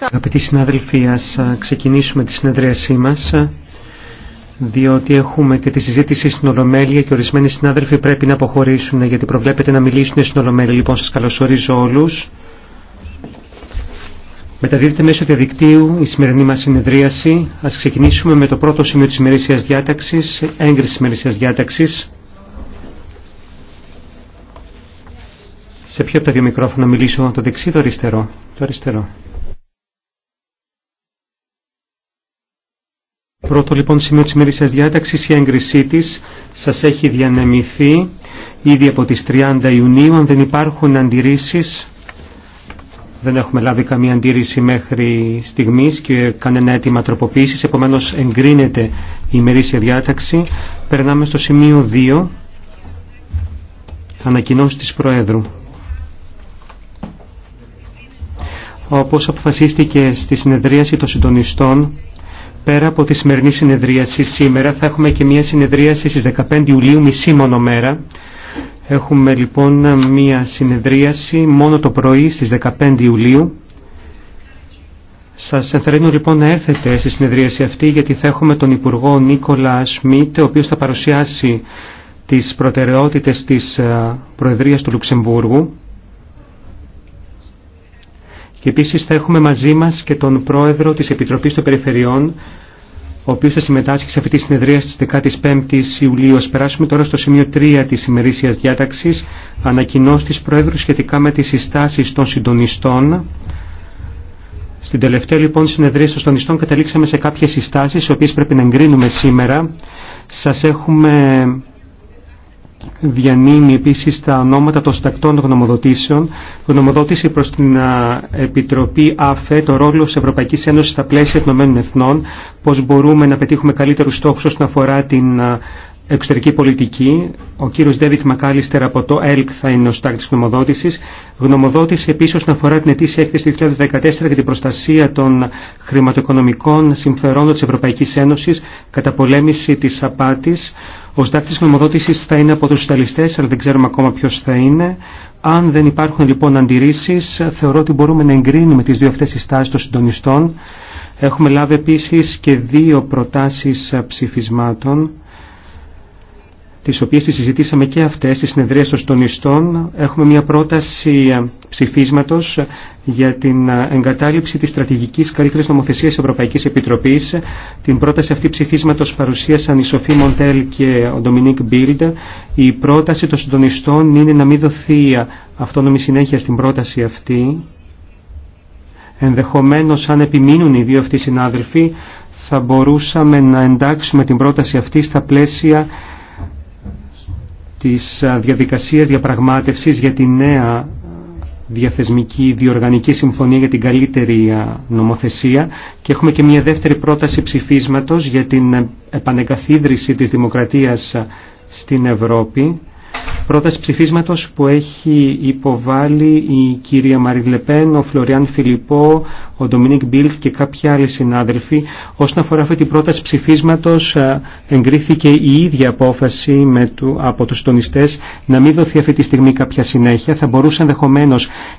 Αγαπητοί συνάδελφοι, ας ξεκινήσουμε τη συνεδρίασή μας, διότι έχουμε και τη συζήτηση στην Ολομέλεια και ορισμένοι συνάδελφοι πρέπει να αποχωρήσουν, γιατί προβλέπετε να μιλήσουν στην Ολομέλεια. Λοιπόν, σας καλωσορίζω όλους. Μεταδίδεται μέσω διαδικτύου η σημερινή μας συνεδρίαση. Ας ξεκινήσουμε με το πρώτο σημείο της ημερήσιας διάταξης, έγκριση ημερήσιας διάταξης. Σε ποιο από τα δύο μικρόφωνα μιλήσω, το δεξί ή το αριστερό. Το αριστερό. Πρώτο λοιπόν σημείο της ημερήσιας διάταξης, η έγκρισή της σας έχει διανεμηθεί ήδη από τις 30 Ιουνίου. Αν δεν υπάρχουν αντιρρήσεις, δεν έχουμε λάβει καμία αντίρρηση μέχρι στιγμής και κανένα αίτημα τροποποίησης, επομένως εγκρίνεται η ημερήσια διάταξη. Περνάμε στο σημείο 2, ανακοινώσεις τη Προέδρου. Όπως αποφασίστηκε στη συνεδρίαση των συντονιστών, πέρα από τη σημερινή συνεδρίαση σήμερα θα έχουμε και μια συνεδρίαση στις 15 Ιουλίου μισή μόνο μέρα. Έχουμε λοιπόν μια συνεδρίαση μόνο το πρωί στις 15 Ιουλίου. Σας ενθαρρύνω λοιπόν να έρθετε στη συνεδρίαση αυτή γιατί θα έχουμε τον Υπουργό Νίκολα Σμίτ ο οποίος θα παρουσιάσει τις προτεραιότητες της ε, Προεδρίας του Λουξεμβούργου και επίση θα έχουμε μαζί μα και τον πρόεδρο τη Επιτροπή των Περιφερειών, ο οποίο θα συμμετάσχει σε αυτή τη συνεδρία στις 15 Ιουλίου. Ας περάσουμε τώρα στο σημείο 3 της ημερήσιας διάταξη, ανακοινώσει τη Πρόεδρου σχετικά με τι συστάσει των συντονιστών. Στην τελευταία λοιπόν συνεδρία των συντονιστών καταλήξαμε σε κάποιε συστάσει οι οποίε πρέπει να εγκρίνουμε σήμερα. Σα έχουμε διανύμει επίσης τα ονόματα των στακτών γνωμοδοτήσεων, γνωμοδότηση προς την Επιτροπή ΑΦΕ, το ρόλο της Ευρωπαϊκής Ένωσης στα πλαίσια των Εθνών, πώς μπορούμε να πετύχουμε καλύτερους στόχους όσον αφορά την εξωτερική πολιτική. Ο κύριος Ντέβιτ Μακάλιστερ από το ΕΛΚ θα είναι ο στάκτη γνωμοδότησης. Γνωμοδότηση επίσης να αφορά την ετήσια έκθεση 2014 για την προστασία των χρηματοοικονομικών συμφερόντων της Ευρωπαϊκής Ένωσης κατά πολέμηση της απάτης. Ο στάκτη γνωμοδότησης θα είναι από τους συνταλιστές, αλλά δεν ξέρουμε ακόμα ποιος θα είναι. Αν δεν υπάρχουν λοιπόν αντιρρήσεις, θεωρώ ότι μπορούμε να εγκρίνουμε τις δύο αυτές συστάσεις των συντονιστών. Έχουμε λάβει επίσης και δύο προτάσεις ψηφισμάτων τις οποίες τις συζητήσαμε και αυτές στις συνεδρίες των στονιστών, έχουμε μια πρόταση ψηφίσματος για την εγκατάλειψη της στρατηγικής καλύτερης νομοθεσίας Ευρωπαϊκής Επιτροπής. Την πρόταση αυτή ψηφίσματος παρουσίασαν η Σοφή Μοντέλ και ο Ντομινίκ Μπίλντ. Η πρόταση των συντονιστών είναι να μην δοθεί αυτόνομη συνέχεια στην πρόταση αυτή. Ενδεχομένως αν επιμείνουν οι δύο αυτοί συνάδελφοι θα μπορούσαμε να εντάξουμε την πρόταση αυτή στα πλαίσια της διαδικασίας διαπραγμάτευσης για τη νέα διαθεσμική διοργανική συμφωνία για την καλύτερη νομοθεσία και έχουμε και μια δεύτερη πρόταση ψηφίσματος για την ε, επανεγκαθίδρυση της δημοκρατίας στην Ευρώπη πρόταση ψηφίσματος που έχει υποβάλει η κυρία Μαριλεπέν, ο Φλωριάν Φιλιππό, ο Ντομινίκ Μπίλτ και κάποιοι άλλοι συνάδελφοι. Όσον αφορά αυτή την πρόταση ψηφίσματος ε, εγκρίθηκε η ίδια απόφαση με του, από τους τονιστές να μην δοθεί αυτή τη στιγμή κάποια συνέχεια. Θα μπορούσε ενδεχομένω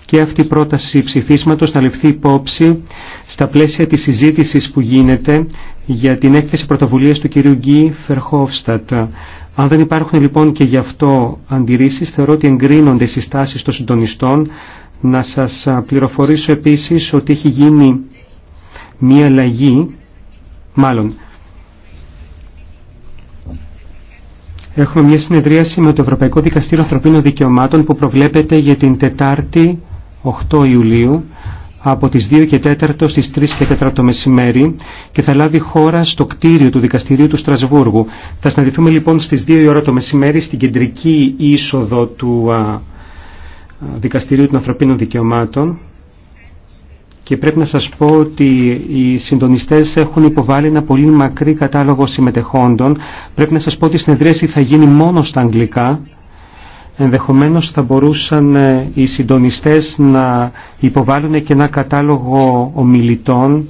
και αυτή η πρόταση ψηφίσματος να ληφθεί υπόψη στα πλαίσια της συζήτησης που γίνεται για την έκθεση πρωτοβουλίας του κυρίου Γκί Φερχόφστατ. Αν δεν υπάρχουν λοιπόν και γι' αυτό αντιρρήσεις, θεωρώ ότι εγκρίνονται οι συστάσεις των συντονιστών. Να σας πληροφορήσω επίσης ότι έχει γίνει μία αλλαγή, μάλλον Έχουμε μια συνεδρίαση με το Ευρωπαϊκό Δικαστήριο Ανθρωπίνων Δικαιωμάτων που προβλέπεται για την Τετάρτη 8 Ιουλίου από τις 2 και 4 στις 3 και 4 το μεσημέρι και θα λάβει χώρα στο κτίριο του Δικαστηρίου του Στρασβούργου. Θα συναντηθούμε λοιπόν στις 2 η ώρα το μεσημέρι στην κεντρική είσοδο του α, Δικαστηρίου των Ανθρωπίνων Δικαιωμάτων και πρέπει να σας πω ότι οι συντονιστές έχουν υποβάλει ένα πολύ μακρύ κατάλογο συμμετεχόντων. Πρέπει να σας πω ότι η συνεδρίαση θα γίνει μόνο στα αγγλικά ενδεχομένως θα μπορούσαν ε, οι συντονιστές να υποβάλουν και ένα κατάλογο ομιλητών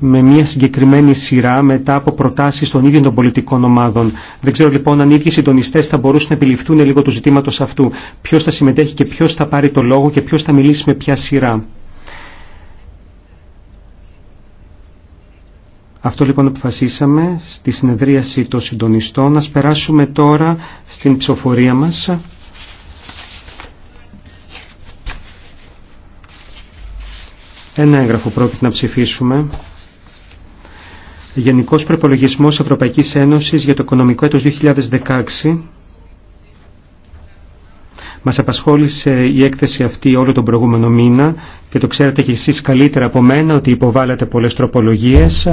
με μια συγκεκριμένη σειρά μετά από προτάσεις των ίδιων των πολιτικών ομάδων. Δεν ξέρω λοιπόν αν οι ίδιοι συντονιστές θα μπορούσαν να επιληφθούν λίγο του ζητήματος αυτού. Ποιος θα συμμετέχει και ποιος θα πάρει το λόγο και ποιος θα μιλήσει με ποια σειρά. Αυτό λοιπόν αποφασίσαμε στη συνεδρίαση των συντονιστών. Να περάσουμε τώρα στην ψηφοφορία μας. Ένα έγγραφο πρόκειται να ψηφίσουμε. Γενικός Προπολογισμός Ευρωπαϊκής Ένωσης για το Οικονομικό έτος 2016. Μας απασχόλησε η έκθεση αυτή όλο τον προηγούμενο μήνα και το ξέρετε κι εσείς καλύτερα από μένα ότι υποβάλλατε πολλές τροπολογίες,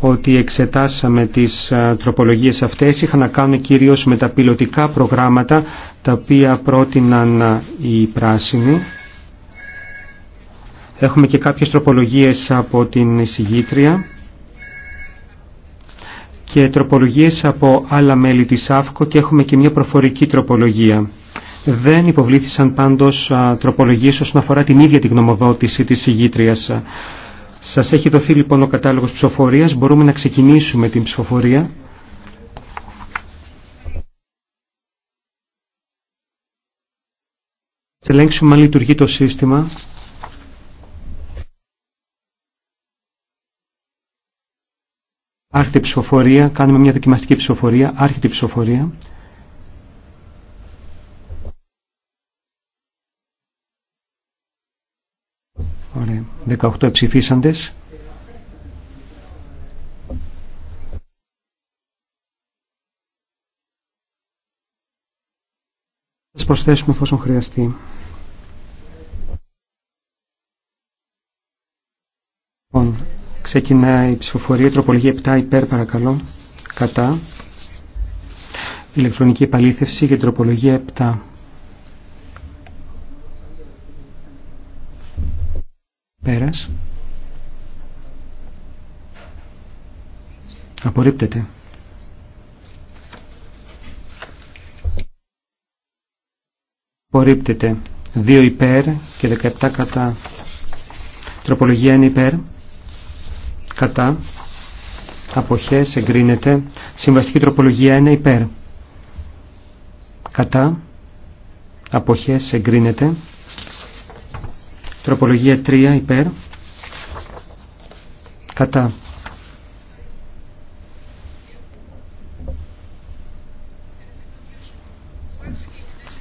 ότι εξετάσαμε τις τροπολογίες αυτές, είχαν να κάνουν κυρίως με τα πιλωτικά προγράμματα τα οποία πρότειναν οι πράσινοι. Έχουμε και κάποιες τροπολογίες από την συγγήτρια και τροπολογίες από άλλα μέλη της ΑΦΚΟ και έχουμε και μια προφορική τροπολογία. Δεν υποβλήθησαν πάντως τροπολογίες όσον αφορά την ίδια την γνωμοδότηση της ηγήτριας. Σας έχει δοθεί λοιπόν ο κατάλογος ψηφοφορίας. Μπορούμε να ξεκινήσουμε την ψηφοφορία. Θα ελέγξουμε αν λειτουργεί το σύστημα. Άρχεται η ψηφοφορία. Κάνουμε μια δοκιμαστική ψηφοφορία. Άρχεται η ψηφοφορία. 18 ψηφίσαντες. Θα σας προσθέσουμε εφόσον χρειαστεί. Λοιπόν, ξεκινάει η ψηφοφορία, τροπολογία 7 υπέρ παρακαλώ, κατά, ηλεκτρονική επαλήθευση και τροπολογία 7. Πέρας. Απορρίπτεται. Απορρίπτεται. 2 υπέρ και 17 κατά. Τροπολογία 1 υπέρ. Κατά. Αποχές εγκρίνεται. Συμβαστική τροπολογία 1 υπέρ. Κατά. Αποχές εγκρίνεται. Τροπολογία 3 υπέρ. Κατά.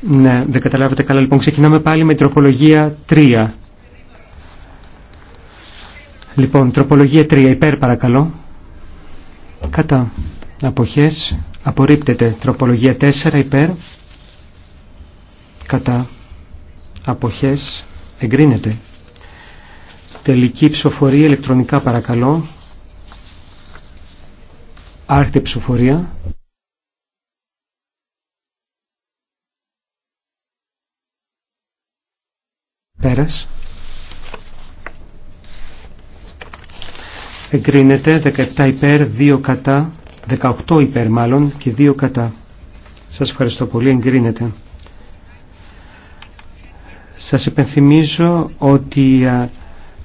Ναι, δεν καταλάβετε καλά. Λοιπόν, ξεκινάμε πάλι με τροπολογία 3. Λοιπόν, τροπολογία 3 υπέρ παρακαλώ. Κατά. Αποχές. Απορρίπτεται. Τροπολογία 4 υπέρ. Κατά. Αποχές. Εγκρίνεται. Τελική ψηφοφορία ηλεκτρονικά παρακαλώ. Άρχεται ψηφοφορία. Πέρας. Εγκρίνεται 17 υπέρ, 2 κατά, 18 υπέρ μάλλον και 2 κατά. Σας ευχαριστώ πολύ, εγκρίνεται. Σας υπενθυμίζω ότι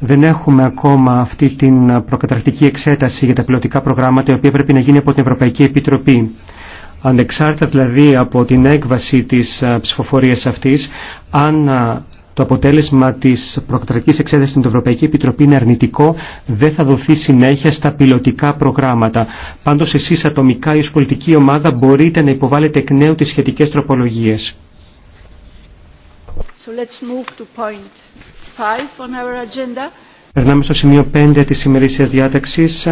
δεν έχουμε ακόμα αυτή την προκαταρκτική εξέταση για τα πιλωτικά προγράμματα, η οποία πρέπει να γίνει από την Ευρωπαϊκή Επιτροπή. Ανεξάρτητα δηλαδή από την έκβαση της ψηφοφορίας αυτής, αν το αποτέλεσμα της προκαταρκτικής εξέτασης στην Ευρωπαϊκή Επιτροπή είναι αρνητικό, δεν θα δοθεί συνέχεια στα πιλωτικά προγράμματα. Πάντως εσείς ατομικά ή ως πολιτική ομάδα μπορείτε να υποβάλλετε εκ νέου τις σχετικές τροπολογίες. Περνάμε στο σημείο 5 της ημερήσιας διάταξης,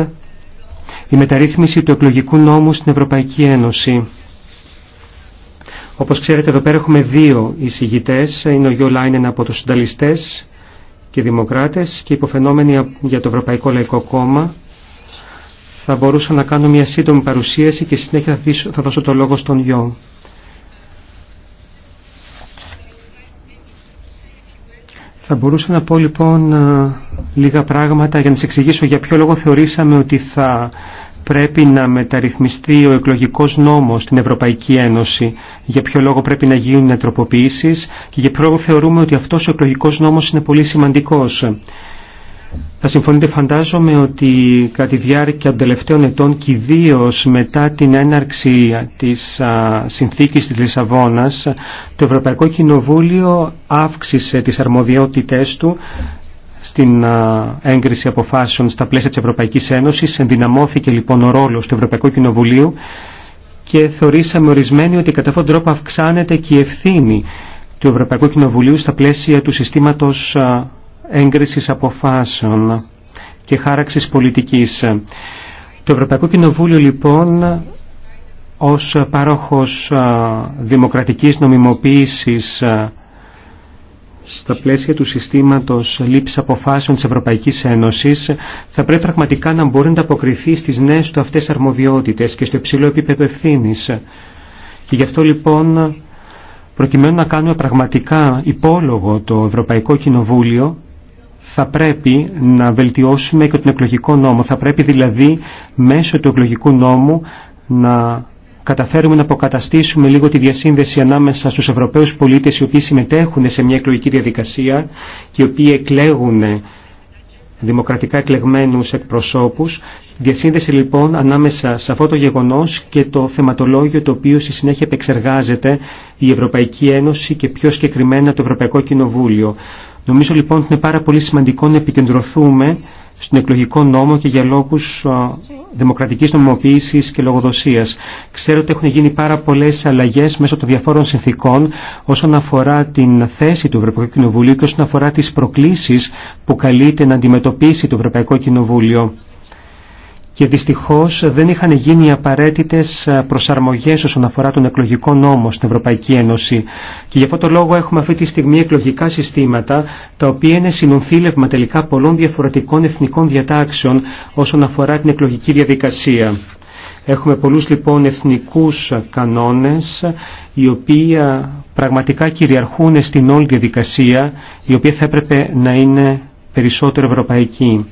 η μεταρρύθμιση του εκλογικού νόμου στην Ευρωπαϊκή Ένωση. Όπως ξέρετε εδώ πέρα έχουμε δύο εισηγητές, είναι ο Γιώ Λάινεν από τους συνταλιστές και δημοκράτες και υποφαινόμενοι για το Ευρωπαϊκό Λαϊκό Κόμμα. Θα μπορούσα να κάνω μια σύντομη παρουσίαση και συνέχεια θα δώσω το λόγο στον Γιώ. Θα μπορούσα να πω λοιπόν ε, λίγα πράγματα για να σας εξηγήσω για ποιο λόγο θεωρήσαμε ότι θα πρέπει να μεταρρυθμιστεί ο εκλογικός νόμος στην Ευρωπαϊκή Ένωση, για ποιο λόγο πρέπει να γίνουν τροποποιήσεις και για ποιο λόγο θεωρούμε ότι αυτός ο εκλογικός νόμος είναι πολύ σημαντικός. Θα συμφωνείτε φαντάζομαι ότι κατά τη διάρκεια των τελευταίων ετών και ιδίω μετά την έναρξη της α, συνθήκης της Λισαβόνας το Ευρωπαϊκό Κοινοβούλιο αύξησε τις αρμοδιότητές του στην έγκριση αποφάσεων στα πλαίσια της Ευρωπαϊκής Ένωσης. Ενδυναμώθηκε λοιπόν ο ρόλος του Ευρωπαϊκού Κοινοβουλίου και θεωρήσαμε ορισμένοι ότι κατά αυτόν τον τρόπο αυξάνεται και η ευθύνη του Ευρωπαϊκού Κοινοβουλίου στα πλαίσια του συστήματος έγκρισης αποφάσεων και χάραξης πολιτικής. Το Ευρωπαϊκό Κοινοβούλιο λοιπόν ως παρόχος δημοκρατικής νομιμοποίησης στα πλαίσια του συστήματος λήψης αποφάσεων της Ευρωπαϊκής Ένωσης θα πρέπει πραγματικά να μπορεί να αποκριθεί στις νέες του αυτές αρμοδιότητες και στο υψηλό επίπεδο ευθύνη. Και γι' αυτό λοιπόν προκειμένου να κάνουμε πραγματικά υπόλογο το Ευρωπαϊκό Κοινοβούλιο θα πρέπει να βελτιώσουμε και τον εκλογικό νόμο. Θα πρέπει δηλαδή μέσω του εκλογικού νόμου να καταφέρουμε να αποκαταστήσουμε λίγο τη διασύνδεση ανάμεσα στους Ευρωπαίους πολίτες οι οποίοι συμμετέχουν σε μια εκλογική διαδικασία και οι οποίοι εκλέγουν δημοκρατικά εκλεγμένους εκπροσώπους. Διασύνδεση λοιπόν ανάμεσα σε αυτό το γεγονός και το θεματολόγιο το οποίο στη συνέχεια επεξεργάζεται η Ευρωπαϊκή Ένωση και πιο συγκεκριμένα το Ευρωπαϊκό Κοινοβούλιο. Νομίζω λοιπόν ότι είναι πάρα πολύ σημαντικό να επικεντρωθούμε στον εκλογικό νόμο και για λόγου δημοκρατικής νομιμοποίηση και λογοδοσία. Ξέρω ότι έχουν γίνει πάρα πολλέ αλλαγέ μέσω των διαφόρων συνθήκων όσον αφορά την θέση του Ευρωπαϊκού Κοινοβουλίου και όσον αφορά τις προκλήσεις που καλείται να αντιμετωπίσει το Ευρωπαϊκό Κοινοβούλιο και δυστυχώς δεν είχαν γίνει απαραίτητες ε, προσαρμογές όσον αφορά τον εκλογικό νόμο στην Ευρωπαϊκή Ένωση. Και γι' αυτό το λόγο έχουμε αυτή τη στιγμή εκλογικά συστήματα τα οποία είναι συνονθήλευμα τελικά πολλών διαφορετικών εθνικών διατάξεων όσον αφορά την εκλογική διαδικασία. Έχουμε πολλούς λοιπόν εθνικούς κανόνες οι οποίοι ε, πραγματικά κυριαρχούν στην όλη διαδικασία η οποία θα έπρεπε να είναι περισσότερο ευρωπαϊκή.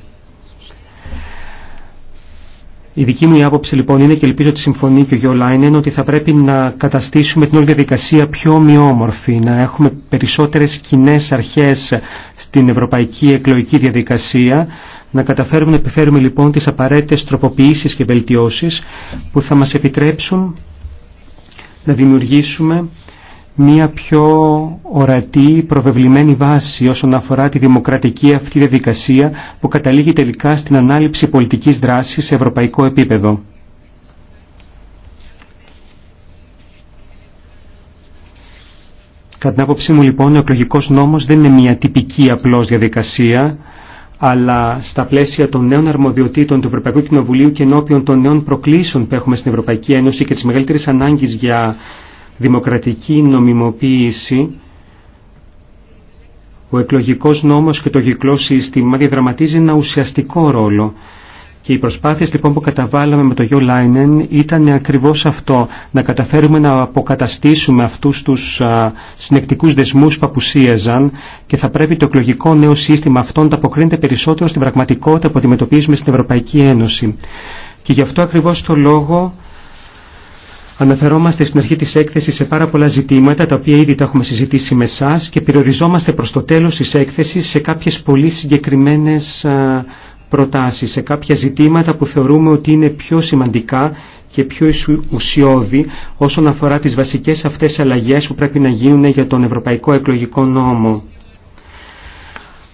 Η δική μου άποψη λοιπόν είναι και ελπίζω ότι συμφωνεί και ο είναι Λάινεν ότι θα πρέπει να καταστήσουμε την όλη διαδικασία πιο ομοιόμορφη, να έχουμε περισσότερες κοινέ αρχές στην ευρωπαϊκή εκλογική διαδικασία, να καταφέρουμε να επιφέρουμε λοιπόν τις απαραίτητες τροποποιήσεις και βελτιώσεις που θα μας επιτρέψουν να δημιουργήσουμε μία πιο ορατή, προβεβλημένη βάση όσον αφορά τη δημοκρατική αυτή διαδικασία που καταλήγει τελικά στην ανάληψη πολιτικής δράσης σε ευρωπαϊκό επίπεδο. Κατά την άποψή μου λοιπόν ο εκλογικό νόμος δεν είναι μια τυπική απλώς διαδικασία αλλά στα πλαίσια των νέων αρμοδιοτήτων του Ευρωπαϊκού Κοινοβουλίου και ενώπιον των νέων προκλήσεων που έχουμε στην Ευρωπαϊκή Ένωση και της μεγαλύτερης ανάγκη για δημοκρατική νομιμοποίηση ο εκλογικός νόμος και το γυκλό σύστημα διαδραματίζει ένα ουσιαστικό ρόλο. Και οι προσπάθειες λοιπόν που καταβάλαμε με το Γιώ Λάινεν ήταν ακριβώς αυτό, να καταφέρουμε να αποκαταστήσουμε αυτούς τους α, συνεκτικούς δεσμούς που απουσίαζαν και θα πρέπει το εκλογικό νέο σύστημα αυτό να αποκρίνεται περισσότερο στην πραγματικότητα που αντιμετωπίζουμε στην Ευρωπαϊκή Ένωση. Και γι' αυτό ακριβώς το λόγο Αναφερόμαστε στην αρχή της έκθεσης σε πάρα πολλά ζητήματα τα οποία ήδη τα έχουμε συζητήσει με εσά και περιοριζόμαστε προς το τέλος της έκθεσης σε κάποιες πολύ συγκεκριμένες προτάσεις, σε κάποια ζητήματα που θεωρούμε ότι είναι πιο σημαντικά και πιο ουσιώδη όσον αφορά τις βασικές αυτές αλλαγές που πρέπει να γίνουν για τον Ευρωπαϊκό Εκλογικό Νόμο.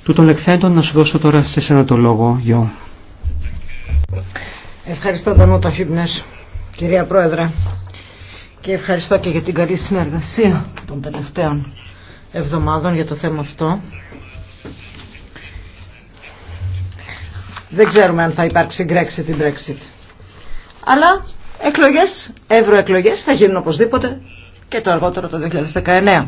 Του τον να σου δώσω τώρα σε εσένα το λόγο, Γιώ. Ευχαριστώ Δανώτα Ότο κυρία Πρόεδρε και ευχαριστώ και για την καλή συνεργασία των τελευταίων εβδομάδων για το θέμα αυτό. Δεν ξέρουμε αν θα υπάρξει Brexit ή Brexit. Αλλά εκλογές, ευρωεκλογές θα γίνουν οπωσδήποτε και το αργότερο το 2019.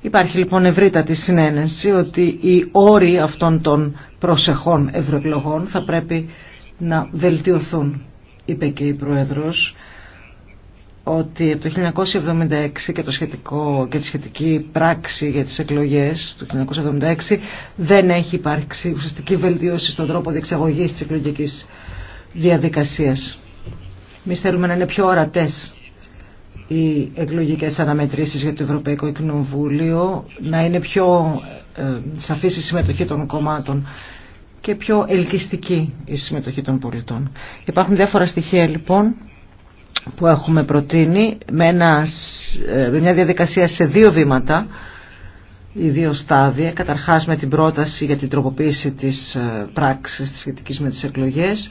Υπάρχει λοιπόν ευρύτατη συνένεση ότι οι όροι αυτών των προσεχών ευρωεκλογών θα πρέπει να βελτιωθούν είπε και η Πρόεδρος ότι από το 1976 και, το σχετικό, και τη σχετική πράξη για τις εκλογές του 1976 δεν έχει υπάρξει ουσιαστική βελτίωση στον τρόπο διεξαγωγής της εκλογικής διαδικασίας. Εμεί θέλουμε να είναι πιο ορατές οι εκλογικές αναμετρήσεις για το Ευρωπαϊκό Κοινοβούλιο, να είναι πιο ε, σαφής η συμμετοχή των κομμάτων και πιο ελκυστική η συμμετοχή των πολιτών. Υπάρχουν διάφορα στοιχεία λοιπόν που έχουμε προτείνει με, ένα, ε, με μια διαδικασία σε δύο βήματα οι δύο στάδια, καταρχάς με την πρόταση για την τροποποίηση της ε, πράξης της σχετικής με τις εκλογές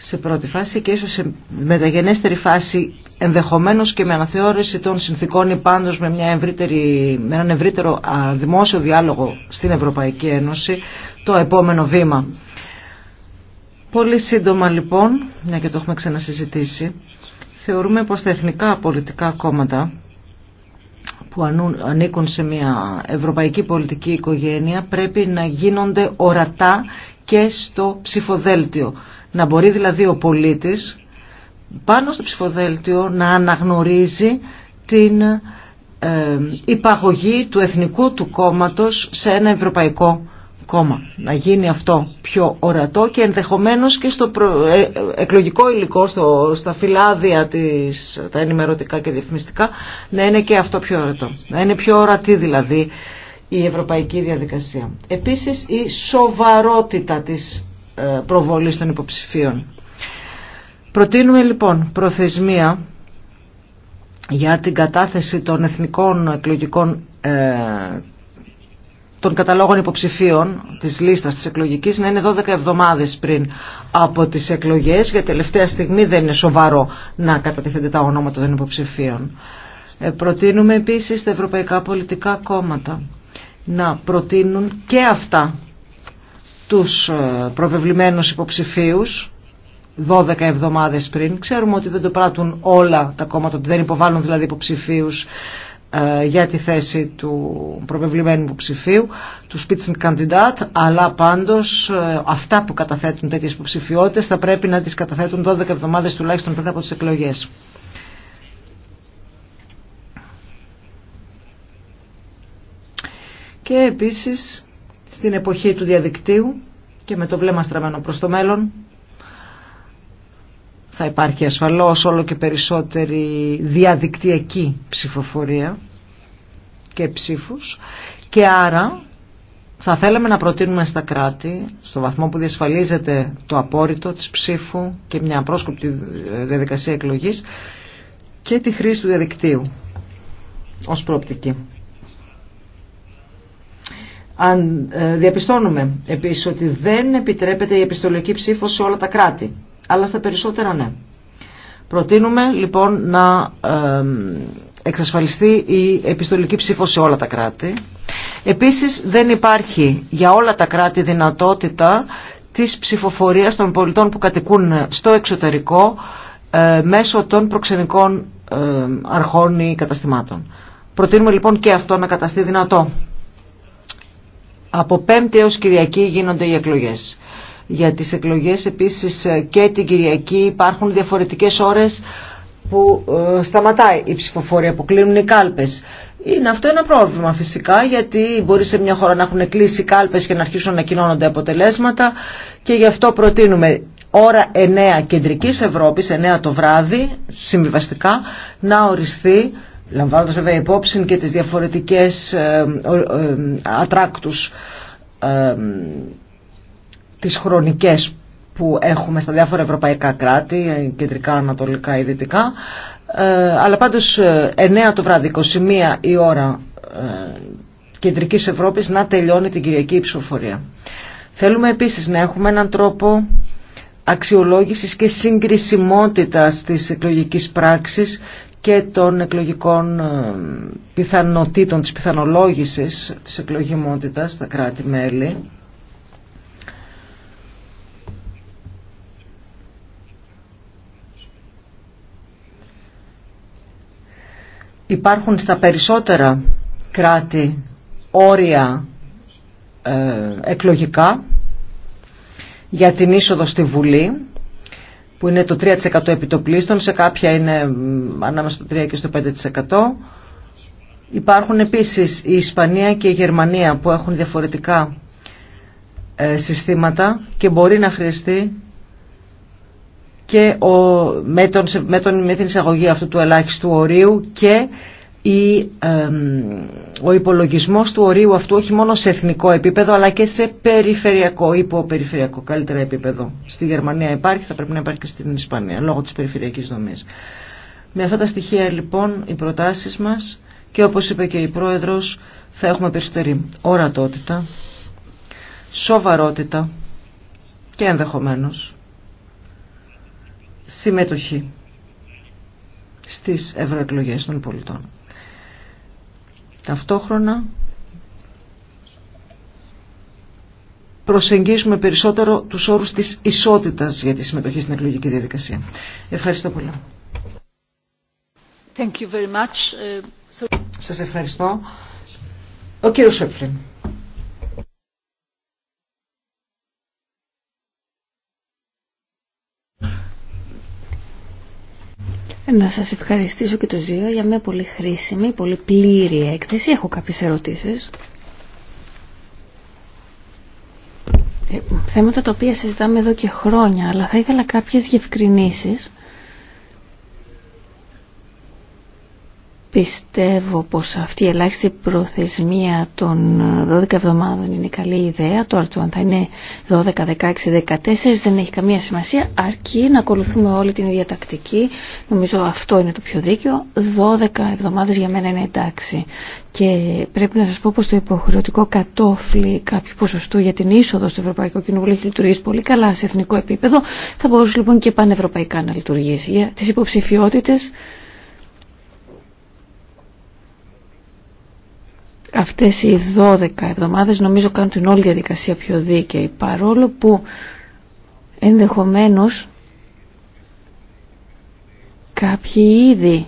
σε πρώτη φάση και ίσως σε μεταγενέστερη φάση ενδεχομένως και με αναθεώρηση των συνθήκων ή πάντως με, μια ευρύτερη, με έναν ευρύτερο δημόσιο διάλογο στην Ευρωπαϊκή Ένωση το επόμενο βήμα. Πολύ σύντομα λοιπόν, μια και το έχουμε ξανασυζητήσει, θεωρούμε πως τα εθνικά πολιτικά κόμματα που ανήκουν σε μια ευρωπαϊκή πολιτική οικογένεια πρέπει να γίνονται ορατά και στο ψηφοδέλτιο να μπορεί δηλαδή ο πολίτης πάνω στο ψηφοδέλτιο να αναγνωρίζει την ε, υπαγωγή του εθνικού του κόμματος σε ένα ευρωπαϊκό κόμμα. Να γίνει αυτό πιο ορατό και ενδεχομένως και στο ε, εκλογικό υλικό, στο, στα φυλάδια της, τα ενημερωτικά και διαφημιστικά, να είναι και αυτό πιο ορατό. Να είναι πιο ορατή δηλαδή η ευρωπαϊκή διαδικασία. Επίσης η σοβαρότητα της ε, προβολής των υποψηφίων. Προτείνουμε λοιπόν προθεσμία για την κατάθεση των εθνικών εκλογικών ε, των καταλόγων υποψηφίων της λίστας της εκλογικής να είναι 12 εβδομάδες πριν από τις εκλογές για τελευταία στιγμή δεν είναι σοβαρό να κατατεθένται τα ονόματα των υποψηφίων. Ε, προτείνουμε επίσης τα ευρωπαϊκά πολιτικά κόμματα να προτείνουν και αυτά τους ε, προβεβλημένους υποψηφίους 12 εβδομάδες πριν. Ξέρουμε ότι δεν το πράττουν όλα τα κόμματα, ότι δεν υποβάλλουν δηλαδή υποψηφίους ε, για τη θέση του προβεβλημένου υποψηφίου, του candidate, αλλά πάντως ε, αυτά που καταθέτουν τέτοιες υποψηφιότητες θα πρέπει να τις καταθέτουν 12 εβδομάδες τουλάχιστον πριν από τις εκλογές. Και επίσης στην εποχή του διαδικτύου και με το βλέμμα στραμμένο προς το μέλλον θα υπάρχει ασφαλώς όλο και περισσότερη διαδικτυακή ψηφοφορία και ψήφους και άρα θα θέλαμε να προτείνουμε στα κράτη, στο βαθμό που διασφαλίζεται το απόρριτο της ψήφου και μια πρόσκοπτη διαδικασία εκλογής και τη χρήση του διαδικτύου ως προοπτική. Αν, ε, διαπιστώνουμε επίσης ότι δεν επιτρέπεται η επιστολική ψήφος σε όλα τα κράτη, αλλά στα περισσότερα ναι. Προτείνουμε λοιπόν να ε, εξασφαλιστεί η επιστολική ψήφο σε όλα τα κράτη. Επίσης δεν υπάρχει για όλα τα κράτη δυνατότητα της ψηφοφορίας των πολιτών που κατοικούν στο εξωτερικό ε, μέσω των προξενικών αρχών ή καταστημάτων. Προτείνουμε λοιπόν και αυτό να καταστεί δυνατό. Από Πέμπτη έως Κυριακή γίνονται οι εκλογές. Για τις εκλογές επίσης και την Κυριακή υπάρχουν διαφορετικές ώρες που ε, σταματάει η ψηφοφορία, που κλείνουν οι κάλπες. Είναι αυτό ένα πρόβλημα φυσικά γιατί μπορεί σε μια χώρα να έχουν κλείσει οι κάλπες και να αρχίσουν να κοινώνονται αποτελέσματα και γι' αυτό προτείνουμε ώρα 9 κεντρικής Ευρώπης, 9 το βράδυ, συμβιβαστικά, να οριστεί λαμβάνοντας βέβαια υπόψη και τις διαφορετικές ε, ε, ατράκτους ε, τις χρονικές που έχουμε στα διάφορα ευρωπαϊκά κράτη, κεντρικά, ανατολικά ή δυτικά. αλλά πάντως 9 το βράδυ, 21 η ώρα κεντρικής Ευρώπης να τελειώνει την Κυριακή ψηφοφορία. Θέλουμε επίσης να έχουμε έναν τρόπο αξιολόγησης και συγκρισιμότητας της εκλογικής πράξης και των εκλογικών ε, πιθανοτήτων της πιθανολόγησης της εκλογιμότητας στα κράτη-μέλη. Υπάρχουν στα περισσότερα κράτη όρια ε, εκλογικά για την είσοδο στη Βουλή που είναι το 3% επιτοπλίστων, σε κάποια είναι ανάμεσα στο 3% και στο 5%. Υπάρχουν επίσης η Ισπανία και η Γερμανία που έχουν διαφορετικά ε, συστήματα και μπορεί να χρειαστεί και ο, με, τον, με, τον, με την εισαγωγή αυτού του ελάχιστου ορίου και η, ο υπολογισμός του ορίου αυτού όχι μόνο σε εθνικό επίπεδο αλλά και σε περιφερειακό, υποπεριφερειακό, καλύτερα επίπεδο. Στη Γερμανία υπάρχει, θα πρέπει να υπάρχει και στην Ισπανία λόγω της περιφερειακής δομής. Με αυτά τα στοιχεία λοιπόν οι προτάσεις μας και όπως είπε και η Πρόεδρος θα έχουμε περισσότερη ορατότητα, σοβαρότητα και ενδεχομένως συμμετοχή στις ευρωεκλογές των πολιτών. Ταυτόχρονα προσεγγίσουμε περισσότερο τους όρους της ισότητας για τη συμμετοχή στην εκλογική διαδικασία. Ευχαριστώ πολύ. Thank you very much. Ε, Σας ευχαριστώ. Ο κύριος Σέπφλιν. Να σας ευχαριστήσω και τους δύο για μια πολύ χρήσιμη, πολύ πλήρη έκθεση. Έχω κάποιες ερωτήσεις. Ε, θέματα τα οποία συζητάμε εδώ και χρόνια, αλλά θα ήθελα κάποιες διευκρινήσεις Πιστεύω πως αυτή η ελάχιστη προθεσμία των 12 ε, εβδομάδων είναι καλή ιδέα. Τώρα το αν θα είναι 12, 16, 14 δεν έχει καμία σημασία αρκεί να ακολουθούμε όλη την ίδια τακτική. Νομίζω αυτό είναι το πιο δίκαιο. 12 εβδομάδες για μένα είναι εντάξει. Και πρέπει να σας πω πως το υποχρεωτικό κατόφλι κάποιου ποσοστού για την είσοδο στο Ευρωπαϊκό Κοινοβούλιο έχει λειτουργήσει πολύ καλά σε εθνικό επίπεδο. Θα μπορούσε λοιπόν και πανευρωπαϊκά να λειτουργήσει. Για τις υποψηφιότητες αυτές οι 12 εβδομάδες νομίζω κάνουν την όλη διαδικασία πιο δίκαιη παρόλο που ενδεχομένως κάποιοι ήδη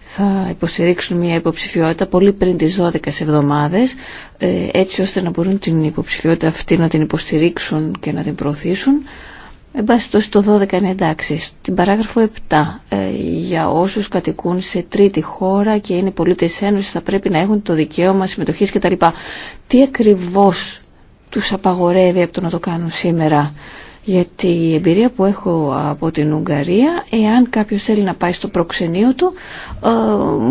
θα υποστηρίξουν μια υποψηφιότητα πολύ πριν τις 12 εβδομάδες ε, έτσι ώστε να μπορούν την υποψηφιότητα αυτή να την υποστηρίξουν και να την προωθήσουν Εν το 12 είναι εντάξει. Στην παράγραφο 7 ε, για όσους κατοικούν σε τρίτη χώρα και είναι πολίτες ένωσης θα πρέπει να έχουν το δικαίωμα συμμετοχής κτλ. Τι ακριβώς τους απαγορεύει από το να το κάνουν σήμερα. Γιατί η εμπειρία που έχω από την Ουγγαρία, εάν κάποιος θέλει να πάει στο προξενείο του, ε,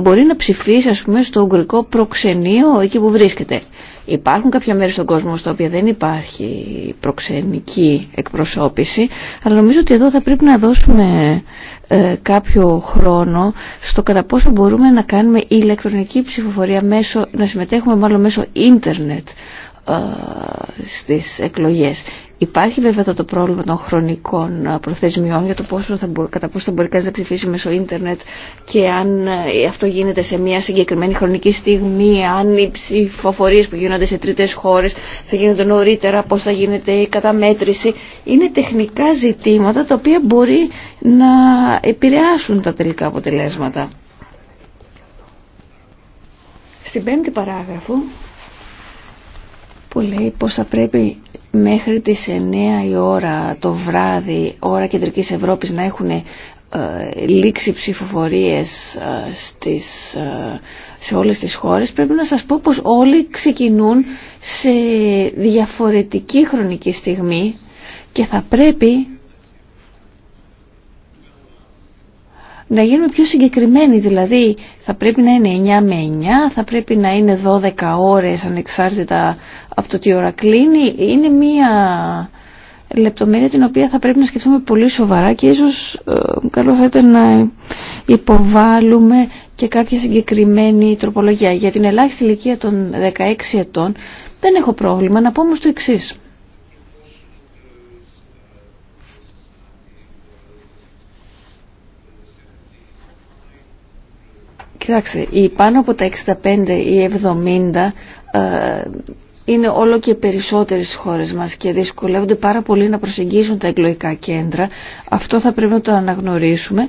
μπορεί να ψηφίσει ας πούμε στο ουγγρικό προξενείο εκεί που βρίσκεται. Υπάρχουν κάποια μέρη στον κόσμο στα οποία δεν υπάρχει προξενική εκπροσώπηση, αλλά νομίζω ότι εδώ θα πρέπει να δώσουμε ε, κάποιο χρόνο στο κατά πόσο μπορούμε να κάνουμε ηλεκτρονική ψηφοφορία μέσω, να συμμετέχουμε μάλλον μέσω ίντερνετ ε, στις εκλογές. Υπάρχει βέβαια το, πρόβλημα των χρονικών ε, προθεσμιών για το πόσο θα μπορεί, κατά πόσο θα μπορεί κανείς να ψηφίσει μέσω ίντερνετ και αν ε, αυτό γίνεται σε μια συγκεκριμένη χρονική στιγμή, αν οι ψηφοφορίε που γίνονται σε τρίτες χώρες θα γίνονται νωρίτερα, πώς θα γίνεται η καταμέτρηση. Είναι τεχνικά ζητήματα τα οποία μπορεί να επηρεάσουν τα τελικά αποτελέσματα. Στην πέμπτη παράγραφο που λέει πως θα πρέπει μέχρι τις 9 η ώρα το βράδυ, ώρα Κεντρικής Ευρώπης, να έχουν ε, λήξει ψηφοφορίες ε, ε, σε όλες τις χώρες πρέπει να σας πω πως όλοι ξεκινούν σε διαφορετική χρονική στιγμή και θα πρέπει να γίνουμε πιο συγκεκριμένοι, δηλαδή θα πρέπει να είναι 9 με 9, θα πρέπει να είναι 12 ώρες ανεξάρτητα από το τι ώρα κλείνει. Είναι μία λεπτομέρεια την οποία θα πρέπει να σκεφτούμε πολύ σοβαρά και ίσως ε, καλό θα ήταν να υποβάλουμε και κάποια συγκεκριμένη τροπολογία. Για την ελάχιστη ηλικία των 16 ετών δεν έχω πρόβλημα να πω όμως το εξής. Κοιτάξτε, οι πάνω από τα 65 ή 70 ε, είναι όλο και περισσότερες χώρες μας και δυσκολεύονται πάρα πολύ να προσεγγίσουν τα εκλογικά κέντρα. Αυτό θα πρέπει να το αναγνωρίσουμε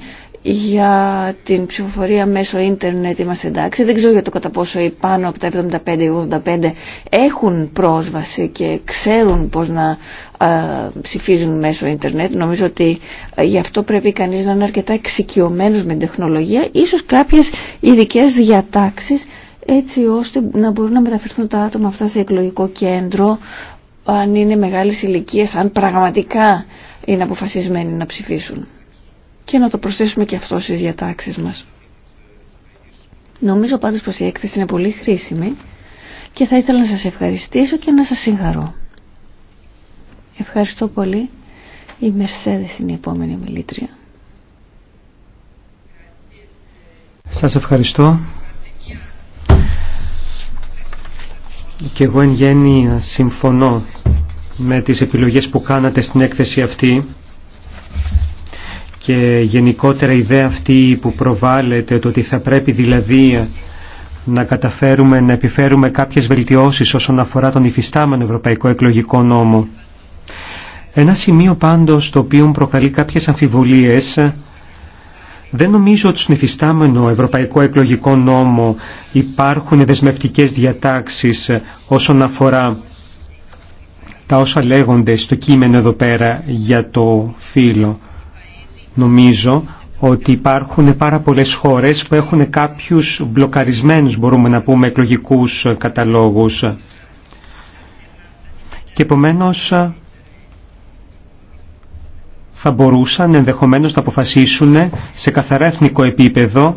για την ψηφοφορία μέσω ίντερνετ είμαστε εντάξει. Δεν ξέρω για το κατά πόσο οι πάνω από τα 75-85 έχουν πρόσβαση και ξέρουν πώς να ε, ψηφίζουν μέσω ίντερνετ. Νομίζω ότι ε, γι' αυτό πρέπει κανείς να είναι αρκετά εξοικειωμένος με την τεχνολογία. Ίσως κάποιες ειδικέ διατάξεις έτσι ώστε να μπορούν να μεταφερθούν τα άτομα αυτά σε εκλογικό κέντρο αν είναι μεγάλες ηλικίε, αν πραγματικά είναι αποφασισμένοι να ψηφίσουν και να το προσθέσουμε και αυτό στις διατάξεις μας. Νομίζω πάντως πως η έκθεση είναι πολύ χρήσιμη και θα ήθελα να σας ευχαριστήσω και να σας συγχαρώ. Ευχαριστώ πολύ. Η Μερσέδες είναι η επόμενη μιλήτρια. Σας ευχαριστώ. Και εγώ εν γέννη συμφωνώ με τις επιλογές που κάνατε στην έκθεση αυτή και γενικότερα η ιδέα αυτή που προβάλλεται το ότι θα πρέπει δηλαδή να καταφέρουμε να επιφέρουμε κάποιες βελτιώσεις όσον αφορά τον υφιστάμενο Ευρωπαϊκό Εκλογικό Νόμο. Ένα σημείο πάντως το οποίο προκαλεί κάποιες αμφιβολίες δεν νομίζω ότι στον υφιστάμενο Ευρωπαϊκό Εκλογικό Νόμο υπάρχουν δεσμευτικές διατάξεις όσον αφορά τα όσα λέγονται στο κείμενο εδώ πέρα για το φύλλο. Νομίζω ότι υπάρχουν πάρα πολλές χώρες που έχουν κάποιους μπλοκαρισμένους, μπορούμε να πούμε, εκλογικούς ε, καταλόγους. Και επομένως ε, θα μπορούσαν ενδεχομένως να αποφασίσουν σε καθαρά εθνικό επίπεδο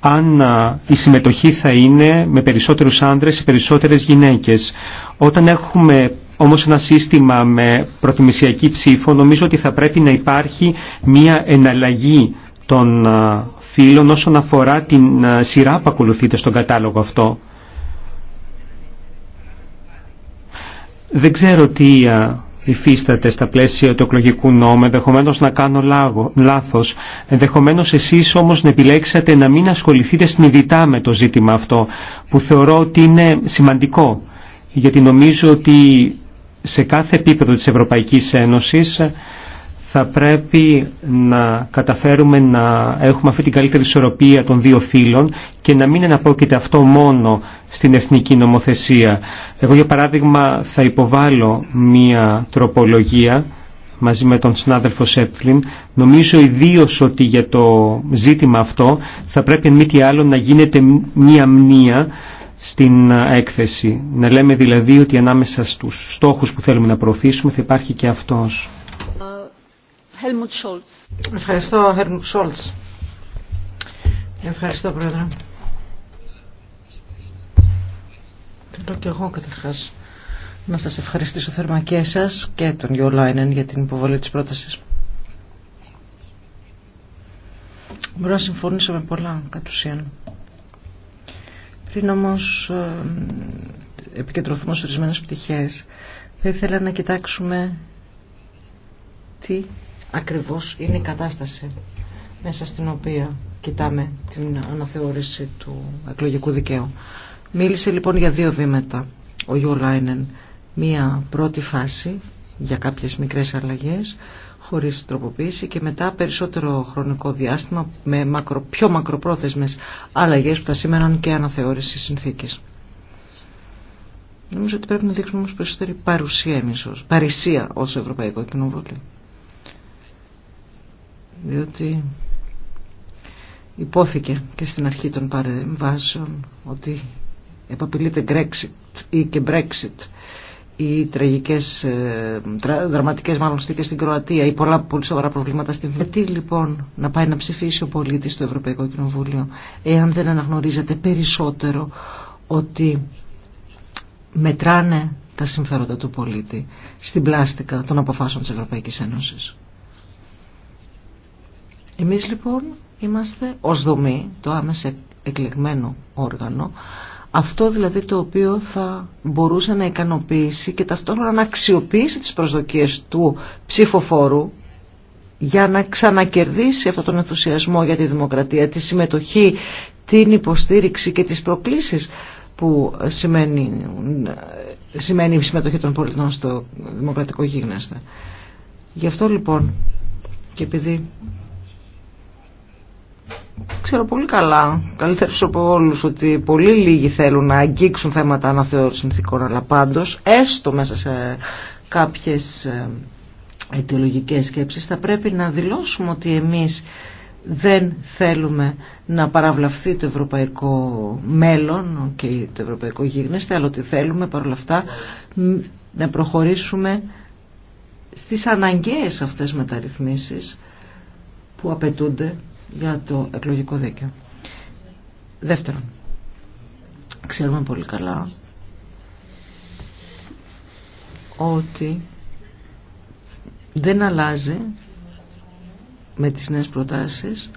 αν ε, η συμμετοχή θα είναι με περισσότερους άνδρες ή περισσότερες γυναίκες. Όταν έχουμε όμως ένα σύστημα με προτιμησιακή ψήφο νομίζω ότι θα πρέπει να υπάρχει μια εναλλαγή των φύλων όσον αφορά την σειρά που ακολουθείται στον κατάλογο αυτό. Δεν ξέρω τι υφίσταται στα πλαίσια του εκλογικού νόμου, ενδεχομένω να κάνω λάγο, λάθος, ενδεχομένω εσείς όμως να επιλέξατε να μην ασχοληθείτε συνειδητά με το ζήτημα αυτό, που θεωρώ ότι είναι σημαντικό, γιατί νομίζω ότι σε κάθε επίπεδο της Ευρωπαϊκής Ένωσης θα πρέπει να καταφέρουμε να έχουμε αυτή την καλύτερη ισορροπία των δύο φύλων και να μην εναπόκειται αυτό μόνο στην εθνική νομοθεσία. Εγώ για παράδειγμα θα υποβάλω μία τροπολογία μαζί με τον συνάδελφο Σέπφλιν. Νομίζω ιδίω ότι για το ζήτημα αυτό θα πρέπει εν μη άλλο να γίνεται μία μνήα στην ε, έκθεση. Να λέμε δηλαδή ότι ανάμεσα στους στόχους που θέλουμε να προωθήσουμε θα υπάρχει και αυτός. Ευχαριστώ, Χέρμουντ Σόλτς. Ευχαριστώ, Πρόεδρε. Θέλω και εγώ καταρχάς να σας ευχαριστήσω θερμά και και τον Γιώ Λάινεν για την υποβολή της πρότασης. Μπορώ να συμφωνήσω με πολλά κατ' ουσίαν. Πριν όμως ε, επικεντρωθούμε σε ορισμένε πτυχές, θα ήθελα να κοιτάξουμε τι ακριβώς είναι η κατάσταση μέσα στην οποία κοιτάμε την αναθεώρηση του εκλογικού δικαίου. Μίλησε λοιπόν για δύο βήματα ο Λάινεν. Μία πρώτη φάση για κάποιες μικρές αλλαγές χωρίς τροποποίηση και μετά περισσότερο χρονικό διάστημα με πιο μακροπρόθεσμες αλλαγές που θα σήμαιναν και αναθεώρηση συνθήκης. Νομίζω ότι πρέπει να δείξουμε όμως περισσότερη παρουσία εμείς ως, παρησία ως Ευρωπαϊκό Κοινοβούλιο. Διότι υπόθηκε και στην αρχή των παρεμβάσεων ότι επαπειλείται Brexit ή και Brexit οι τραγικές, ε, τρα, δραματικές μάλλον στιγμέ στην Κροατία ή πολλά πολύ σοβαρά προβλήματα στην Γιατί λοιπόν να πάει να ψηφίσει ο πολίτης στο Ευρωπαϊκό Κοινοβούλιο εάν δεν αναγνωρίζεται περισσότερο ότι μετράνε τα συμφέροντα του πολίτη στην πλάστικα των αποφάσεων της ευρωπαϊκή Ένωσης. Εμείς λοιπόν είμαστε ως δομή το άμεσα εκλεγμένο όργανο αυτό δηλαδή το οποίο θα μπορούσε να ικανοποιήσει και ταυτόχρονα να αξιοποιήσει τις προσδοκίες του ψηφοφόρου για να ξανακερδίσει αυτόν τον ενθουσιασμό για τη δημοκρατία, τη συμμετοχή, την υποστήριξη και τις προκλήσεις που σημαίνει, σημαίνει η συμμετοχή των πολιτών στο δημοκρατικό γίγνεσθε. Γι' αυτό λοιπόν και επειδή Ξέρω πολύ καλά, καλύτερα από όλου, ότι πολύ λίγοι θέλουν να αγγίξουν θέματα αναθεώρηση συνθήκων, αλλά πάντω, έστω μέσα σε κάποιε αιτιολογικέ σκέψει, θα πρέπει να δηλώσουμε ότι εμεί δεν θέλουμε να παραβλαφθεί το ευρωπαϊκό μέλλον και το ευρωπαϊκό γίγνεσθε, αλλά ότι θέλουμε παρόλα αυτά να προχωρήσουμε στις αναγκαίες αυτές μεταρρυθμίσεις που απαιτούνται για το εκλογικό δίκαιο. Δεύτερον, ξέρουμε πολύ καλά ότι δεν αλλάζει με τις νέες προτάσεις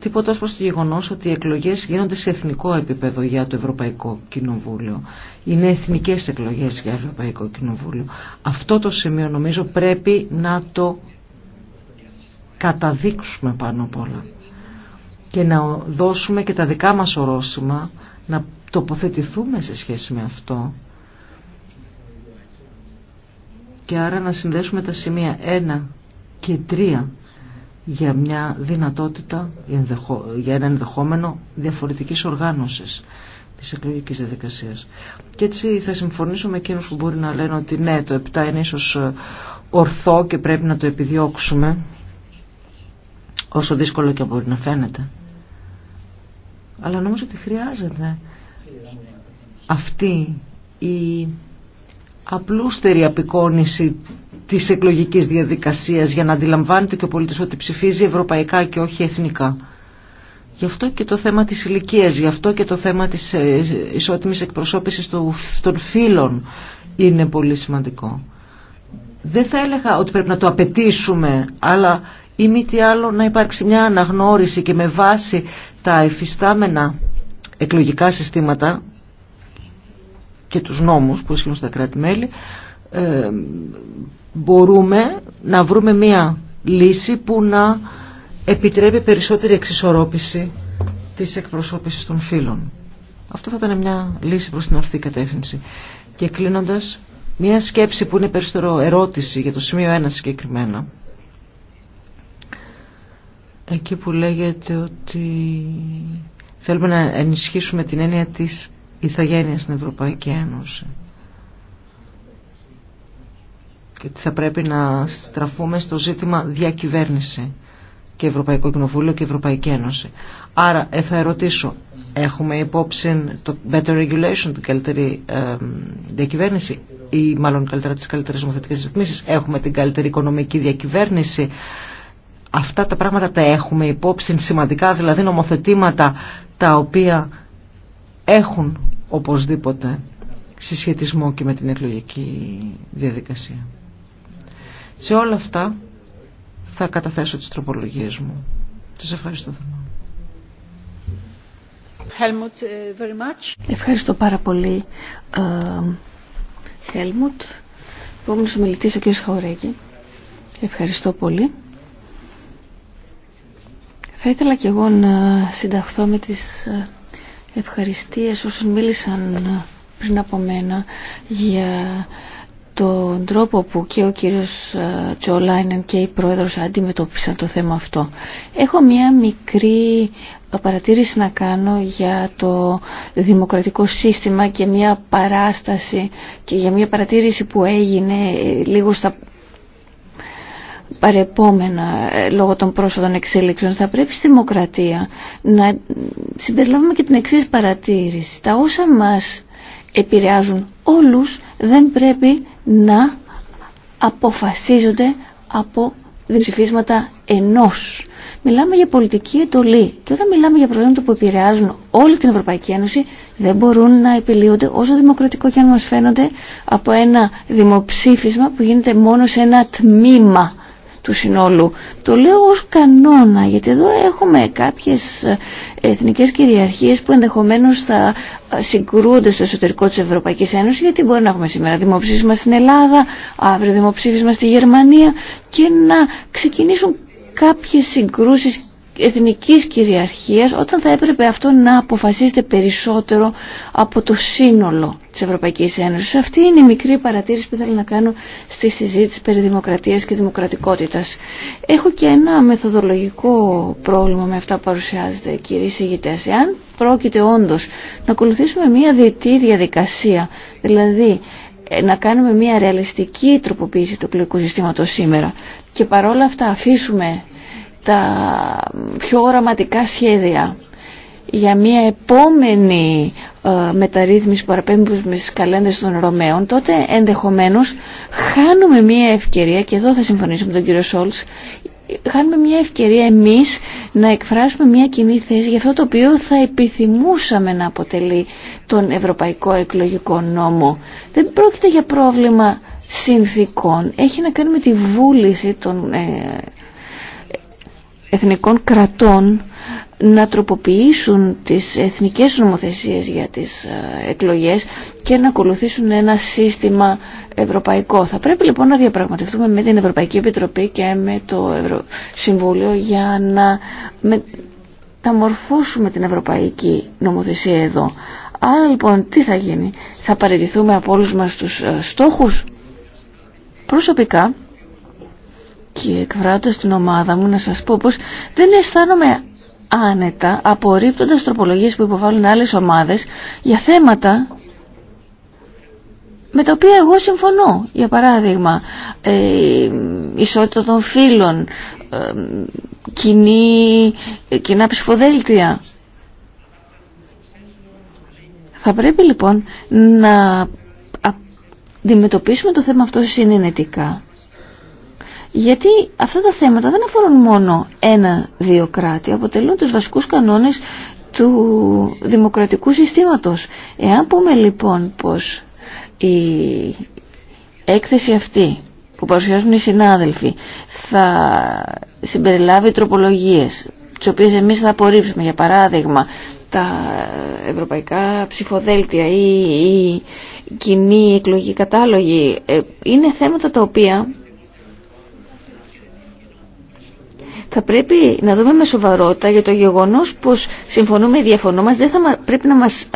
τίποτα ως προς το γεγονός ότι οι εκλογές γίνονται σε εθνικό επίπεδο για το Ευρωπαϊκό Κοινοβούλιο. Είναι εθνικές εκλογές για Ευρωπαϊκό Κοινοβούλιο. Αυτό το σημείο νομίζω πρέπει να το καταδείξουμε πάνω απ' όλα και να δώσουμε και τα δικά μας ορόσημα, να τοποθετηθούμε σε σχέση με αυτό και άρα να συνδέσουμε τα σημεία 1 και 3 για μια δυνατότητα, για ένα ενδεχόμενο διαφορετικής οργάνωσης της εκλογικής διαδικασίας. Και έτσι θα συμφωνήσω με εκείνους που μπορεί να λένε ότι ναι, το 7 είναι ίσως ε, ορθό και πρέπει να το επιδιώξουμε, όσο δύσκολο και μπορεί να φαίνεται αλλά νομίζω ότι χρειάζεται αυτή η απλούστερη απεικόνηση της εκλογικής διαδικασίας για να αντιλαμβάνεται και ο πολίτης ότι ψηφίζει ευρωπαϊκά και όχι εθνικά. Γι' αυτό και το θέμα της ηλικία, γι' αυτό και το θέμα της ε, ισότιμης εκπροσώπησης των φύλων είναι πολύ σημαντικό. Δεν θα έλεγα ότι πρέπει να το απαιτήσουμε, αλλά ή μη τι άλλο να υπάρξει μια αναγνώριση και με βάση τα εφιστάμενα εκλογικά συστήματα και τους νόμους που ισχύουν στα κράτη-μέλη ε, μπορούμε να βρούμε μια λύση που να επιτρέπει περισσότερη εξισορρόπηση της εκπροσώπησης των φύλων. Αυτό θα ήταν μια λύση προς την ορθή κατεύθυνση. Και κλείνοντας, μια σκέψη που είναι περισσότερο ερώτηση για το σημείο 1 συγκεκριμένα εκεί που λέγεται ότι θέλουμε να ενισχύσουμε την έννοια της ηθαγένειας στην Ευρωπαϊκή Ένωση και ότι θα πρέπει να στραφούμε στο ζήτημα διακυβέρνηση και Ευρωπαϊκό Κοινοβούλιο και Ευρωπαϊκή Ένωση. Άρα ε, θα ερωτήσω, έχουμε υπόψη το better regulation, την καλύτερη διακυβέρνηση ή μάλλον καλύτερα τις καλύτερες νομοθετικές ρυθμίσεις, έχουμε την καλύτερη οικονομική διακυβέρνηση, αυτά τα πράγματα τα έχουμε υπόψη σημαντικά, δηλαδή νομοθετήματα τα οποία έχουν οπωσδήποτε συσχετισμό και με την εκλογική διαδικασία. Σε όλα αυτά θα καταθέσω τις τροπολογίες μου. Σας ευχαριστώ. Helmut, ε, very much. Ευχαριστώ πάρα πολύ, Χέλμουτ. Ε, Επόμενος ο μιλητής ο κ. Χαουρέγγι. Ευχαριστώ πολύ. Θα ήθελα και εγώ να συνταχθώ με τις ε, ευχαριστίες όσων μίλησαν ε, πριν από μένα για τον τρόπο που και ο κύριος ε, Τζολάινεν και η πρόεδρος αντιμετώπισαν το θέμα αυτό. Έχω μία μικρή παρατήρηση να κάνω για το δημοκρατικό σύστημα και μία παράσταση και για μία παρατήρηση που έγινε λίγο στα παρεπόμενα ε, λόγω των πρόσφατων εξέλιξεων θα πρέπει στη δημοκρατία να συμπεριλάβουμε και την εξής παρατήρηση. Τα όσα μας επηρεάζουν όλους δεν πρέπει να αποφασίζονται από δημοψηφίσματα ενός. Μιλάμε για πολιτική εντολή και όταν μιλάμε για προβλήματα που επηρεάζουν όλη την Ευρωπαϊκή Ένωση δεν μπορούν να επιλύονται όσο δημοκρατικό και αν μας φαίνονται από ένα δημοψήφισμα που γίνεται μόνο σε ένα τμήμα του συνόλου. Το λέω ως κανόνα γιατί εδώ έχουμε κάποιες ε, εθνικές κυριαρχίες που ενδεχομένως θα ε, συγκρούονται στο εσωτερικό της Ευρωπαϊκής Ένωσης γιατί μπορεί να έχουμε σήμερα δημοψήφισμα στην Ελλάδα, αύριο δημοψήφισμα στη Γερμανία και να ξεκινήσουν κάποιες συγκρούσεις εθνικής κυριαρχίας όταν θα έπρεπε αυτό να αποφασίσετε περισσότερο από το σύνολο της Ευρωπαϊκής Ένωσης. Αυτή είναι η μικρή παρατήρηση που θέλω να κάνω στη συζήτηση περί δημοκρατίας και δημοκρατικότητας. Έχω και ένα μεθοδολογικό πρόβλημα με αυτά που παρουσιάζεται κύριε συγητές. Εάν πρόκειται όντως να ακολουθήσουμε μια διετή διαδικασία, δηλαδή ε, να κάνουμε μια ρεαλιστική τροποποίηση του εκλογικού συστήματο σήμερα και παρόλα αυτά αφήσουμε τα πιο οραματικά σχέδια για μια επόμενη ε, μεταρρύθμιση που παραπέμπουμε στις καλέντες των Ρωμαίων, τότε ενδεχομένως χάνουμε μια ευκαιρία, και εδώ θα συμφωνήσω με τον κύριο Σόλτς, χάνουμε μια ευκαιρία εμείς να εκφράσουμε μια κοινή θέση για αυτό το οποίο θα επιθυμούσαμε να αποτελεί τον Ευρωπαϊκό Εκλογικό Νόμο. Δεν πρόκειται για πρόβλημα συνθήκων. Έχει να κάνει με τη βούληση των ε, εθνικών κρατών να τροποποιήσουν τις εθνικές νομοθεσίες για τις ε, εκλογές και να ακολουθήσουν ένα σύστημα ευρωπαϊκό. Θα πρέπει λοιπόν να διαπραγματευτούμε με την Ευρωπαϊκή Επιτροπή και με το Συμβούλιο για να μορφώσουμε την ευρωπαϊκή νομοθεσία εδώ. Άρα λοιπόν τι θα γίνει, θα παραιτηθούμε από όλους μας τους ε, στόχους. Προσωπικά και εκφράτω στην ομάδα μου να σας πω πως δεν αισθάνομαι άνετα απορρίπτοντας τροπολογίες που υποβάλλουν άλλες ομάδες για θέματα με τα οποία εγώ συμφωνώ. Για παράδειγμα, ε, ισότητα των φύλων, ε, κοινά ψηφοδέλτια. Θα πρέπει λοιπόν να αντιμετωπίσουμε το θέμα αυτό συνενετικά γιατί αυτά τα θέματα δεν αφορούν μόνο ένα-δύο κράτη, αποτελούν τους βασικούς κανόνες του δημοκρατικού συστήματος. Εάν πούμε λοιπόν πως η έκθεση αυτή που παρουσιάζουν οι συνάδελφοι θα συμπεριλάβει τροπολογίες τις οποίες εμείς θα απορρίψουμε για παράδειγμα τα ευρωπαϊκά ψηφοδέλτια ή η κοινή εκλογή κατάλογη ε, είναι θέματα τα οποία θα πρέπει να δούμε με σοβαρότητα για το γεγονός πως συμφωνούμε ή διαφωνούμε δεν θα πρέπει να μας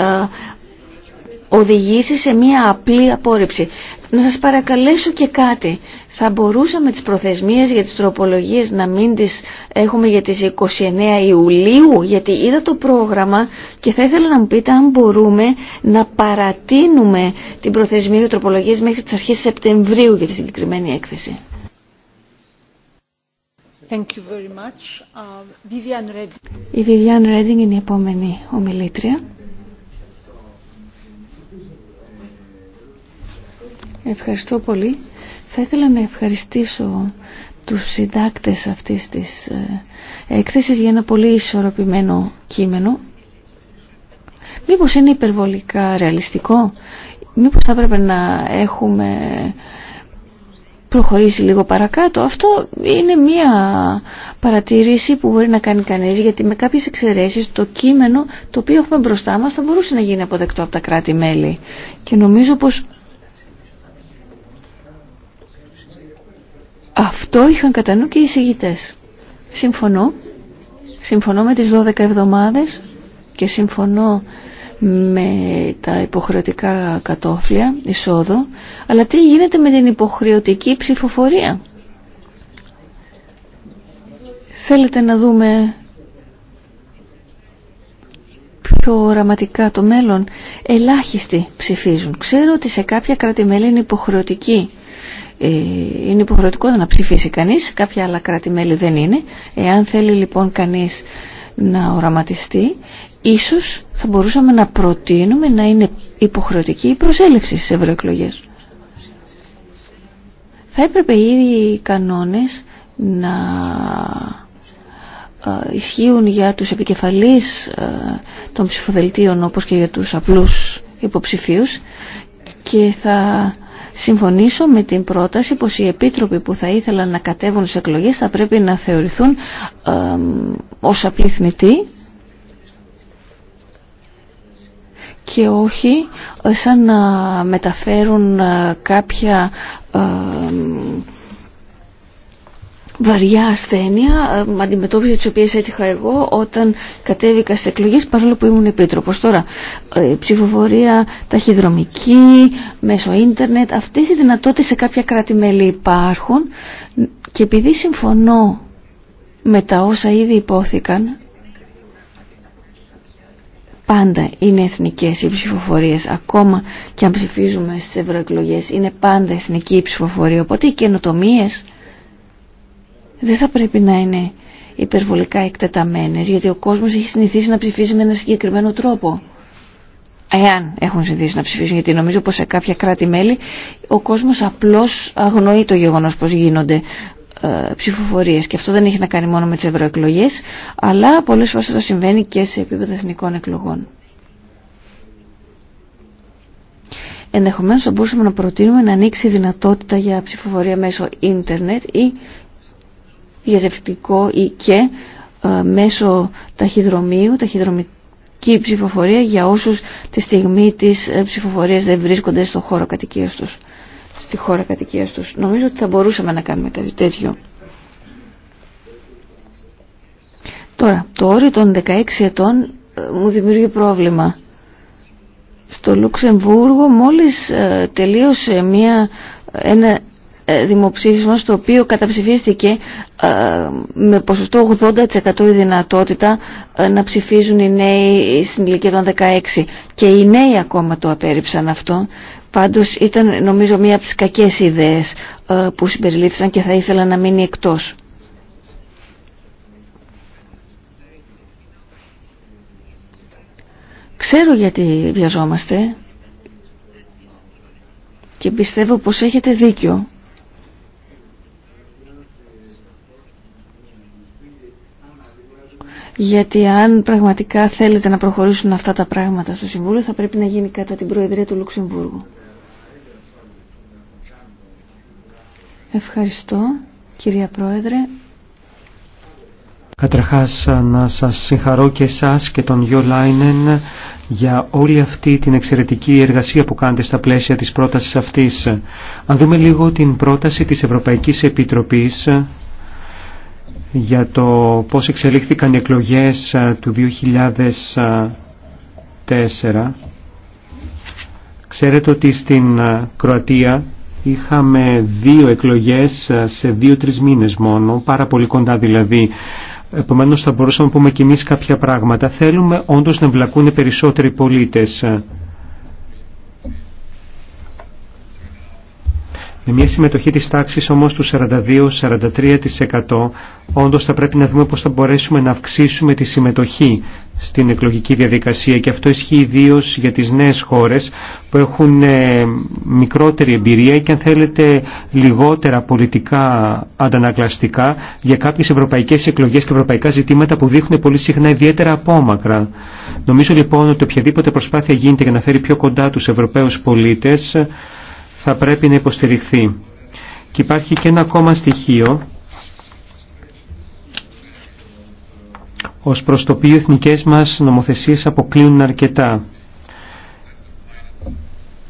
οδηγήσει σε μία απλή απόρριψη. Να σας παρακαλέσω και κάτι. Θα μπορούσαμε τις προθεσμίες για τις τροπολογίες να μην τις έχουμε για τις 29 Ιουλίου, γιατί είδα το πρόγραμμα και θα ήθελα να μου πείτε αν μπορούμε να παρατείνουμε την προθεσμία για τροπολογίες μέχρι τις αρχές Σεπτεμβρίου για τη συγκεκριμένη έκθεση. Uh, η Redding είναι η επόμενη ομιλήτρια. Ευχαριστώ πολύ. Θα ήθελα να ευχαριστήσω τους συντάκτες αυτής της ε, έκθεσης για ένα πολύ ισορροπημένο κείμενο. Μήπως είναι υπερβολικά ρεαλιστικό, μήπως θα έπρεπε να έχουμε προχωρήσει λίγο παρακάτω. Αυτό είναι μία παρατήρηση που μπορεί να κάνει κανείς γιατί με κάποιες εξαιρέσεις το κείμενο το οποίο έχουμε μπροστά μας θα μπορούσε να γίνει αποδεκτό από τα κράτη-μέλη. Και νομίζω πως αυτό είχαν κατά νου και οι εισηγητές. Συμφωνώ. Συμφωνώ με τις 12 εβδομάδες και συμφωνώ με τα υποχρεωτικά κατόφλια εισόδου, αλλά τι γίνεται με την υποχρεωτική ψηφοφορία. Θέλετε να δούμε πιο οραματικά το μέλλον. Ελάχιστοι ψηφίζουν. Ξέρω ότι σε κάποια κράτη-μέλη είναι υποχρεωτική ε, είναι υποχρεωτικό να ψηφίσει κανείς, κάποια άλλα κράτη-μέλη δεν είναι. Εάν θέλει λοιπόν κανείς να οραματιστεί, ίσως θα μπορούσαμε να προτείνουμε να είναι υποχρεωτική η προσέλευση στις ευρωεκλογέ. Θα έπρεπε ήδη οι κανόνες να ε, ισχύουν για τους επικεφαλείς ε, των ψηφοδελτίων όπως και για τους απλούς υποψηφίους και θα συμφωνήσω με την πρόταση πως οι επίτροποι που θα ήθελαν να κατέβουν σε εκλογές θα πρέπει να θεωρηθούν ε, ως απληθνητοί και όχι ε, σαν να μεταφέρουν ε, κάποια βαριά ασθένεια, ε, αντιμετώπιση της οποίας έτυχα εγώ όταν κατέβηκα στις εκλογές παρόλο που ήμουν επίτροπος. Τώρα, ε, ψηφοφορία ταχυδρομική, μέσω ίντερνετ, αυτές οι δυνατότητες σε κάποια κράτη-μέλη υπάρχουν και επειδή συμφωνώ με τα όσα ήδη υπόθηκαν, πάντα είναι εθνικές οι ψηφοφορίες, ακόμα και αν ψηφίζουμε στις ευρωεκλογές, είναι πάντα εθνική η ψηφοφορία, οπότε οι καινοτομίες δεν θα πρέπει να είναι υπερβολικά εκτεταμένες γιατί ο κόσμος έχει συνηθίσει να ψηφίζει με ένα συγκεκριμένο τρόπο. Εάν έχουν συνηθίσει να ψηφίζουν, γιατί νομίζω πως σε κάποια κράτη-μέλη ο κόσμος απλώς αγνοεί το γεγονός πως γίνονται ε, ψηφοφορίες και αυτό δεν έχει να κάνει μόνο με τις ευρωεκλογέ, αλλά πολλές φορές αυτό συμβαίνει και σε επίπεδο εθνικών εκλογών. Ενδεχομένως θα μπορούσαμε να προτείνουμε να ανοίξει δυνατότητα για ψηφοφορία μέσω ίντερνετ ή διαζευτικό ή και ε, μέσω ταχυδρομείου, ταχυδρομική ψηφοφορία για όσους τη στιγμή της ε, ψηφοφορίας δεν βρίσκονται στο χώρο κατοικίας τους, στη χώρα κατοικίας τους. Νομίζω ότι θα μπορούσαμε να κάνουμε κάτι τέτοιο. Τώρα, το όριο των 16 ετών ε, μου δημιουργεί πρόβλημα. Στο Λουξεμβούργο μόλις τελείωσε μια, ένα ε, δημοψήφισμα στο οποίο καταψηφίστηκε ε, με ποσοστό 80% η δυνατότητα ε, να ψηφίζουν οι νέοι στην ηλικία των 16. Και οι νέοι ακόμα το απέρριψαν αυτό. Πάντως ήταν νομίζω μία από τις κακές ιδέες που συμπεριλήφθησαν και θα ήθελα να μείνει εκτός. Ξέρω γιατί βιαζόμαστε και πιστεύω πως έχετε δίκιο γιατί αν πραγματικά θέλετε να προχωρήσουν αυτά τα πράγματα στο Συμβούλιο θα πρέπει να γίνει κατά την Προεδρία του Λουξεμβούργου. Ευχαριστώ κυρία Πρόεδρε. Καταρχάς να σας συγχαρώ και εσάς και τον Γιώ Λάινεν για όλη αυτή την εξαιρετική εργασία που κάνετε στα πλαίσια της πρότασης αυτής. Αν δούμε λίγο την πρόταση της Ευρωπαϊκής Επιτροπής για το πώς εξελίχθηκαν οι εκλογές ε, του 2004. Ξέρετε ότι στην ε, Κροατία είχαμε δύο εκλογές ε, σε δύο-τρεις μήνες μόνο, πάρα πολύ κοντά δηλαδή. Επομένως θα μπορούσαμε να πούμε κι εμείς κάποια πράγματα. Θέλουμε όντως να εμπλακούν περισσότεροι πολίτες. με μια συμμετοχή της τάξης όμως του 42-43% όντως θα πρέπει να δούμε πώς θα μπορέσουμε να αυξήσουμε τη συμμετοχή στην εκλογική διαδικασία και αυτό ισχύει ιδίω για τις νέες χώρες που έχουν ε, μικρότερη εμπειρία και αν θέλετε λιγότερα πολιτικά αντανακλαστικά για κάποιες ευρωπαϊκές εκλογές και ευρωπαϊκά ζητήματα που δείχνουν πολύ συχνά ιδιαίτερα απόμακρα. Νομίζω λοιπόν ότι οποιαδήποτε προσπάθεια γίνεται για να φέρει πιο κοντά τους Ευρωπαίους πολίτες θα πρέπει να υποστηριχθεί. Και υπάρχει και ένα ακόμα στοιχείο ως προς το οποίο οι εθνικές μας νομοθεσίες αποκλείουν αρκετά.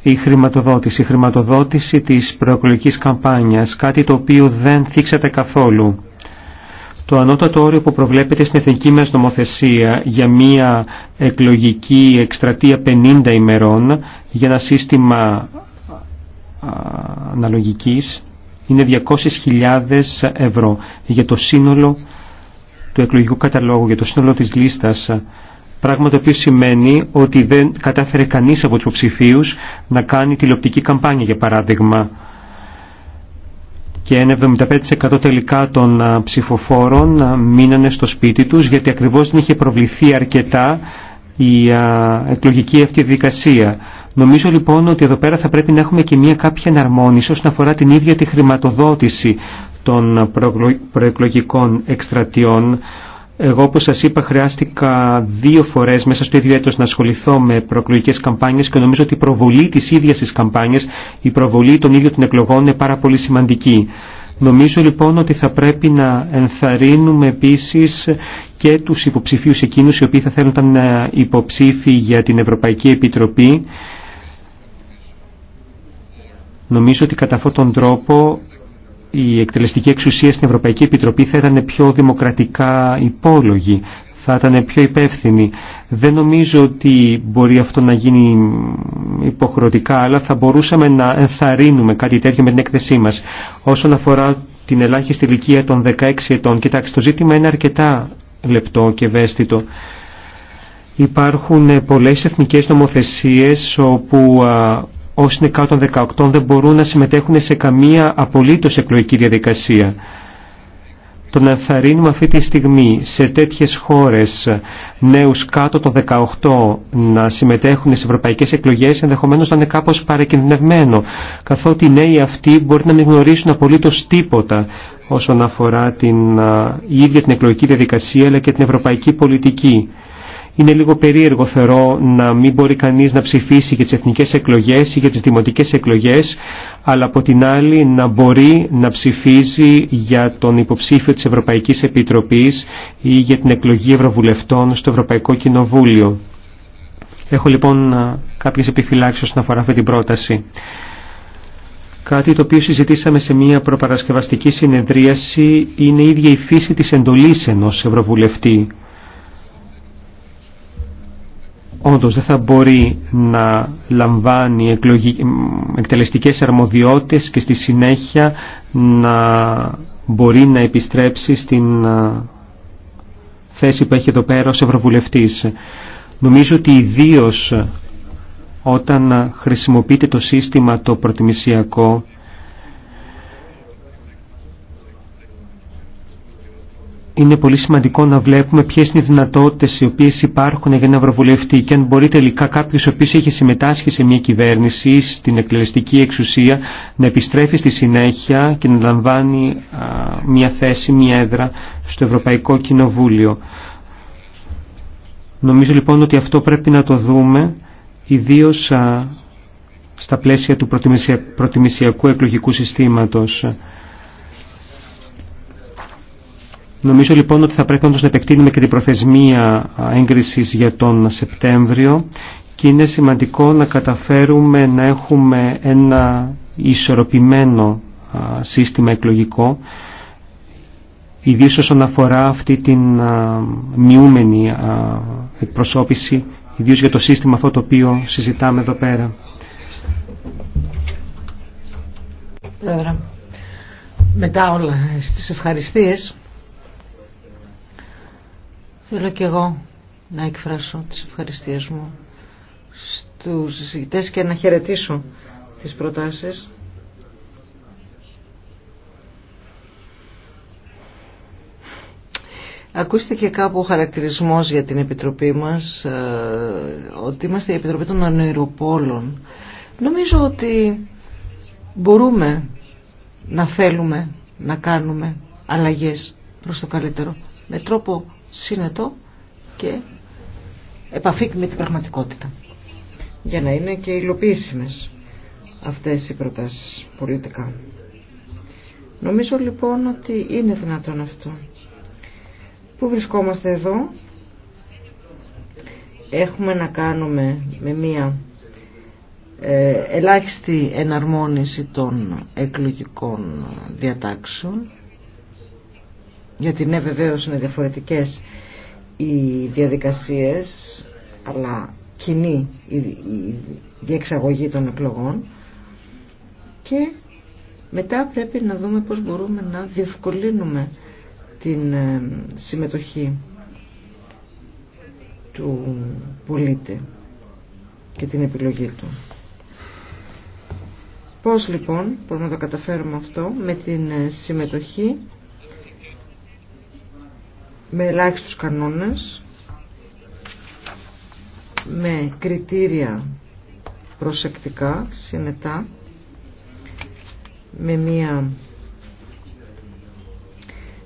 Η χρηματοδότηση, η χρηματοδότηση της προεκλογικής καμπάνιας, κάτι το οποίο δεν θίξατε καθόλου. Το ανώτατο όριο που προβλέπεται στην εθνική μας νομοθεσία για μία εκλογική εκστρατεία 50 ημερών για ένα σύστημα αναλογικής είναι 200.000 ευρώ για το σύνολο του εκλογικού καταλόγου, για το σύνολο της λίστας. Πράγμα το οποίο σημαίνει ότι δεν κατάφερε κανείς από τους υποψηφίου να κάνει τηλεοπτική καμπάνια για παράδειγμα. Και ένα 75% τελικά των ψηφοφόρων μείνανε στο σπίτι τους γιατί ακριβώς δεν είχε προβληθεί αρκετά η εκλογική αυτή δικασία. Νομίζω λοιπόν ότι εδώ πέρα θα πρέπει να έχουμε και μια κάποια εναρμόνιση όσον αφορά την ίδια τη χρηματοδότηση των προεκλογικών εκστρατιών. Εγώ όπως σας είπα χρειάστηκα δύο φορές μέσα στο ίδιο έτος να ασχοληθώ με προεκλογικές καμπάνιες και νομίζω ότι η προβολή της ίδιας της καμπάνιας, η προβολή των ίδιων των εκλογών είναι πάρα πολύ σημαντική. Νομίζω λοιπόν ότι θα πρέπει να ενθαρρύνουμε επίσης και τους υποψηφίους εκείνους οι οποίοι θα θέλουν να ε, υποψήφοι για την Ευρωπαϊκή Επιτροπή Νομίζω ότι κατά αυτόν τον τρόπο η εκτελεστική εξουσία στην Ευρωπαϊκή Επιτροπή θα ήταν πιο δημοκρατικά υπόλογη, θα ήταν πιο υπεύθυνη. Δεν νομίζω ότι μπορεί αυτό να γίνει υποχρεωτικά, αλλά θα μπορούσαμε να ενθαρρύνουμε κάτι τέτοιο με την έκθεσή μας. Όσον αφορά την ελάχιστη ηλικία των 16 ετών, κοιτάξτε, το ζήτημα είναι αρκετά λεπτό και ευαίσθητο. Υπάρχουν πολλές εθνικές νομοθεσίες όπου όσοι είναι κάτω των 18 δεν μπορούν να συμμετέχουν σε καμία απολύτως εκλογική διαδικασία. Το να ενθαρρύνουμε αυτή τη στιγμή σε τέτοιες χώρες νέους κάτω των 18 να συμμετέχουν σε ευρωπαϊκές εκλογές ενδεχομένως να είναι κάπως παρακινδυνευμένο, καθότι οι νέοι αυτοί μπορεί να μην γνωρίσουν απολύτως τίποτα όσον αφορά την ίδια την εκλογική διαδικασία αλλά και την ευρωπαϊκή πολιτική. Είναι λίγο περίεργο θεωρώ να μην μπορεί κανείς να ψηφίσει για τις εθνικές εκλογές ή για τις δημοτικές εκλογές, αλλά από την άλλη να μπορεί να ψηφίζει για τον υποψήφιο της Ευρωπαϊκής Επιτροπής ή για την εκλογή Ευρωβουλευτών στο Ευρωπαϊκό Κοινοβούλιο. Έχω λοιπόν κάποιες επιφυλάξεις όσον αφορά αυτή την πρόταση. Κάτι το οποίο συζητήσαμε σε μια προπαρασκευαστική συνεδρίαση είναι η ίδια η φύση της εντολής ενός Ευρωβουλευτή όντως δεν θα μπορεί να λαμβάνει εκτελεστικές αρμοδιότητες και στη συνέχεια να μπορεί να επιστρέψει στην ε, θέση που έχει εδώ πέρα ως Ευρωβουλευτής. Νομίζω ότι ιδίω όταν χρησιμοποιείται το σύστημα το προτιμησιακό είναι πολύ σημαντικό να βλέπουμε ποιε είναι οι δυνατότητε οι οποίε υπάρχουν για να ευρωβουλευτεί και αν μπορεί τελικά κάποιο ο οποίο έχει συμμετάσχει σε μια κυβέρνηση ή στην εκτελεστική εξουσία να επιστρέφει στη συνέχεια και να λαμβάνει μια θέση, μια έδρα στο Ευρωπαϊκό Κοινοβούλιο. Νομίζω λοιπόν ότι αυτό πρέπει να το δούμε ιδίω στα πλαίσια του προτιμησιακού εκλογικού συστήματος. Νομίζω λοιπόν ότι θα πρέπει όντως να επεκτείνουμε και την προθεσμία έγκρισης για τον Σεπτέμβριο και είναι σημαντικό να καταφέρουμε να έχουμε ένα ισορροπημένο σύστημα εκλογικό ιδίως όσον αφορά αυτή την μειούμενη εκπροσώπηση ιδίως για το σύστημα αυτό το οποίο συζητάμε εδώ πέρα. μετά όλα στις ευχαριστίες Θέλω και εγώ να εκφράσω τις ευχαριστίες μου στους συζητητές και να χαιρετήσω τις προτάσεις. Ακούστηκε κάπου ο χαρακτηρισμός για την Επιτροπή μας ε, ότι είμαστε η Επιτροπή των Ανοιροπόλων. Νομίζω ότι μπορούμε να θέλουμε να κάνουμε αλλαγές προς το καλύτερο με τρόπο συνετό και επαφή με την πραγματικότητα για να είναι και υλοποιήσιμες αυτές οι προτάσεις πολιτικά. Νομίζω λοιπόν ότι είναι δυνατόν αυτό. Πού βρισκόμαστε εδώ. Έχουμε να κάνουμε με μία ε, ελάχιστη εναρμόνιση των εκλογικών διατάξεων γιατί ναι βεβαίως είναι διαφορετικές οι διαδικασίες αλλά κοινή η διεξαγωγή των εκλογών και μετά πρέπει να δούμε πώς μπορούμε να διευκολύνουμε την ε, συμμετοχή του πολίτη και την επιλογή του. Πώς λοιπόν μπορούμε να το καταφέρουμε αυτό με την ε, συμμετοχή με ελάχιστους κανόνες, με κριτήρια προσεκτικά, συνετά, με μία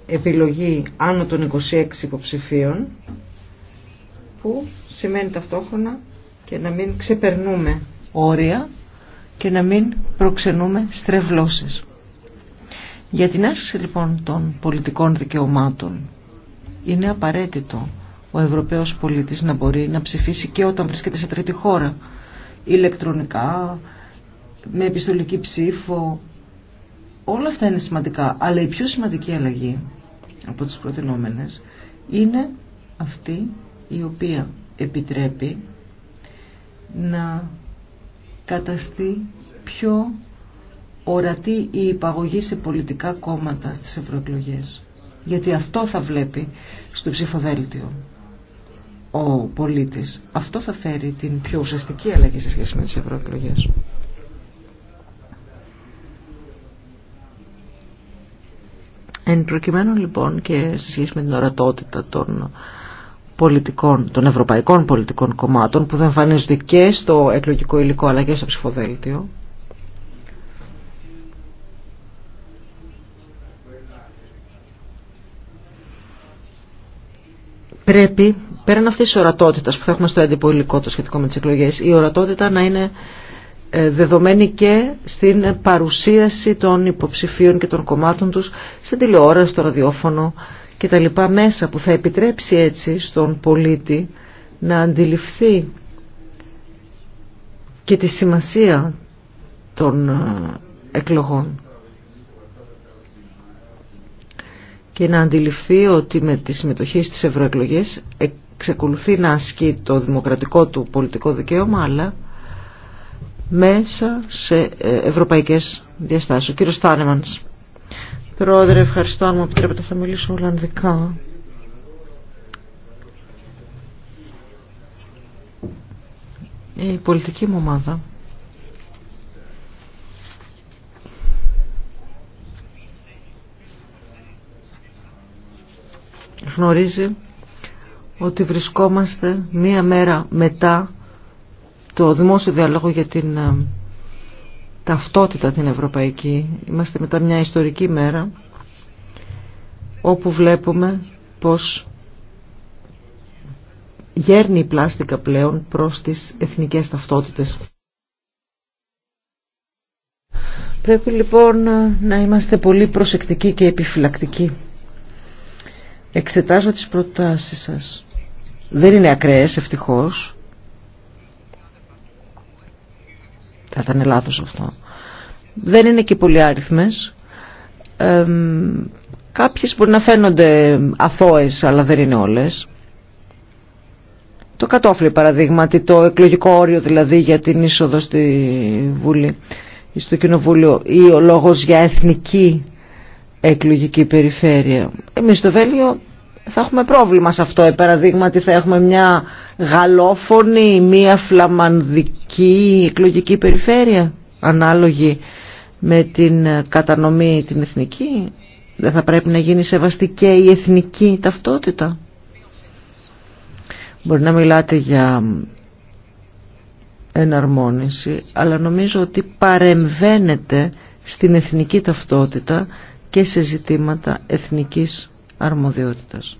επιλογή άνω των 26 υποψηφίων, που σημαίνει ταυτόχρονα και να μην ξεπερνούμε όρια και να μην προξενούμε στρεβλώσεις. Για την άσκηση λοιπόν των πολιτικών δικαιωμάτων είναι απαραίτητο ο Ευρωπαίος πολίτης να μπορεί να ψηφίσει και όταν βρίσκεται σε τρίτη χώρα ηλεκτρονικά, με επιστολική ψήφο όλα αυτά είναι σημαντικά αλλά η πιο σημαντική αλλαγή από τις προτινόμενες είναι αυτή η οποία επιτρέπει να καταστεί πιο ορατή η υπαγωγή σε πολιτικά κόμματα στις ευρωεκλογές γιατί αυτό θα βλέπει στο ψηφοδέλτιο ο πολίτης. Αυτό θα φέρει την πιο ουσιαστική αλλαγή σε σχέση με τις ευρωεκλογέ. Εν προκειμένου λοιπόν και σε σχέση με την ορατότητα των πολιτικών, των ευρωπαϊκών πολιτικών κομμάτων που θα εμφανίζονται και στο εκλογικό υλικό αλλά και στο ψηφοδέλτιο πρέπει πέραν αυτής της ορατότητας που θα έχουμε στο έντυπο υλικό το σχετικό με τις εκλογές η ορατότητα να είναι ε, δεδομένη και στην παρουσίαση των υποψηφίων και των κομμάτων τους στην τηλεόραση, στο ραδιόφωνο και τα λοιπά μέσα που θα επιτρέψει έτσι στον πολίτη να αντιληφθεί και τη σημασία των ε, εκλογών. και να αντιληφθεί ότι με τη συμμετοχή στις ευρωεκλογέ εξακολουθεί να ασκεί το δημοκρατικό του πολιτικό δικαίωμα αλλά μέσα σε ε, ευρωπαϊκές διαστάσεις. Ο κύριος Στάνεμανς. Πρόεδρε, ευχαριστώ. Αν μου επιτρέπετε θα μιλήσω Ολλανδικά. Η πολιτική μου ομάδα γνωρίζει ότι βρισκόμαστε μία μέρα μετά το δημόσιο διάλογο για την ε, ταυτότητα την ευρωπαϊκή. Είμαστε μετά μια ιστορική μέρα όπου βλέπουμε πως γέρνει η πλάστικα πλέον προς τις εθνικές ταυτότητες. Πρέπει λοιπόν να είμαστε πολύ προσεκτικοί και επιφυλακτικοί Εξετάζω τις προτάσεις σας. Δεν είναι ακραίες ευτυχώς. Θα ήταν λάθος αυτό. Δεν είναι και πολύ άριθμες. Ε, κάποιες μπορεί να φαίνονται αθώες αλλά δεν είναι όλες. Το κατόφλι παραδείγματι, το εκλογικό όριο δηλαδή για την είσοδο στη Βουλή, στο Κοινοβούλιο ή ο λόγος για εθνική εκλογική περιφέρεια. Εμείς στο Βέλγιο θα έχουμε πρόβλημα σε αυτό. Επαραδείγματι θα έχουμε μια γαλλόφωνη, μια φλαμανδική εκλογική περιφέρεια ανάλογη με την κατανομή την εθνική. Δεν θα πρέπει να γίνει σεβαστή και η εθνική ταυτότητα. Μπορεί να μιλάτε για εναρμόνιση, αλλά νομίζω ότι παρεμβαίνεται στην εθνική ταυτότητα και σε ζητήματα εθνικής αρμοδιότητας.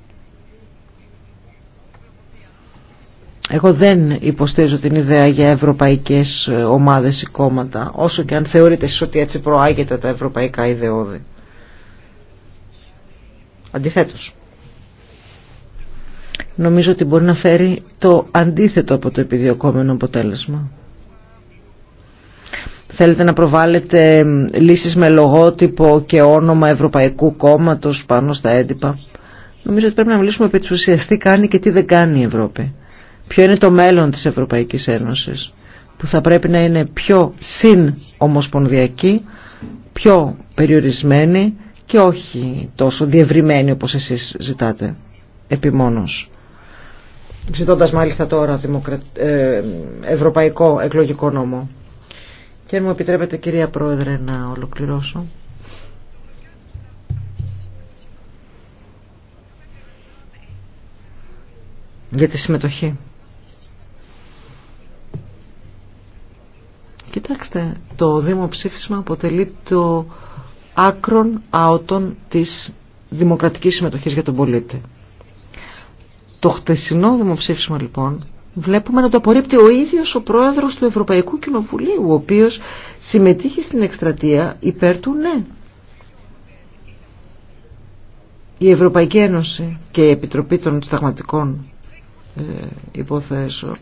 Εγώ δεν υποστήριζω την ιδέα για ευρωπαϊκές ομάδες ή κόμματα, όσο και αν θεωρείτε εσείς ότι έτσι προάγεται τα ευρωπαϊκά ιδεώδη. Αντιθέτως, νομίζω ότι μπορεί να φέρει το αντίθετο από το επιδιωκόμενο αποτέλεσμα. Θέλετε να προβάλλετε λύσεις με λογότυπο και όνομα Ευρωπαϊκού Κόμματος πάνω στα έντυπα. Νομίζω ότι πρέπει να μιλήσουμε επί της ουσίας τι κάνει και τι δεν κάνει η Ευρώπη. Ποιο είναι το μέλλον της Ευρωπαϊκής Ένωσης που θα πρέπει να είναι πιο συν ομοσπονδιακή, πιο περιορισμένη και όχι τόσο διευρυμένη όπως εσείς ζητάτε επιμόνως. Ζητώντας μάλιστα τώρα ε, ευρωπαϊκό εκλογικό νόμο. Και αν μου επιτρέπετε κυρία Πρόεδρε να ολοκληρώσω. Για τη συμμετοχή. Κοιτάξτε, το δημοψήφισμα αποτελεί το άκρον άοτον της δημοκρατικής συμμετοχής για τον πολίτη. Το χτεσινό δημοψήφισμα λοιπόν Βλέπουμε να το απορρίπτει ο ίδιος ο πρόεδρος του Ευρωπαϊκού Κοινοβουλίου, ο οποίος συμμετείχε στην εκστρατεία υπέρ του ναι. Η Ευρωπαϊκή Ένωση και η Επιτροπή των Σταγματικών ε, Υποθέσεων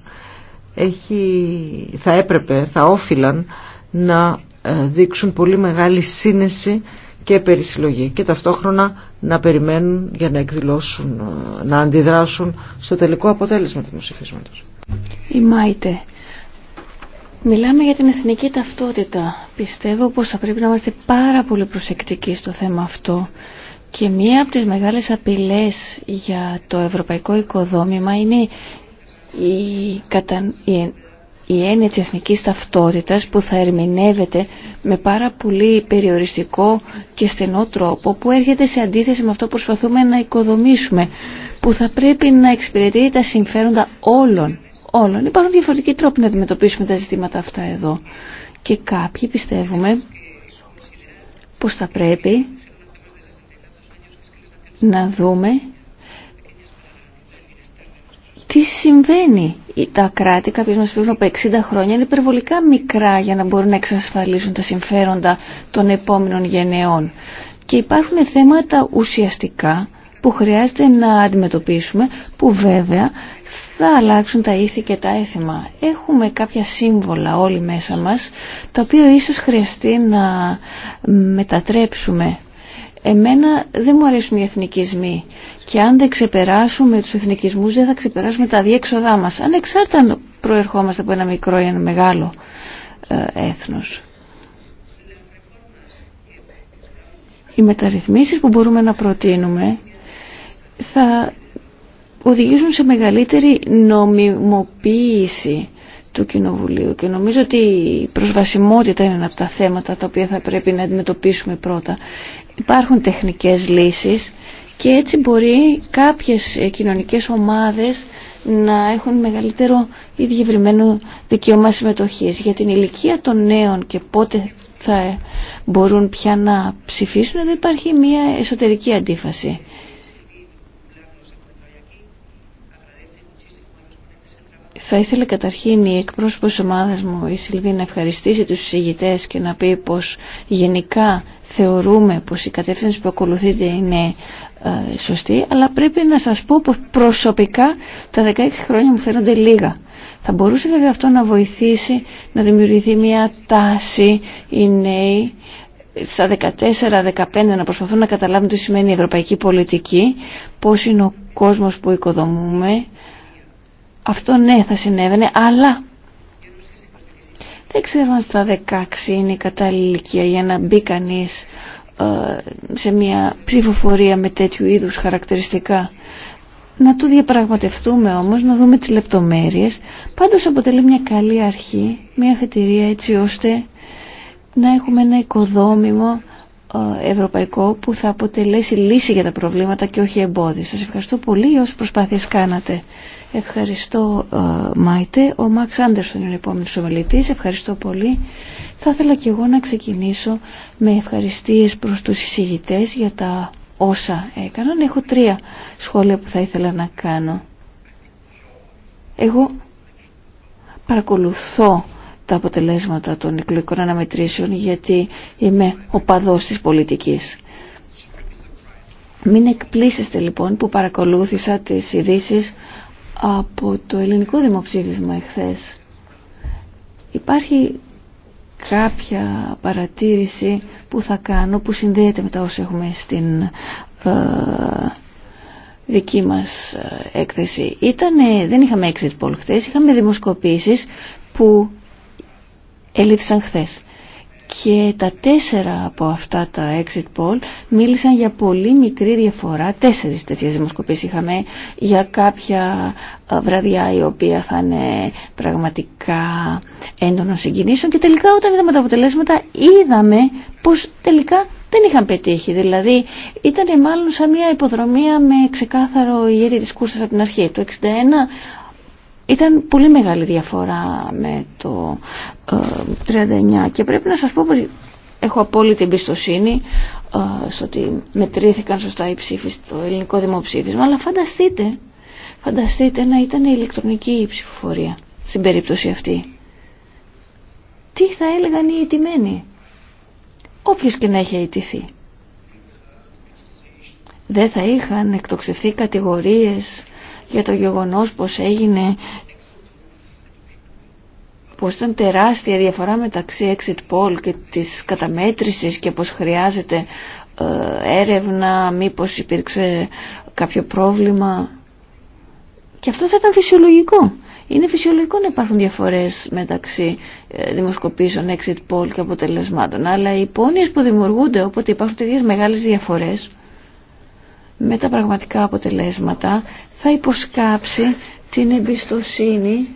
έχει, θα έπρεπε, θα όφυλαν να ε, δείξουν πολύ μεγάλη σύνεση και περισυλλογή και ταυτόχρονα να περιμένουν για να εκδηλώσουν, να αντιδράσουν στο τελικό αποτέλεσμα του δημοψηφίσματος. Η Μάιτε. Μιλάμε για την εθνική ταυτότητα. Πιστεύω πως θα πρέπει να είμαστε πάρα πολύ προσεκτικοί στο θέμα αυτό. Και μία από τις μεγάλες απειλές για το ευρωπαϊκό οικοδόμημα είναι η, κατα η έννοια της εθνικής ταυτότητας που θα ερμηνεύεται με πάρα πολύ περιοριστικό και στενό τρόπο που έρχεται σε αντίθεση με αυτό που προσπαθούμε να οικοδομήσουμε που θα πρέπει να εξυπηρετεί τα συμφέροντα όλων. όλων. Υπάρχουν διαφορετικοί τρόποι να αντιμετωπίσουμε τα ζητήματα αυτά εδώ και κάποιοι πιστεύουμε πως θα πρέπει να δούμε τι συμβαίνει. Τα κράτη, κάποιος μας πριν από 60 χρόνια, είναι υπερβολικά μικρά για να μπορούν να εξασφαλίσουν τα συμφέροντα των επόμενων γενεών. Και υπάρχουν θέματα ουσιαστικά που χρειάζεται να αντιμετωπίσουμε, που βέβαια θα αλλάξουν τα ήθη και τα έθιμα. Έχουμε κάποια σύμβολα όλοι μέσα μας, τα οποία ίσως χρειαστεί να μετατρέψουμε Εμένα δεν μου αρέσουν οι εθνικισμοί και αν δεν ξεπεράσουμε τους εθνικισμούς δεν θα ξεπεράσουμε τα διέξοδά μας ανεξάρτητα αν προερχόμαστε από ένα μικρό ή ένα μεγάλο ε, έθνος. Οι μεταρρυθμίσεις που μπορούμε να προτείνουμε θα οδηγήσουν σε μεγαλύτερη νομιμοποίηση του Κοινοβουλίου και νομίζω ότι η προσβασιμότητα είναι ένα από τα θέματα τα οποία θα πρέπει να αντιμετωπίσουμε πρώτα υπάρχουν τεχνικές λύσεις και έτσι μπορεί κάποιες ε, κοινωνικές ομάδες να έχουν μεγαλύτερο ή διευρυμένο δικαίωμα συμμετοχής. Για την ηλικία των νέων και πότε θα μπορούν πια να ψηφίσουν, εδώ υπάρχει μια εσωτερική αντίφαση. Θα ήθελα καταρχήν η εκπρόσωπο τη ομάδα μου, η Σιλβή, να ευχαριστήσει του συζητητέ και να πει πω γενικά θεωρούμε πω η κατεύθυνση που ακολουθείτε είναι ε, σωστή, αλλά πρέπει να σα πω πω προσωπικά τα 16 χρόνια μου φαίνονται λίγα. Θα μπορούσε βέβαια αυτό να βοηθήσει να δημιουργηθεί μια τάση οι νέοι στα 14-15 να προσπαθούν να καταλάβουν τι σημαίνει η ευρωπαϊκή πολιτική, πώς είναι ο κόσμος που οικοδομούμε, αυτό ναι θα συνέβαινε, αλλά δεν ξέρω αν στα 16 είναι η κατάλληλη ηλικία για να μπει κανεί ε, σε μια ψηφοφορία με τέτοιου είδους χαρακτηριστικά. Να το διαπραγματευτούμε όμως, να δούμε τις λεπτομέρειες. Πάντως αποτελεί μια καλή αρχή, μια θετηρία έτσι ώστε να έχουμε ένα οικοδόμημα ε, ευρωπαϊκό που θα αποτελέσει λύση για τα προβλήματα και όχι εμπόδιο. Σας ευχαριστώ πολύ για όσες προσπάθειες κάνατε. Ευχαριστώ ε, Μάιτε. Ο Μαξ Άντερσον είναι ο επόμενος ομιλητής. Ευχαριστώ πολύ. Θα ήθελα και εγώ να ξεκινήσω με ευχαριστίες προς τους εισηγητές για τα όσα έκαναν. Έχω τρία σχόλια που θα ήθελα να κάνω. Εγώ παρακολουθώ τα αποτελέσματα των εκλογικών αναμετρήσεων γιατί είμαι ο παδός της πολιτικής. Μην εκπλήσεστε λοιπόν που παρακολούθησα τις ειδήσει από το ελληνικό δημοψήφισμα εχθές υπάρχει κάποια παρατήρηση που θα κάνω που συνδέεται με τα όσα έχουμε στην ε, δική μας ε, έκθεση. Ήτανε, δεν είχαμε exit poll χθες, είχαμε δημοσκοπήσεις που ελήφθησαν χθες και τα τέσσερα από αυτά τα exit poll μίλησαν για πολύ μικρή διαφορά. Τέσσερις τέτοιες δημοσκοπήσεις είχαμε για κάποια ε, βραδιά η οποία θα είναι πραγματικά έντονο συγκινήσεων και τελικά όταν είδαμε τα αποτελέσματα είδαμε πως τελικά δεν είχαν πετύχει. Δηλαδή ήταν μάλλον σαν μια υποδρομία με ξεκάθαρο ηγέτη της κούρσας από την αρχή. του 61 ήταν πολύ μεγάλη διαφορά με το 39 ε, και πρέπει να σας πω πως έχω απόλυτη εμπιστοσύνη ε, στο ότι μετρήθηκαν σωστά οι ψήφοι στο ελληνικό δημοψήφισμα αλλά φανταστείτε, φανταστείτε να ήταν η ηλεκτρονική η ψηφοφορία στην περίπτωση αυτή τι θα έλεγαν οι αιτημένοι όποιος και να έχει αιτηθεί δεν θα είχαν εκτοξευθεί κατηγορίες για το γεγονός πως έγινε πως ήταν τεράστια διαφορά μεταξύ exit poll και της καταμέτρησης και πως χρειάζεται ε, έρευνα, μήπως υπήρξε κάποιο πρόβλημα. Και αυτό θα ήταν φυσιολογικό. Είναι φυσιολογικό να υπάρχουν διαφορές μεταξύ ε, δημοσκοπήσεων, exit poll και αποτελεσμάτων. Αλλά οι πόνοιες που δημιουργούνται όποτε υπάρχουν τέτοιες μεγάλες διαφορές με τα πραγματικά αποτελέσματα θα υποσκάψει την εμπιστοσύνη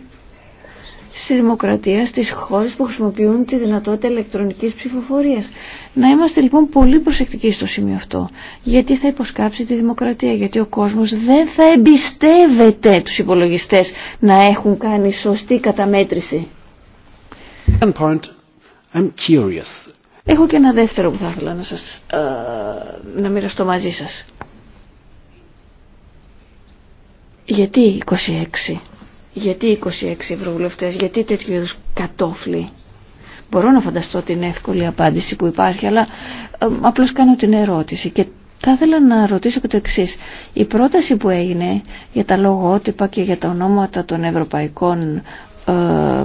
στη δημοκρατία στις χώρες που χρησιμοποιούν τη δυνατότητα ηλεκτρονικής ψηφοφορίας. Να είμαστε λοιπόν πολύ προσεκτικοί στο σημείο αυτό, γιατί θα υποσκάψει τη δημοκρατία, γιατί ο κόσμος δεν θα εμπιστεύεται τους υπολογιστές να έχουν κάνει σωστή καταμέτρηση. I'm Έχω και ένα δεύτερο που θα ήθελα να, σας, ε, να μοιραστώ μαζί σας. Γιατί 26, γιατί 26 ευρωβουλευτές, γιατί τέτοιου είδους κατόφλοι. Μπορώ να φανταστώ την εύκολη απάντηση που υπάρχει, αλλά ε, απλώς κάνω την ερώτηση. Και θα ήθελα να ρωτήσω και το εξή. Η πρόταση που έγινε για τα λογότυπα και για τα ονόματα των ευρωπαϊκών ε,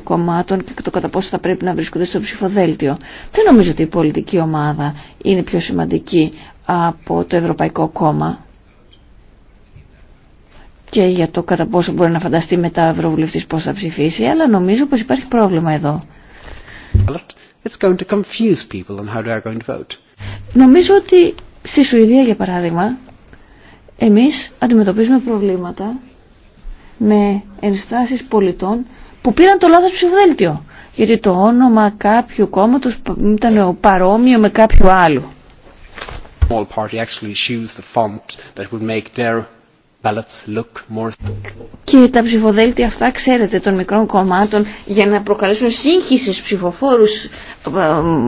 κομμάτων και το κατά πόσο θα πρέπει να βρίσκονται στο ψηφοδέλτιο. Δεν νομίζω ότι η πολιτική ομάδα είναι πιο σημαντική από το Ευρωπαϊκό Κόμμα και για το κατά πόσο μπορεί να φανταστεί μετά ο Ευρωβουλευτής πώς θα ψηφίσει, αλλά νομίζω πως υπάρχει πρόβλημα εδώ. It's going to confuse people on how they are going to vote. Νομίζω ότι στη Σουηδία, για παράδειγμα, εμείς αντιμετωπίζουμε προβλήματα με ενστάσεις πολιτών που πήραν το λάθος ψηφοδέλτιο. Γιατί το όνομα κάποιου κόμματος ήταν παρόμοιο με κάποιου άλλου. Και τα ψηφοδέλτια αυτά, ξέρετε, των μικρών κομμάτων για να προκαλέσουν σύγχυση στους ψηφοφόρους ε,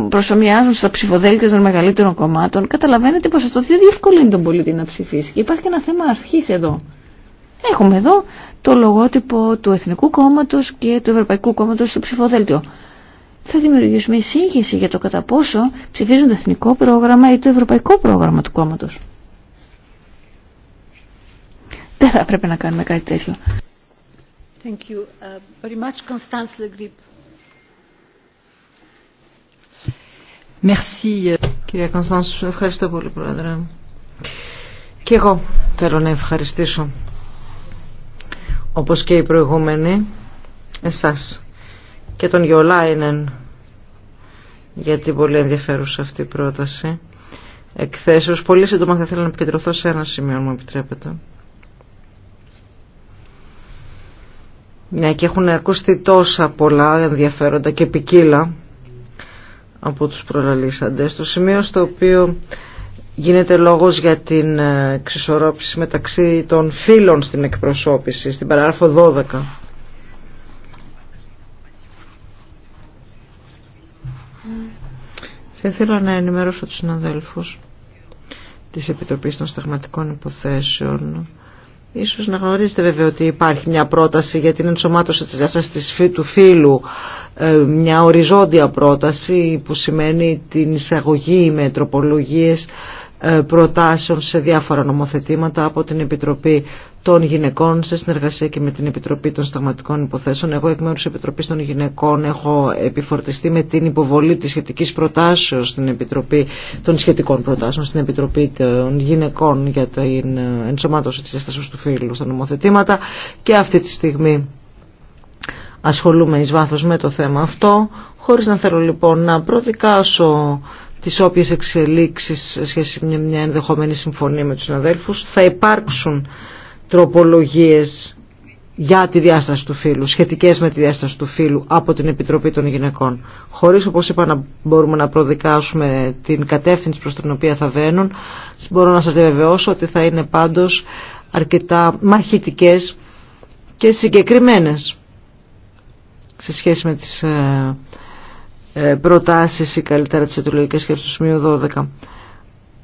προσωμιάζουν στα ψηφοδέλτια των μεγαλύτερων κομμάτων. Καταλαβαίνετε πως αυτό δεν διευκολύνει τον πολίτη να ψηφίσει. Και υπάρχει ένα θέμα αρχής εδώ. Έχουμε εδώ το λογότυπο του Εθνικού Κόμματος και του Ευρωπαϊκού Κόμματος στο ψηφοδέλτιο. Θα δημιουργήσουμε σύγχυση για το κατά πόσο ψηφίζουν το εθνικό πρόγραμμα ή το ευρωπαϊκό πρόγραμμα του κόμματος. Δεν θα πρέπει να κάνουμε κάτι τέτοιο. Κυρία Κωνστανσου, ευχαριστώ πολύ Πρόεδρε. Και εγώ θέλω να ευχαριστήσω, όπως και οι προηγούμενοι, εσάς και τον Γιολάινεν για την πολύ ενδιαφέρουσα αυτή η πρόταση εκθέσεως. Πολύ σύντομα θα ήθελα να επικεντρωθώ σε ένα σημείο, μου επιτρέπετε. Μια ναι, και έχουν ακούσει τόσα πολλά ενδιαφέροντα και ποικίλα από τους προλαλήσαντες. Το σημείο στο οποίο γίνεται λόγος για την ε, εξισορρόπηση μεταξύ των φίλων στην εκπροσώπηση, στην παράγραφο 12. Θα ήθελα να ενημερώσω τους συναδέλφους της Επιτροπής των Σταγματικών Υποθέσεων Ίσως να γνωρίζετε βέβαια ότι υπάρχει μια πρόταση για την ενσωμάτωση της διάστασης του φύλου, ε, μια οριζόντια πρόταση που σημαίνει την εισαγωγή με τροπολογίες ε, προτάσεων σε διάφορα νομοθετήματα από την Επιτροπή των Γυναικών σε συνεργασία και με την Επιτροπή των Σταγματικών Υποθέσεων. Εγώ εκ μέρους Επιτροπής των Γυναικών έχω επιφορτιστεί με την υποβολή της σχετικής προτάσεως στην Επιτροπή των σχετικών προτάσεων στην Επιτροπή των Γυναικών για την ε, ενσωμάτωση της έστασης του φύλου στα νομοθετήματα και αυτή τη στιγμή ασχολούμαι εις βάθος με το θέμα αυτό χωρίς να θέλω λοιπόν να προδικάσω τις όποιες εξελίξεις σε σχέση με μια ενδεχομένη συμφωνία με τους αδέλφους, θα υπάρξουν τροπολογίες για τη διάσταση του φύλου, σχετικές με τη διάσταση του φύλου από την Επιτροπή των Γυναικών. Χωρίς, όπως είπα, να μπορούμε να προδικάσουμε την κατεύθυνση προς την οποία θα βαίνουν, μπορώ να σας διαβεβαιώσω ότι θα είναι πάντως αρκετά μαχητικές και συγκεκριμένες σε σχέση με τις ε, ε, προτάσεις ή καλύτερα τις αιτιολογικές σκέψεις του σημείου 12.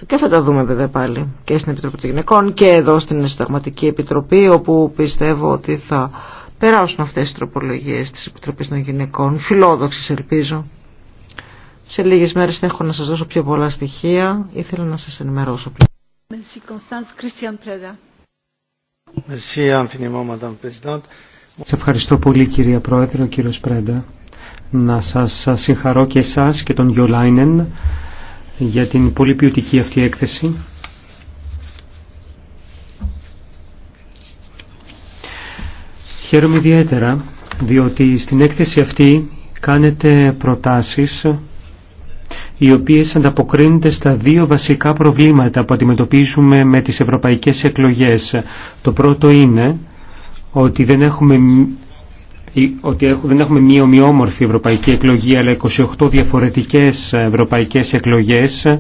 Και θα τα δούμε βέβαια πάλι και στην Επιτροπή των Γυναικών και εδώ στην Συνταγματική Επιτροπή όπου πιστεύω ότι θα περάσουν αυτές οι τροπολογίες της Επιτροπής των Γυναικών, φιλόδοξες ελπίζω. Σε λίγες μέρες θα έχω να σας δώσω πιο πολλά στοιχεία, ήθελα να σας ενημερώσω πλέον. Σας ευχαριστώ πολύ κυρία Πρόεδρε, ο κύριος Πρέντα να σας συγχαρώ και εσάς και τον Γιολάινεν για την πολύ ποιοτική αυτή έκθεση. Χαίρομαι ιδιαίτερα διότι στην έκθεση αυτή κάνετε προτάσεις οι οποίες ανταποκρίνονται στα δύο βασικά προβλήματα που αντιμετωπίζουμε με τις ευρωπαϊκές εκλογές. Το πρώτο είναι ότι δεν έχουμε ότι δεν έχουμε μία ομοιόμορφη ευρωπαϊκή εκλογή αλλά 28 διαφορετικές ε, ευρωπαϊκές εκλογές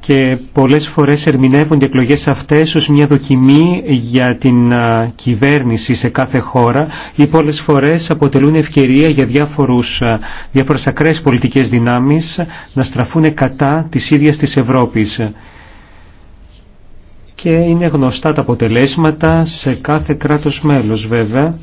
και πολλές φορές ερμηνεύονται οι εκλογές αυτές ως μια δοκιμή για την ε, κυβέρνηση σε κάθε χώρα ή πολλές φορές αποτελούν ευκαιρία για διάφορους, ε, διάφορες ακραίες πολιτικές δυνάμεις να στραφούν κατά της ίδιας της Ευρώπης και είναι γνωστά τα αποτελέσματα σε κάθε κράτος μέλος βέβαια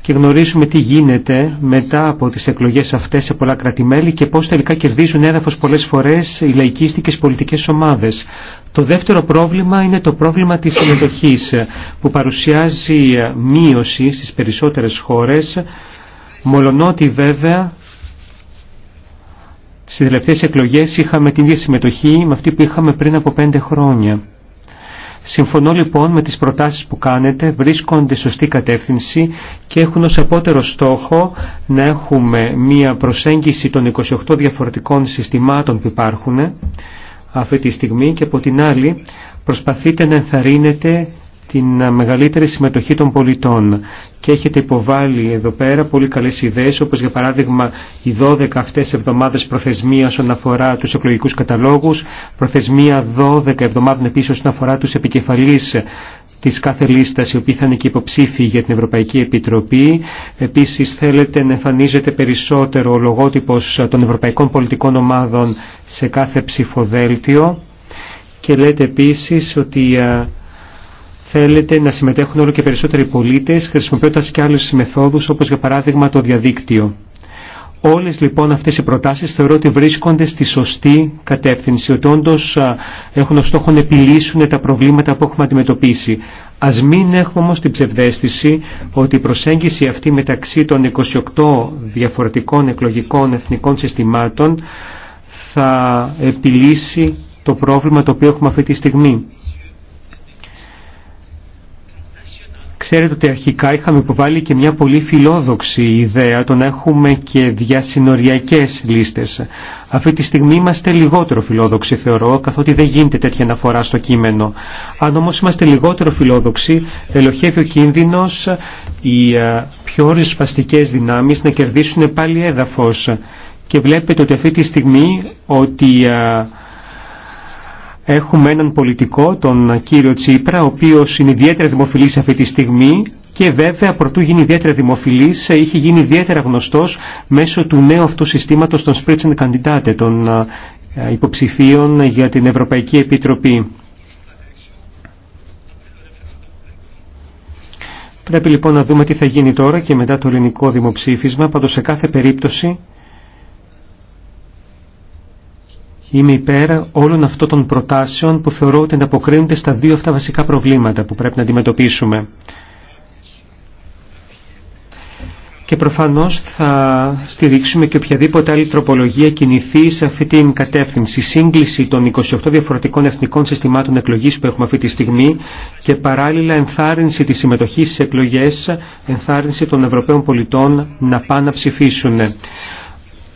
και γνωρίζουμε τι γίνεται μετά από τις εκλογές αυτές σε πολλά κρατημέλη και πώς τελικά κερδίζουν έδαφος πολλές φορές οι λαϊκίστικες πολιτικές ομάδες. Το δεύτερο πρόβλημα είναι το πρόβλημα της συμμετοχής που παρουσιάζει μείωση στις περισσότερες χώρες μολονότι βέβαια στις τελευταίες εκλογές είχαμε την ίδια συμμετοχή με αυτή που είχαμε πριν από πέντε χρόνια. Συμφωνώ λοιπόν με τις προτάσεις που κάνετε, βρίσκονται σωστή κατεύθυνση και έχουν ως απότερο στόχο να έχουμε μία προσέγγιση των 28 διαφορετικών συστημάτων που υπάρχουν αυτή τη στιγμή και από την άλλη προσπαθείτε να ενθαρρύνετε την μεγαλύτερη συμμετοχή των πολιτών και έχετε υποβάλει εδώ πέρα πολύ καλές ιδέες όπως για παράδειγμα οι 12 αυτές εβδομάδες προθεσμία όσον αφορά τους εκλογικούς καταλόγους, προθεσμία 12 εβδομάδων επίσης όσον αφορά τους επικεφαλείς τη κάθε λίστα, οι οποίοι θα είναι και υποψήφοι για την Ευρωπαϊκή Επιτροπή. Επίση, θέλετε να εμφανίζεται περισσότερο ο λογότυπος των ευρωπαϊκών πολιτικών ομάδων σε κάθε ψηφοδέλτιο και λέτε επίση ότι Θέλετε να συμμετέχουν όλο και περισσότεροι πολίτες χρησιμοποιώντας και άλλες μεθόδους όπως για παράδειγμα το διαδίκτυο. Όλες λοιπόν αυτές οι προτάσεις θεωρώ ότι βρίσκονται στη σωστή κατεύθυνση, ότι όντω έχουν ως στόχο να επιλύσουν τα προβλήματα που έχουμε αντιμετωπίσει. Ας μην έχουμε όμως την ψευδέστηση ότι η προσέγγιση αυτή μεταξύ των 28 διαφορετικών εκλογικών εθνικών συστημάτων θα επιλύσει το πρόβλημα το οποίο έχουμε αυτή τη στιγμή. Ξέρετε ότι αρχικά είχαμε υποβάλει και μια πολύ φιλόδοξη ιδέα το να έχουμε και διασυνοριακές λίστες. Αυτή τη στιγμή είμαστε λιγότερο φιλόδοξοι θεωρώ, καθότι δεν γίνεται τέτοια αναφορά στο κείμενο. Αν όμως είμαστε λιγότερο φιλόδοξοι, ελοχεύει ο κίνδυνος οι ε, πιο ρισπαστικές δυνάμεις να κερδίσουν πάλι έδαφος. Και βλέπετε ότι αυτή τη στιγμή ότι ε, Έχουμε έναν πολιτικό, τον κύριο Τσίπρα, ο οποίος είναι ιδιαίτερα δημοφιλής αυτή τη στιγμή και βέβαια προτού γίνει ιδιαίτερα δημοφιλής, ε, είχε γίνει ιδιαίτερα γνωστός μέσω του νέου αυτού συστήματος των Candidate, των ε, υποψηφίων για την Ευρωπαϊκή Επιτροπή. Πρέπει λοιπόν να δούμε τι θα γίνει τώρα και μετά το ελληνικό δημοψήφισμα, πάντως σε κάθε περίπτωση Είμαι υπέρ όλων αυτών των προτάσεων που θεωρώ ότι ανταποκρίνονται στα δύο αυτά βασικά προβλήματα που πρέπει να αντιμετωπίσουμε. Και προφανώς θα στηρίξουμε και οποιαδήποτε άλλη τροπολογία κινηθεί σε αυτή την κατεύθυνση. σύγκληση των 28 διαφορετικών εθνικών συστημάτων εκλογής που έχουμε αυτή τη στιγμή και παράλληλα ενθάρρυνση της συμμετοχής στις εκλογές, ενθάρρυνση των Ευρωπαίων πολιτών να πάνε να ψηφίσουν.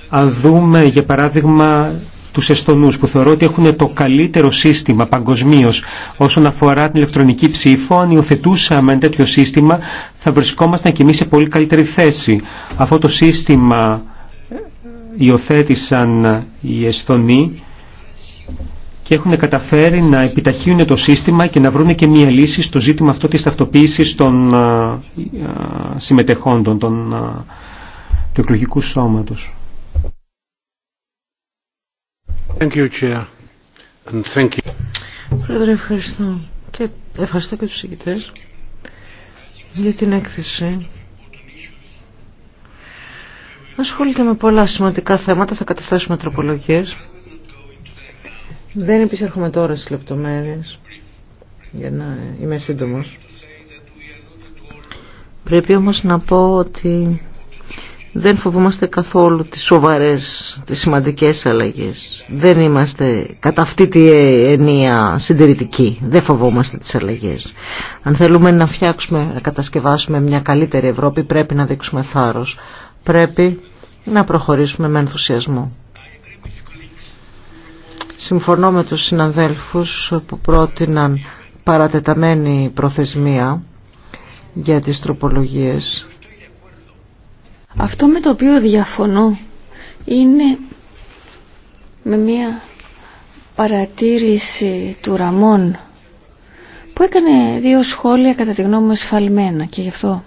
Αν δούμε για παράδειγμα τους Εστονούς που θεωρώ ότι έχουν το καλύτερο σύστημα παγκοσμίως όσον αφορά την ηλεκτρονική ψήφο. Αν υιοθετούσαμε ένα τέτοιο σύστημα θα βρισκόμασταν και εμείς σε πολύ καλύτερη θέση. Αυτό το σύστημα ε, υιοθέτησαν οι Εστονοί και έχουν καταφέρει να επιταχύνουν το σύστημα και να βρουν και μία λύση στο ζήτημα αυτό της ταυτοποίησης των ε, ε, συμμετεχόντων, του εκλογικού σώματος. Πρόεδρε, ευχαριστώ. Και ευχαριστώ και τους ηγητές για την έκθεση. Ασχολείται με πολλά σημαντικά θέματα, θα καταθέσουμε τροπολογίες. Δεν επισέρχομαι τώρα στις λεπτομέρειες, για να είμαι σύντομος. Πρέπει όμως να πω ότι δεν φοβόμαστε καθόλου τις σοβαρές, τις σημαντικές αλλαγές. Δεν είμαστε κατά αυτή τη ενία συντηρητικοί. Δεν φοβόμαστε τις αλλαγές. Αν θέλουμε να φτιάξουμε, να κατασκευάσουμε μια καλύτερη Ευρώπη πρέπει να δείξουμε θάρρος. Πρέπει να προχωρήσουμε με ενθουσιασμό. Συμφωνώ με τους συναδέλφους που πρότειναν παρατεταμένη προθεσμία για τις τροπολογίες αυτό με το οποίο διαφωνώ είναι με μια παρατήρηση του Ραμών που έκανε δύο σχόλια κατά τη γνώμη μου εσφαλμένα και γι' αυτό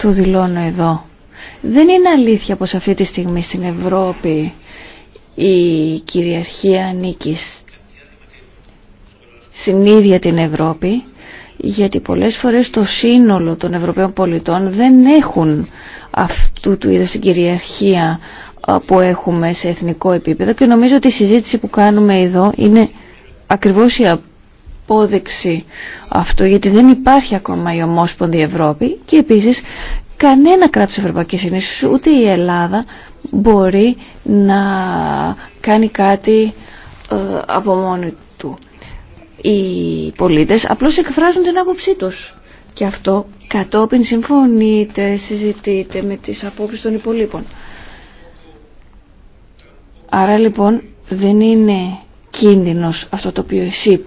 το δηλώνω εδώ. Δεν είναι αλήθεια πως αυτή τη στιγμή στην Ευρώπη η κυριαρχία ανήκει στην ίδια την Ευρώπη γιατί πολλές φορές το σύνολο των Ευρωπαίων πολιτών δεν έχουν αυτού του είδους την κυριαρχία που έχουμε σε εθνικό επίπεδο και νομίζω ότι η συζήτηση που κάνουμε εδώ είναι ακριβώς η απόδειξη αυτού γιατί δεν υπάρχει ακόμα η ομόσπονδη Ευρώπη και επίσης κανένα κράτος Ευρωπαϊκής Ένωσης ούτε η Ελλάδα μπορεί να κάνει κάτι ε, από μόνη του οι πολίτες απλώς εκφράζουν την άποψή τους. Και αυτό κατόπιν συμφωνείτε, συζητείτε με τις απόψεις των υπολείπων. Άρα λοιπόν δεν είναι κίνδυνος αυτό το οποίο εσύ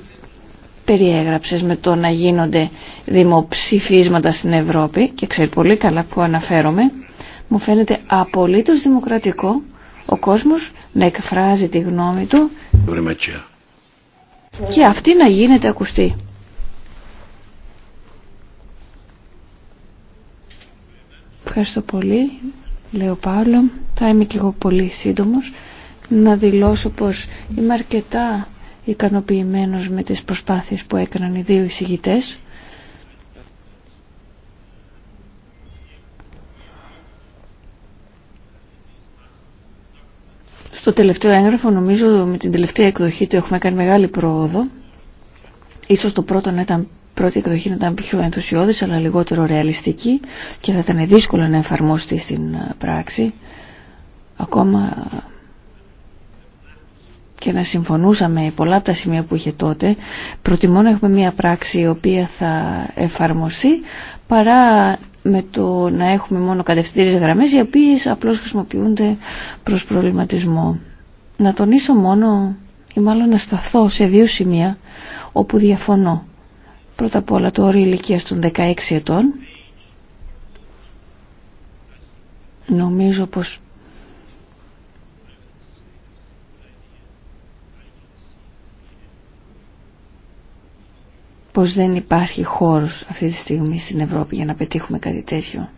περιέγραψες με το να γίνονται δημοψηφίσματα στην Ευρώπη και ξέρει πολύ καλά που αναφέρομαι μου φαίνεται απολύτως δημοκρατικό ο κόσμος να εκφράζει τη γνώμη του και αυτή να γίνεται ακουστή. Ευχαριστώ πολύ, λέω Παύλο. Θα είμαι και εγώ πολύ σύντομος να δηλώσω πως είμαι αρκετά ικανοποιημένος με τις προσπάθειες που έκαναν οι δύο εισηγητές Στο τελευταίο έγγραφο νομίζω με την τελευταία εκδοχή του έχουμε κάνει μεγάλη πρόοδο. Ίσως το πρώτο να ήταν πρώτη εκδοχή να ήταν πιο ενθουσιώδης αλλά λιγότερο ρεαλιστική και θα ήταν δύσκολο να εφαρμόστεί στην ε, πράξη. Ακόμα και να συμφωνούσαμε πολλά από τα σημεία που είχε τότε, προτιμώ να έχουμε μια πράξη η οποία θα εφαρμοστεί παρά με το να έχουμε μόνο κατευθυντήριες γραμμές οι οποίες απλώς χρησιμοποιούνται προς προβληματισμό. Να τονίσω μόνο ή μάλλον να σταθώ σε δύο σημεία όπου διαφωνώ. Πρώτα απ' όλα το όριο ηλικία των 16 ετών. Νομίζω πως πως δεν υπάρχει χώρος αυτή τη στιγμή στην Ευρώπη για να πετύχουμε κάτι τέτοιο.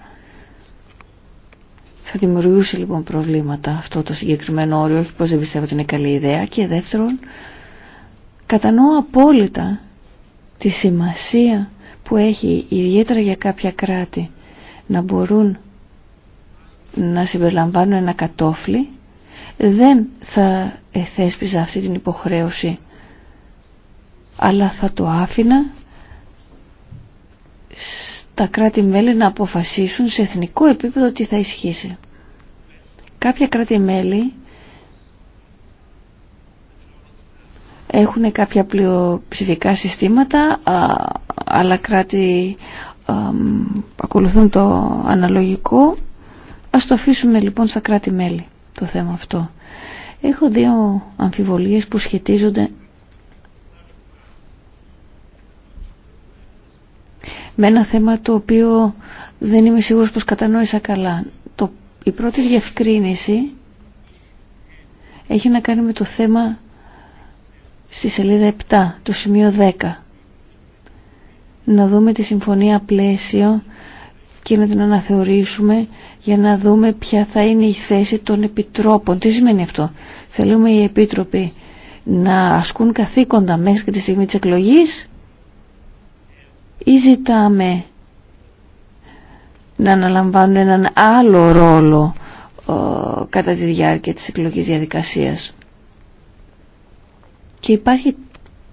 Θα δημιουργούσε λοιπόν προβλήματα αυτό το συγκεκριμένο όριο, όχι πως δεν πιστεύω ότι είναι καλή ιδέα. Και δεύτερον, κατανοώ απόλυτα τη σημασία που έχει ιδιαίτερα για κάποια κράτη να μπορούν να συμπεριλαμβάνουν ένα κατόφλι. Δεν θα εθέσπιζα αυτή την υποχρέωση αλλά θα το άφηνα στα κράτη-μέλη να αποφασίσουν σε εθνικό επίπεδο τι θα ισχύσει. Κάποια κράτη-μέλη έχουν κάποια πλειοψηφικά συστήματα, άλλα κράτη ακολουθούν το αναλογικό. Ας το αφήσουμε λοιπόν στα κράτη-μέλη το θέμα αυτό. Έχω δύο αμφιβολίες που σχετίζονται με ένα θέμα το οποίο δεν είμαι σίγουρος πως κατανόησα καλά. Το, η πρώτη διευκρίνηση έχει να κάνει με το θέμα στη σελίδα 7, το σημείο 10. Να δούμε τη συμφωνία πλαίσιο και να την αναθεωρήσουμε για να δούμε ποια θα είναι η θέση των επιτρόπων. Τι σημαίνει αυτό. Θέλουμε οι επίτροποι να ασκούν καθήκοντα μέχρι και τη στιγμή της εκλογής ή ζητάμε να αναλαμβάνουν έναν άλλο ρόλο ο, κατά τη διάρκεια της εκλογής διαδικασίας. Και υπάρχει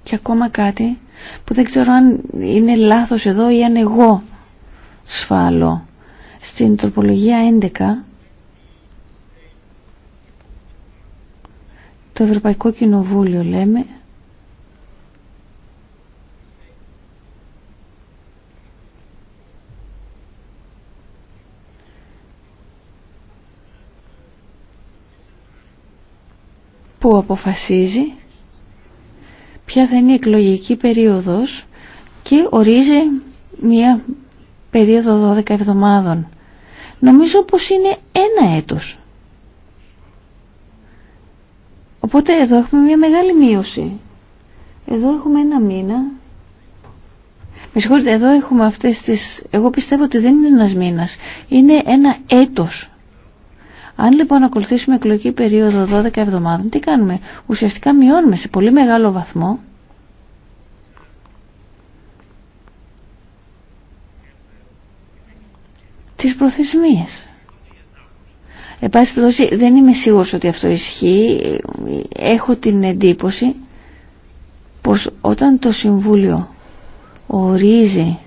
και ακόμα κάτι που δεν ξέρω αν είναι λάθος εδώ ή αν εγώ σφάλω. Στην τροπολογία 11 το Ευρωπαϊκό Κοινοβούλιο λέμε που αποφασίζει ποια θα είναι η εκλογική περίοδος και ορίζει μία περίοδο 12 εβδομάδων. Νομίζω πως είναι ένα έτος. Οπότε εδώ έχουμε μία μεγάλη μείωση. Εδώ έχουμε ένα μήνα. Με συγχωρείτε, εδώ έχουμε αυτές τις... Εγώ πιστεύω ότι δεν είναι ένας μήνας. Είναι ένα έτος. Αν λοιπόν ακολουθήσουμε εκλογική περίοδο 12 εβδομάδων, τι κάνουμε. Ουσιαστικά μειώνουμε σε πολύ μεγάλο βαθμό τις προθεσμίες. Εν δεν είμαι σίγουρος ότι αυτό ισχύει. Έχω την εντύπωση πως όταν το Συμβούλιο ορίζει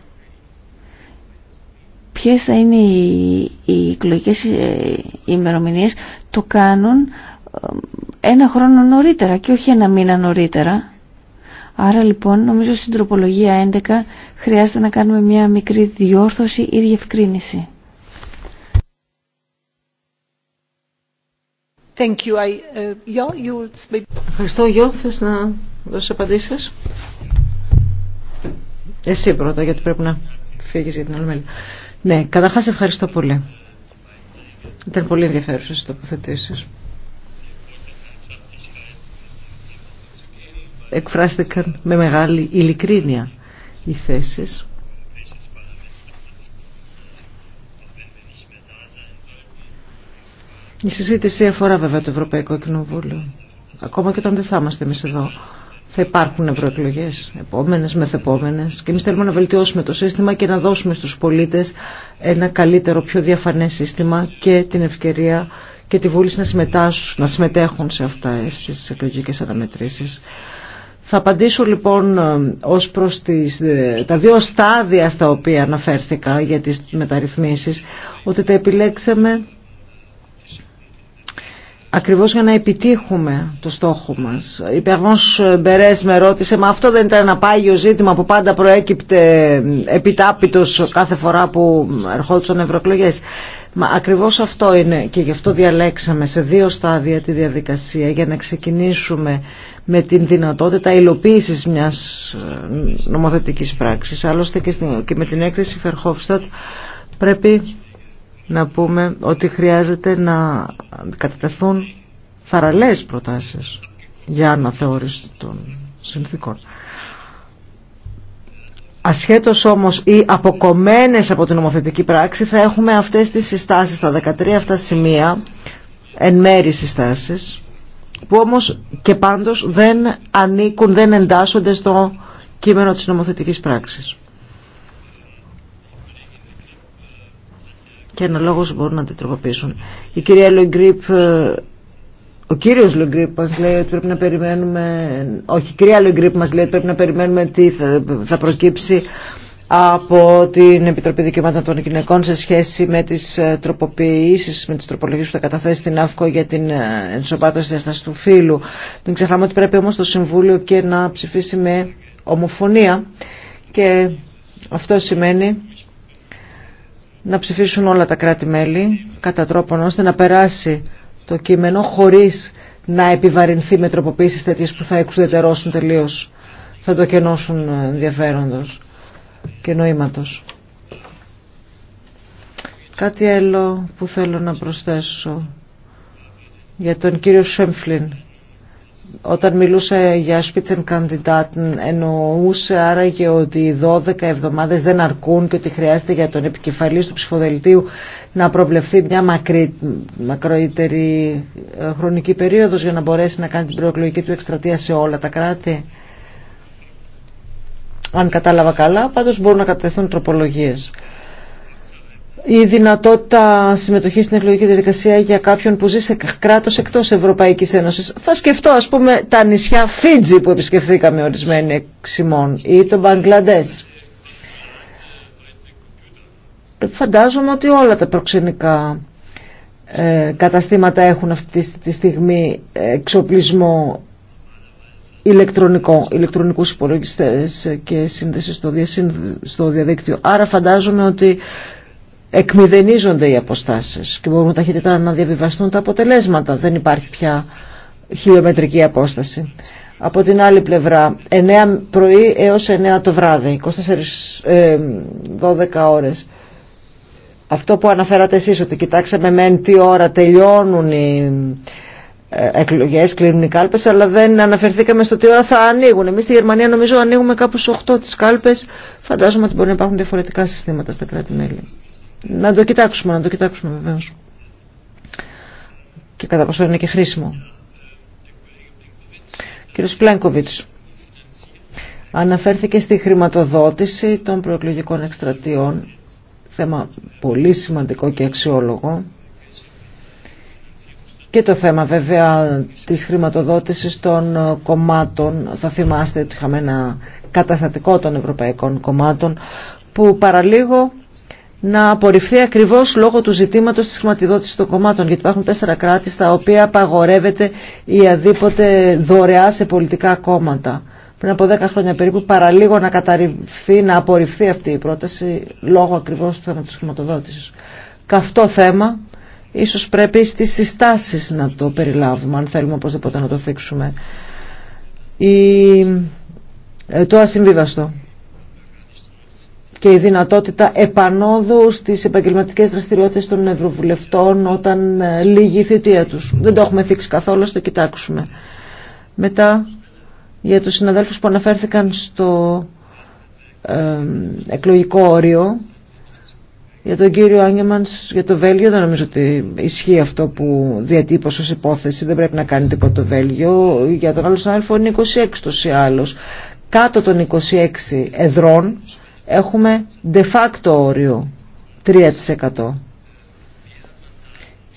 ποιες θα είναι οι, οι εκλογικές ε, ημερομηνίες το κάνουν ε, ένα χρόνο νωρίτερα και όχι ένα μήνα νωρίτερα. Άρα λοιπόν νομίζω στην τροπολογία 11 χρειάζεται να κάνουμε μια μικρή διόρθωση ή διευκρίνηση. Thank you. I, uh, Yo, you will... Ευχαριστώ Γιώ, θες να δώσεις απαντήσεις. Εσύ πρώτα γιατί πρέπει να φύγεις για την άλλη μέλη. Ναι, καταρχά ευχαριστώ πολύ. Ήταν πολύ ενδιαφέρουσες οι τοποθετήσει. Εκφράστηκαν με μεγάλη ειλικρίνεια οι θέσεις. Η συζήτηση αφορά βέβαια το Ευρωπαϊκό Κοινοβούλιο. Ακόμα και όταν δεν θα είμαστε εμεί εδώ θα υπάρχουν ευρωεκλογέ, επόμενε, μεθεπόμενε. Και εμεί θέλουμε να βελτιώσουμε το σύστημα και να δώσουμε στου πολίτε ένα καλύτερο, πιο διαφανέ σύστημα και την ευκαιρία και τη βούληση να, να συμμετέχουν σε αυτά τι εκλογικέ αναμετρήσει. Θα απαντήσω λοιπόν ε, ως προς ε, τα δύο στάδια στα οποία αναφέρθηκα για τι μεταρρυθμίσει, ότι τα επιλέξαμε ακριβώς για να επιτύχουμε το στόχο μας. Η Περβόνς Μπερές με ρώτησε, μα αυτό δεν ήταν ένα πάγιο ζήτημα που πάντα προέκυπτε επιτάπητος κάθε φορά που ερχόντουσαν ευρωεκλογέ. Μα ακριβώς αυτό είναι και γι' αυτό διαλέξαμε σε δύο στάδια τη διαδικασία για να ξεκινήσουμε με την δυνατότητα υλοποίηση μιας νομοθετικής πράξης. Άλλωστε και με την έκθεση Φερχόφστατ πρέπει να πούμε ότι χρειάζεται να κατατεθούν θαραλέες προτάσεις για αναθεώρηση των συνθήκων. Ασχέτως όμως ή αποκομμένες από την νομοθετική πράξη θα έχουμε αυτές τις συστάσεις, τα 13 αυτά σημεία, εν μέρη συστάσεις, που όμως και πάντως δεν ανήκουν, δεν εντάσσονται στο κείμενο της νομοθετικής πράξης. και αναλόγως μπορούν να την Η κυρία Λογκρίπ, ε, ο κύριος Λογκρίπ μας λέει ότι πρέπει να περιμένουμε, όχι η κυρία Λογκρίπ μας λέει ότι πρέπει να περιμένουμε τι θα προκύψει από την Επιτροπή Δικαιωμάτων των Γυναικών σε σχέση με τις ε, τροποποιήσεις, με τις τροπολογίες που θα καταθέσει την ΑΦΚΟ για την ε, ενσωμάτωση διάσταση του φύλου. Την ξεχνάμε ότι πρέπει όμως το Συμβούλιο και να ψηφίσει με ομοφωνία και αυτό σημαίνει να ψηφίσουν όλα τα κράτη-μέλη κατά τρόπον ώστε να περάσει το κείμενο χωρίς να επιβαρυνθεί με τροποποίησεις τέτοιες που θα εξουδετερώσουν τελείως, θα το κενώσουν ε, ενδιαφέροντος και νοήματος. Κάτι άλλο που θέλω να προσθέσω για τον κύριο Σέμφλιν όταν μιλούσε για Spitzenkandidaten εννοούσε άραγε ότι οι 12 εβδομάδες δεν αρκούν και ότι χρειάζεται για τον επικεφαλής του ψηφοδελτίου να προβλεφθεί μια μακρύ, μακροίτερη ε, χρονική περίοδος για να μπορέσει να κάνει την προεκλογική του εκστρατεία σε όλα τα κράτη. Αν κατάλαβα καλά, πάντως μπορούν να κατευθούν τροπολογίες η δυνατότητα συμμετοχή στην εκλογική διαδικασία για κάποιον που ζει σε κράτο εκτό Ευρωπαϊκή Ένωση. Θα σκεφτώ, α πούμε, τα νησιά Φίτζι που επισκεφθήκαμε ορισμένοι εξημών ή το Μπαγκλαντέ. Φαντάζομαι ότι όλα τα προξενικά ε, καταστήματα έχουν αυτή τη στιγμή εξοπλισμό ηλεκτρονικό, ηλεκτρονικούς υπολογιστές και σύνδεση στο, διαδίκτυο. Άρα φαντάζομαι ότι εκμηδενίζονται οι αποστάσεις και μπορούν ταχύτητα να διαβιβαστούν τα αποτελέσματα. Δεν υπάρχει πια χιλιομετρική απόσταση. Από την άλλη πλευρά, 9 πρωί έως 9 το βράδυ, 24, 12 ώρες. Αυτό που αναφέρατε εσείς ότι κοιτάξαμε με τι ώρα τελειώνουν οι ε, εκλογές, κλείνουν οι κάλπες, αλλά δεν αναφερθήκαμε στο τι ώρα θα ανοίγουν. Εμείς στη Γερμανία νομίζω ανοίγουμε κάπου στις 8 τις κάλπες. Φαντάζομαι ότι μπορεί να υπάρχουν διαφορετικά συστήματα στα κράτη-μέλη να το κοιτάξουμε, να το κοιτάξουμε βεβαίω. Και κατά πόσο είναι και χρήσιμο. Κύριος Πλένκοβιτς, αναφέρθηκε στη χρηματοδότηση των προεκλογικών εκστρατείων, θέμα πολύ σημαντικό και αξιόλογο, και το θέμα βέβαια της χρηματοδότησης των κομμάτων, θα θυμάστε ότι είχαμε ένα καταστατικό των ευρωπαϊκών κομμάτων, που παραλίγο να απορριφθεί ακριβώς λόγω του ζητήματος της χρηματοδότησης των κομμάτων γιατί υπάρχουν τέσσερα κράτη στα οποία απαγορεύεται η αδίποτε δωρεά σε πολιτικά κόμματα. Πριν από δέκα χρόνια περίπου παραλίγο να καταρριφθεί, να απορριφθεί αυτή η πρόταση λόγω ακριβώς του θέματος της χρηματοδότησης. Καυτό θέμα, ίσως πρέπει στις συστάσεις να το περιλάβουμε αν θέλουμε οπωσδήποτε να το θίξουμε. Ε, το ασυμβίβαστο και η δυνατότητα επανόδου στις επαγγελματικές δραστηριότητες των ευρωβουλευτών όταν ε, λύγει η θητεία τους. Δεν το έχουμε θίξει καθόλου, το κοιτάξουμε. Μετά, για τους συναδέλφους που αναφέρθηκαν στο εκλογικό όριο, για τον κύριο Άγγεμανς, για το Βέλγιο δεν νομίζω ότι ισχύει αυτό που διατύπωσε ως υπόθεση. Δεν πρέπει να κάνει τίποτα το Βέλγιο. Για τον άλλο συνάδελφο είναι 26 ή άλλο. Κάτω των 26 εδρών έχουμε de facto όριο 3%.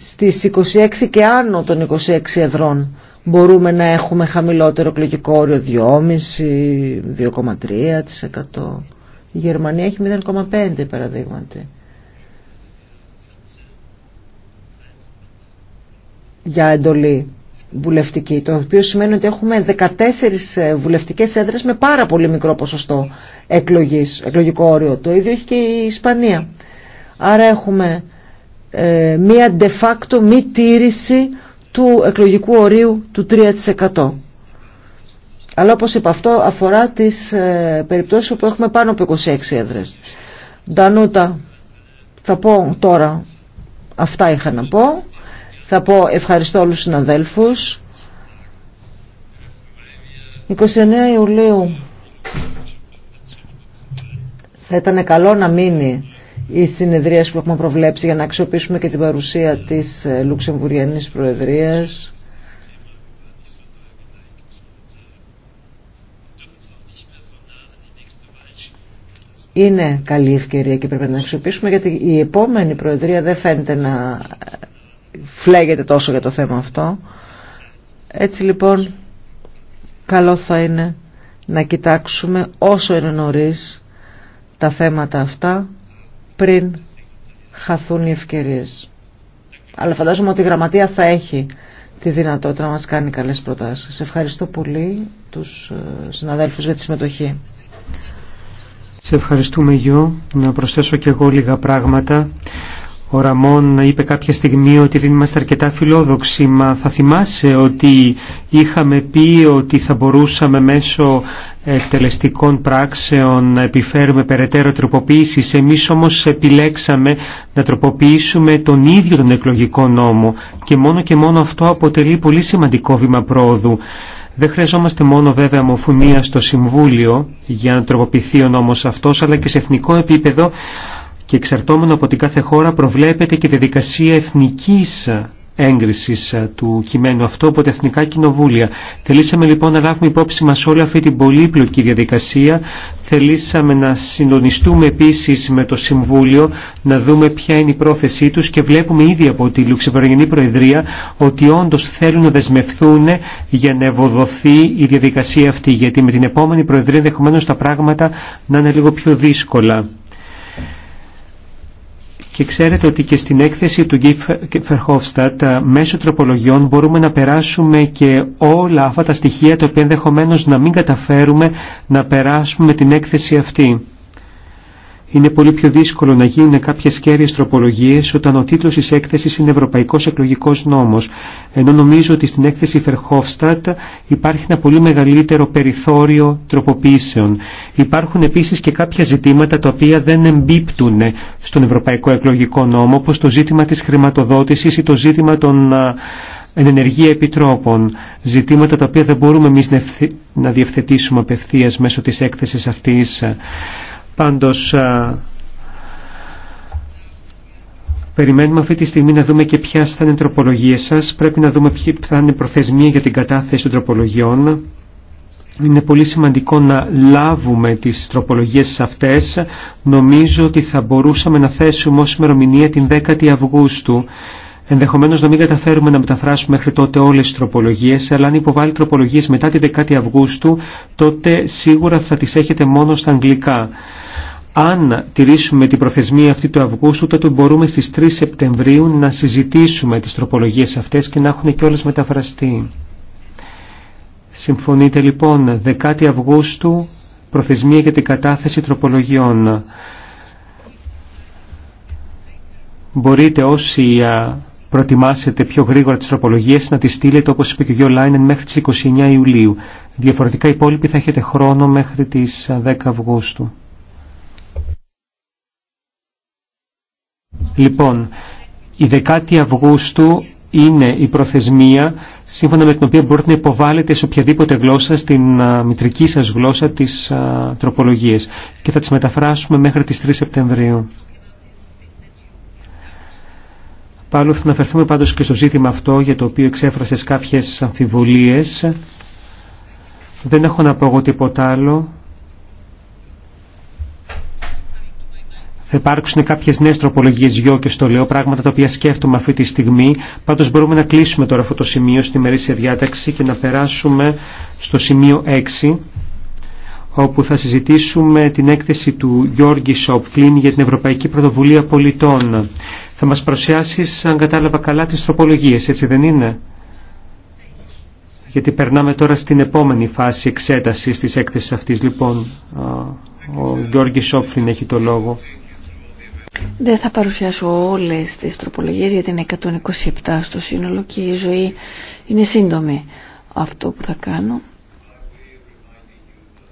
Στις 26 και άνω των 26 εδρών μπορούμε να έχουμε χαμηλότερο κλικικό όριο 2,5-2,3%. Η Γερμανία έχει 0,5 παραδείγματι. Για εντολή βουλευτική, το οποίο σημαίνει ότι έχουμε 14 ε, βουλευτικές έδρες με πάρα πολύ μικρό ποσοστό εκλογής, εκλογικό όριο. Το ίδιο έχει και η Ισπανία. Άρα έχουμε ε, μία de facto μη τήρηση του εκλογικού ορίου του 3%. Αλλά όπως είπα αυτό αφορά τις ε, περιπτώσεις όπου έχουμε πάνω από 26 έδρες. Ντανούτα, θα πω τώρα, αυτά είχα να πω. Θα πω ευχαριστώ όλους τους συναδέλφους. 29 Ιουλίου θα ήταν καλό να μείνει η συνεδρία που έχουμε προβλέψει για να αξιοποιήσουμε και την παρουσία της ε, Λουξεμβουριανής Προεδρίας. Είναι καλή ευκαιρία και πρέπει να αξιοποιήσουμε γιατί η επόμενη Προεδρία δεν φαίνεται να φλέγεται τόσο για το θέμα αυτό. Έτσι λοιπόν καλό θα είναι να κοιτάξουμε όσο είναι νωρίς τα θέματα αυτά πριν χαθούν οι ευκαιρίες. Αλλά φαντάζομαι ότι η γραμματεία θα έχει τη δυνατότητα να μας κάνει καλές προτάσεις. Ευχαριστώ πολύ τους ε, συναδέλφους για τη συμμετοχή. Σε ευχαριστούμε Γιώ. Να προσθέσω και εγώ λίγα πράγματα. Ο Ραμόν είπε κάποια στιγμή ότι δεν είμαστε αρκετά φιλόδοξοι, μα θα θυμάσαι ότι είχαμε πει ότι θα μπορούσαμε μέσω ε, εκτελεστικών πράξεων να επιφέρουμε περαιτέρω τροποποίησης. Εμείς όμως επιλέξαμε να τροποποιήσουμε τον ίδιο τον εκλογικό νόμο και μόνο και μόνο αυτό αποτελεί πολύ σημαντικό βήμα πρόοδου. Δεν χρειαζόμαστε μόνο βέβαια αμοφουνία στο Συμβούλιο για να τροποποιηθεί ο νόμος αυτός, αλλά και σε εθνικό επίπεδο και εξαρτώμενο από την κάθε χώρα προβλέπεται και διαδικασία εθνικής έγκρισης ε, του κειμένου αυτό από τα εθνικά κοινοβούλια. Θελήσαμε λοιπόν να λάβουμε υπόψη μας όλη αυτή την πολύπλοκη διαδικασία. Θελήσαμε να συντονιστούμε επίσης με το Συμβούλιο, να δούμε ποια είναι η πρόθεσή τους και βλέπουμε ήδη από τη Λουξεβουργενή Προεδρία ότι όντως θέλουν να δεσμευθούν για να ευοδοθεί η διαδικασία αυτή, γιατί με την επόμενη Προεδρία ενδεχομένω τα πράγματα να είναι λίγο πιο δύσκολα. Και ξέρετε ότι και στην έκθεση του Γκίφερ Φερχόφστατ ε, μέσω τροπολογιών μπορούμε να περάσουμε και όλα αυτά τα στοιχεία τα οποία ενδεχομένω να μην καταφέρουμε να περάσουμε την έκθεση αυτή. Είναι πολύ πιο δύσκολο να γίνουν κάποιες κέρδιες τροπολογίες όταν ο τίτλος της έκθεσης είναι Ευρωπαϊκός Εκλογικός Νόμος, ενώ νομίζω ότι στην έκθεση Φερχόφστατ υπάρχει ένα πολύ μεγαλύτερο περιθώριο τροποποιήσεων. Υπάρχουν επίσης και κάποια ζητήματα τα οποία δεν εμπίπτουν στον Ευρωπαϊκό Εκλογικό Νόμο, όπως το ζήτημα της χρηματοδότησης ή το ζήτημα των εν επιτρόπων, ζητήματα τα οποία δεν μπορούμε εμείς να διευθετήσουμε απευθείας μέσω της έκθεσης αυτής. Πάντως, Περιμένουμε αυτή τη στιγμή να δούμε και ποιες θα είναι οι τροπολογίε σα. Πρέπει να δούμε ποιοι θα είναι προθεσμία για την κατάθεση των τροπολογιών. Είναι πολύ σημαντικό να λάβουμε τις τροπολογίες αυτές. Νομίζω ότι θα μπορούσαμε να θέσουμε ως ημερομηνία την 10η Αυγούστου. Ενδεχομένως να μην καταφέρουμε να μεταφράσουμε μέχρι τότε όλες τις τροπολογίε, αλλά αν υποβάλει τροπολογίε μετά τη 10η Αυγούστου, τότε σίγουρα θα τις έχετε μόνο στα αγγλικά. Αν τηρήσουμε την προθεσμία αυτή του Αυγούστου, τότε μπορούμε στις 3 Σεπτεμβρίου να συζητήσουμε τις τροπολογίες αυτές και να έχουν και όλες μεταφραστεί. Συμφωνείτε λοιπόν 10 Αυγούστου προθεσμία για την κατάθεση τροπολογιών. Μπορείτε όσοι προτιμάσετε πιο γρήγορα τις τροπολογίες να τις στείλετε όπως είπε και ο Λάινεν μέχρι τις 29 Ιουλίου. Διαφορετικά οι υπόλοιποι θα έχετε χρόνο μέχρι τις 10 Αυγούστου. Λοιπόν, η 10η Αυγούστου είναι η προθεσμία σύμφωνα με την οποία μπορείτε να υποβάλλετε σε οποιαδήποτε γλώσσα στην α, μητρική σας γλώσσα της α, και θα τις μεταφράσουμε μέχρι τις 3 Σεπτεμβρίου. Πάλι θα αναφερθούμε πάντως και στο ζήτημα αυτό για το οποίο εξέφρασες κάποιες αμφιβολίες. Δεν έχω να πω εγώ τίποτα άλλο. Θα υπάρξουν κάποιε νέε τροπολογίε γιο και στο λέω, πράγματα τα οποία σκέφτομαι αυτή τη στιγμή. Πάντω μπορούμε να κλείσουμε τώρα αυτό το σημείο στη μερίσια διάταξη και να περάσουμε στο σημείο 6 όπου θα συζητήσουμε την έκθεση του Γιώργη Σοπφλίν για την Ευρωπαϊκή Πρωτοβουλία Πολιτών. Θα μας παρουσιάσεις, αν κατάλαβα καλά, τις τροπολογίες, έτσι δεν είναι? Γιατί περνάμε τώρα στην επόμενη φάση εξέτασης της έκθεσης αυτής, λοιπόν. Ο Γιώργη Σόπφλιν έχει το λόγο. Δεν θα παρουσιάσω όλες τις τροπολογίες γιατί είναι 127 στο σύνολο και η ζωή είναι σύντομη. Αυτό που θα κάνω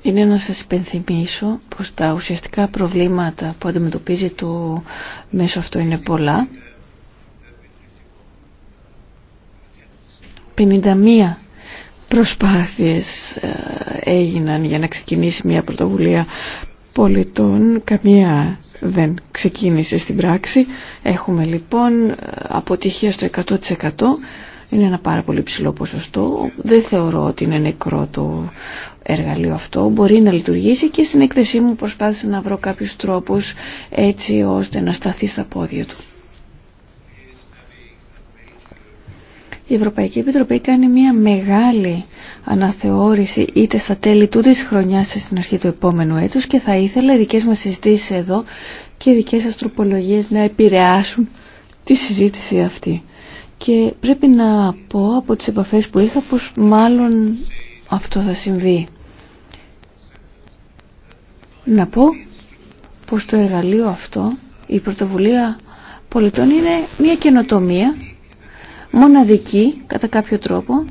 είναι να σας υπενθυμίσω πως τα ουσιαστικά προβλήματα που αντιμετωπίζει το μέσο αυτό είναι πολλά. 51 προσπάθειες ε, έγιναν για να ξεκινήσει μια πρωτοβουλία πολιτών καμία δεν ξεκίνησε στην πράξη. Έχουμε λοιπόν αποτυχία στο 100%. Είναι ένα πάρα πολύ ψηλό ποσοστό. Δεν θεωρώ ότι είναι νεκρό το εργαλείο αυτό. Μπορεί να λειτουργήσει και στην έκθεσή μου προσπάθησα να βρω κάποιους τρόπους έτσι ώστε να σταθεί στα πόδια του. η Ευρωπαϊκή Επιτροπή κάνει μια μεγάλη αναθεώρηση είτε στα τέλη του της χρονιάς είτε στην αρχή του επόμενου έτους και θα ήθελα οι δικές μας συζητήσεις εδώ και οι δικές σας να επηρεάσουν τη συζήτηση αυτή. Και πρέπει να πω από τις επαφές που είχα πως μάλλον αυτό θα συμβεί. Να πω πως το εργαλείο αυτό, η πρωτοβουλία πολιτών είναι μια καινοτομία μοναδική κατά κάποιο τρόπο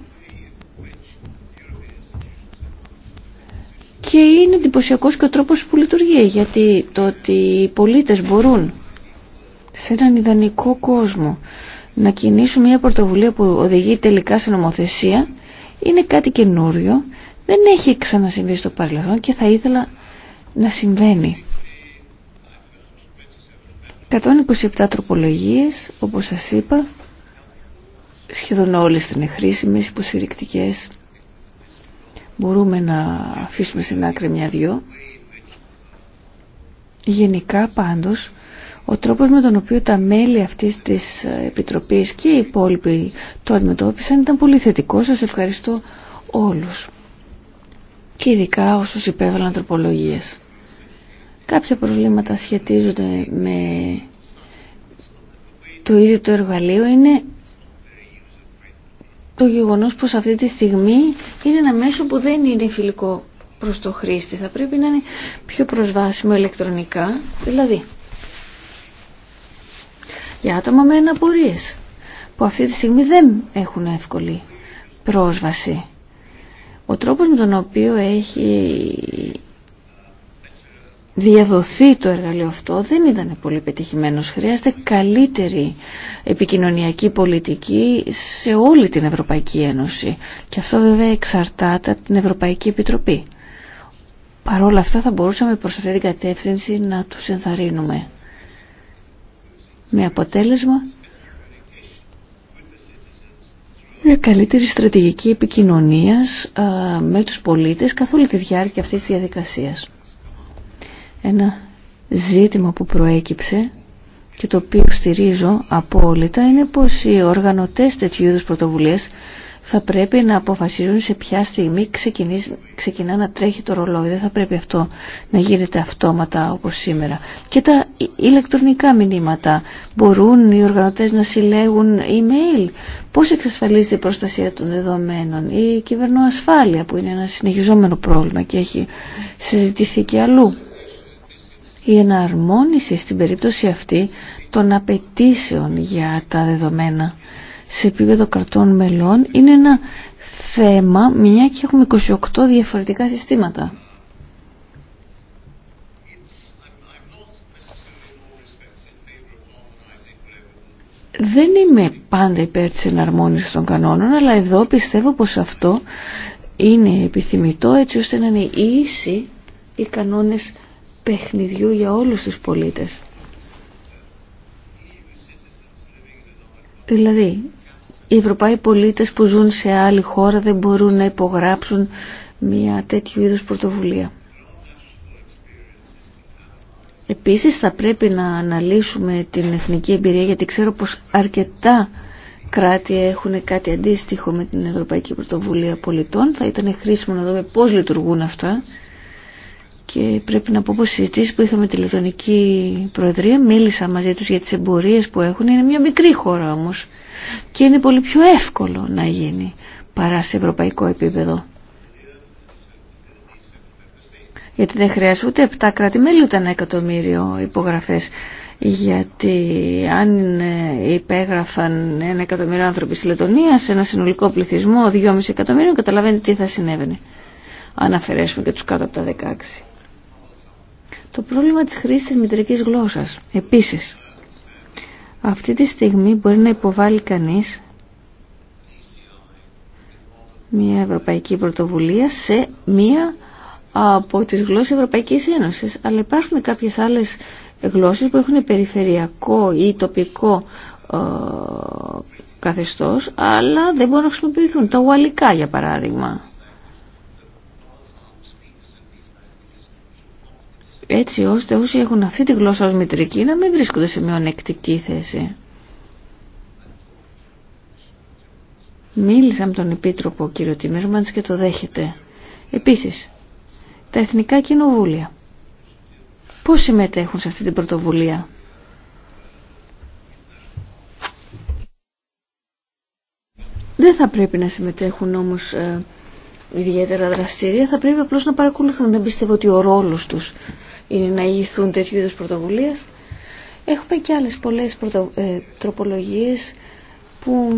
και είναι εντυπωσιακό και ο τρόπος που λειτουργεί γιατί το ότι οι πολίτες μπορούν σε έναν ιδανικό κόσμο να κινήσουν μια πρωτοβουλία που οδηγεί τελικά σε νομοθεσία είναι κάτι καινούριο δεν έχει ξανασυμβεί στο παρελθόν και θα ήθελα να συμβαίνει 127 τροπολογίες όπως σας είπα σχεδόν όλες είναι χρήσιμες, υποστηρικτικές. Μπορούμε να αφήσουμε στην άκρη μια-δυο. Γενικά πάντως, ο τρόπος με τον οποίο τα μέλη αυτής της Επιτροπής και οι υπόλοιποι το αντιμετώπισαν ήταν πολύ θετικό. Σας ευχαριστώ όλους. Και ειδικά όσους υπέβαλαν τροπολογίες. Κάποια προβλήματα σχετίζονται με το ίδιο το εργαλείο είναι το γεγονός πως αυτή τη στιγμή είναι ένα μέσο που δεν είναι φιλικό προς το χρήστη. Θα πρέπει να είναι πιο προσβάσιμο ηλεκτρονικά, δηλαδή για άτομα με αναπορίες που αυτή τη στιγμή δεν έχουν εύκολη πρόσβαση. Ο τρόπος με τον οποίο έχει διαδοθεί το εργαλείο αυτό δεν ήταν πολύ πετυχημένος. Χρειάζεται καλύτερη επικοινωνιακή πολιτική σε όλη την Ευρωπαϊκή Ένωση. Και αυτό βέβαια εξαρτάται από την Ευρωπαϊκή Επιτροπή. Παρ' όλα αυτά θα μπορούσαμε προς αυτή την κατεύθυνση να τους ενθαρρύνουμε. Με αποτέλεσμα μια καλύτερη στρατηγική επικοινωνίας με τους πολίτες καθ' όλη τη διάρκεια αυτής της διαδικασίας. Ένα ζήτημα που προέκυψε και το οποίο στηρίζω απόλυτα είναι πως οι οργανωτές τέτοιου είδους πρωτοβουλίες θα πρέπει να αποφασίζουν σε ποια στιγμή ξεκινά να τρέχει το ρολόι. Δεν θα πρέπει αυτό να γίνεται αυτόματα όπως σήμερα. Και τα ηλεκτρονικά μηνύματα. Μπορούν οι οργανωτές να συλλέγουν email. Πώς εξασφαλίζεται η προστασία των δεδομένων. Η κυβερνοασφάλεια που είναι ένα συνεχιζόμενο πρόβλημα και έχει συζητηθεί και αλλού η εναρμόνιση στην περίπτωση αυτή των απαιτήσεων για τα δεδομένα σε επίπεδο κρατών μελών είναι ένα θέμα μια και έχουμε 28 διαφορετικά συστήματα. Δεν είμαι πάντα υπέρ της εναρμόνισης των κανόνων, αλλά εδώ πιστεύω πως αυτό είναι επιθυμητό έτσι ώστε να είναι ίσοι οι κανόνες παιχνιδιού για όλους τους πολίτες. Δηλαδή, οι Ευρωπαίοι πολίτες που ζουν σε άλλη χώρα δεν μπορούν να υπογράψουν μια τέτοιου είδους πρωτοβουλία. Επίσης θα πρέπει να αναλύσουμε την εθνική εμπειρία γιατί ξέρω πως αρκετά κράτη έχουν κάτι αντίστοιχο με την Ευρωπαϊκή Πρωτοβουλία Πολιτών. Θα ήταν χρήσιμο να δούμε πώς λειτουργούν αυτά και πρέπει να πω πως οι συζητήσεις που είχαμε τη Λετωνική Προεδρία μίλησα μαζί τους για τις εμπορίες που έχουν είναι μια μικρή χώρα όμως και είναι πολύ πιο εύκολο να γίνει παρά σε ευρωπαϊκό επίπεδο γιατί δεν χρειάζεται ούτε 7 κράτη-μέλη ούτε ένα εκατομμύριο υπογραφές γιατί αν ε, υπέγραφαν ένα εκατομμύριο άνθρωποι στη Λετωνία σε ένα συνολικό πληθυσμό 2,5 εκατομμύριο καταλαβαίνετε τι θα συνέβαινε αν αφαιρέσουμε και τους κάτω από τα 16. Το πρόβλημα της χρήσης της μητρικής γλώσσας. Επίσης, αυτή τη στιγμή μπορεί να υποβάλει κανείς μια ευρωπαϊκή πρωτοβουλία σε μια από τις γλώσσες Ευρωπαϊκής Ένωσης. Αλλά υπάρχουν κάποιες άλλες γλώσσες που έχουν περιφερειακό ή τοπικό ε, καθεστώς, αλλά δεν μπορούν να χρησιμοποιηθούν. Τα ουαλικά, για παράδειγμα. έτσι ώστε όσοι έχουν αυτή τη γλώσσα ως μητρική να μην βρίσκονται σε μια ανεκτική θέση. Μίλησα με τον Επίτροπο κύριο Τιμέρμαντς και το δέχεται. Επίσης, τα Εθνικά Κοινοβούλια. Πώς συμμετέχουν σε αυτή την πρωτοβουλία. Δεν θα πρέπει να συμμετέχουν όμως ε, ιδιαίτερα δραστήρια, θα πρέπει απλώς να παρακολουθούν. Δεν πιστεύω ότι ο ρόλος τους είναι να ηγηθούν τέτοιου είδου πρωτοβουλίες. Έχουμε και άλλες πολλές πρωτο, ε, τροπολογίες που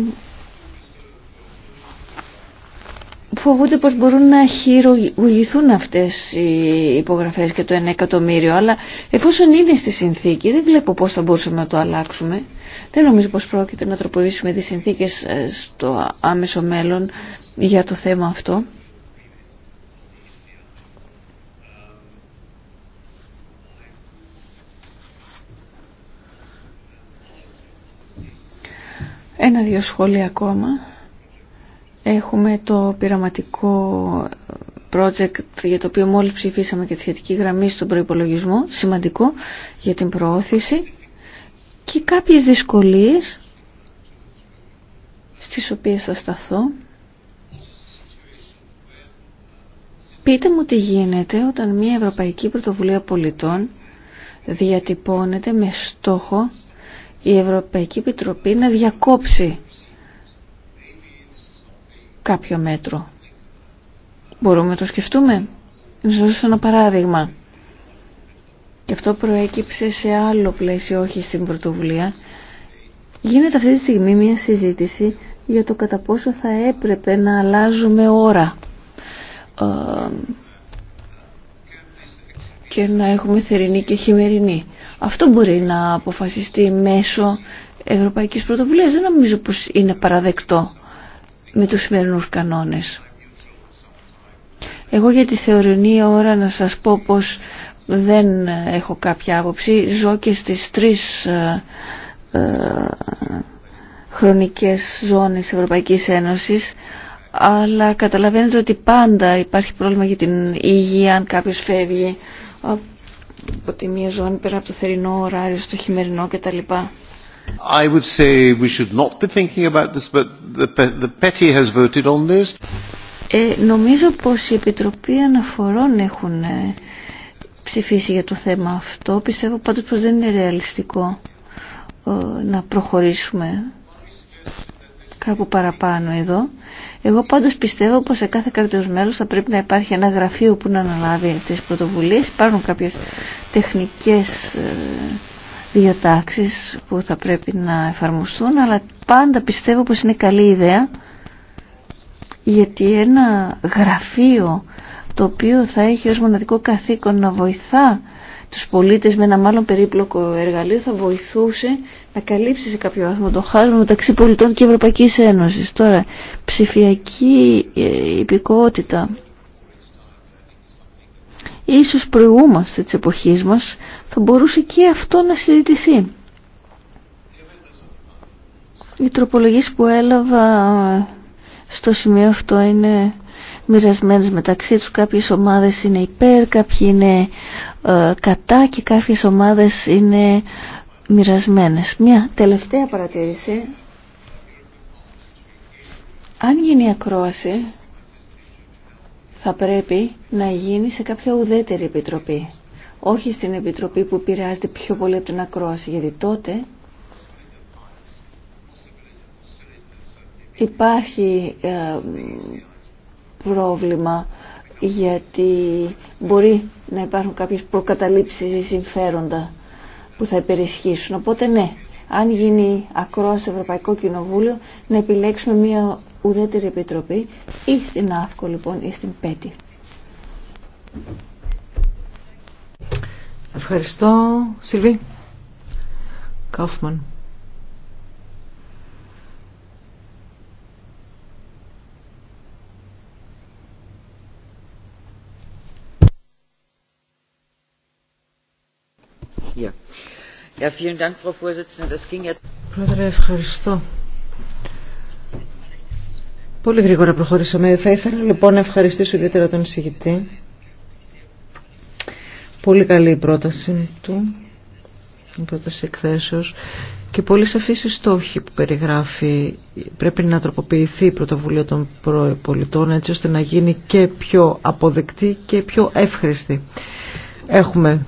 φοβούνται πως μπορούν να χειρογηθούν αυτές οι υπογραφές και το 1 εκατομμύριο αλλά εφόσον είναι στη συνθήκη δεν βλέπω πως θα μπορούσαμε να το αλλάξουμε δεν νομίζω πως πρόκειται να τροποποιήσουμε τις συνθήκες ε, στο άμεσο μέλλον για το θέμα αυτό Ένα-δύο σχόλια ακόμα. Έχουμε το πειραματικό project για το οποίο μόλις ψηφίσαμε και τη σχετική γραμμή στον προϋπολογισμό, σημαντικό για την προώθηση και κάποιες δυσκολίες στις οποίες θα σταθώ. Πείτε μου τι γίνεται όταν μια Ευρωπαϊκή Πρωτοβουλία Πολιτών διατυπώνεται με στόχο η Ευρωπαϊκή Επιτροπή να διακόψει κάποιο μέτρο. Μπορούμε να το σκεφτούμε. Να σας δώσω ένα παράδειγμα. Και αυτό προέκυψε σε άλλο πλαίσιο, όχι στην πρωτοβουλία. Γίνεται αυτή τη στιγμή μια συζήτηση για το κατά πόσο θα έπρεπε να αλλάζουμε ώρα ε, και να έχουμε θερινή και χειμερινή. Αυτό μπορεί να αποφασιστεί μέσω ευρωπαϊκής πρωτοβουλίας. Δεν νομίζω πως είναι παραδεκτό με τους σημερινούς κανόνες. Εγώ για τη θεωρινή ώρα να σας πω πως δεν έχω κάποια άποψη. Ζω και στις τρεις ε, ε, χρονικές ζώνες Ευρωπαϊκής Ένωσης αλλά καταλαβαίνετε ότι πάντα υπάρχει πρόβλημα για την υγεία αν κάποιος φεύγει από τη μία ζώνη πέρα από το θερινό ωράριο στο χειμερινό κτλ. I would say we should not be thinking about this, but the, the Petty has voted on this. Ε, νομίζω πως η Επιτροπή Αναφορών έχουν ε, ψηφίσει για το θέμα αυτό. Πιστεύω πάντως πως δεν είναι ρεαλιστικό ε, να προχωρήσουμε κάπου παραπάνω εδώ. Εγώ πάντως πιστεύω πως σε κάθε κράτος μέλος θα πρέπει να υπάρχει ένα γραφείο που να αναλάβει αυτές τις πρωτοβουλίες. Υπάρχουν κάποιες τεχνικές ε, διατάξεις που θα πρέπει να εφαρμοστούν, αλλά πάντα πιστεύω πως είναι καλή ιδέα γιατί ένα γραφείο το οποίο θα έχει ως μοναδικό καθήκον να βοηθά τους πολίτες με ένα μάλλον περίπλοκο εργαλείο θα βοηθούσε να καλύψει σε κάποιο βαθμό το χάσμα μεταξύ πολιτών και Ευρωπαϊκής Ένωσης. Τώρα, ψηφιακή ε, υπηκότητα. Ίσως προηγούμαστε της εποχής μας, θα μπορούσε και αυτό να συζητηθεί. Οι τροπολογίες που έλαβα ε, στο σημείο αυτό είναι μοιρασμένες μεταξύ τους. Κάποιες ομάδες είναι υπέρ, κάποιοι είναι ε, κατά και κάποιες ομάδες είναι μια τελευταία παρατήρηση. Αν γίνει ακρόαση, θα πρέπει να γίνει σε κάποια ουδέτερη επιτροπή. Όχι στην επιτροπή που επηρεάζεται πιο πολύ από την ακρόαση, γιατί τότε υπάρχει ε, πρόβλημα γιατί μπορεί να υπάρχουν κάποιες προκαταλήψεις ή συμφέροντα που θα υπερισχύσουν. Οπότε ναι, αν γίνει ακρό στο Ευρωπαϊκό Κοινοβούλιο, να επιλέξουμε μια ουδέτερη επιτροπή ή στην ΑΦΚΟ λοιπόν ή στην ΠΕΤΗ. Ευχαριστώ. Σιλβί. Καφμάν. Yeah. Πρόεδρε, ευχαριστώ. Πολύ γρήγορα προχωρήσαμε. Θα ήθελα λοιπόν να ευχαριστήσω ιδιαίτερα τον εισηγητή. Πολύ καλή η πρόταση του, η πρόταση εκθέσεως και πολύ σαφής η στόχη που περιγράφει. Πρέπει να τροποποιηθεί η πρωτοβουλία των προεπολιτών έτσι ώστε να γίνει και πιο αποδεκτή και πιο εύχρηστη. Έχουμε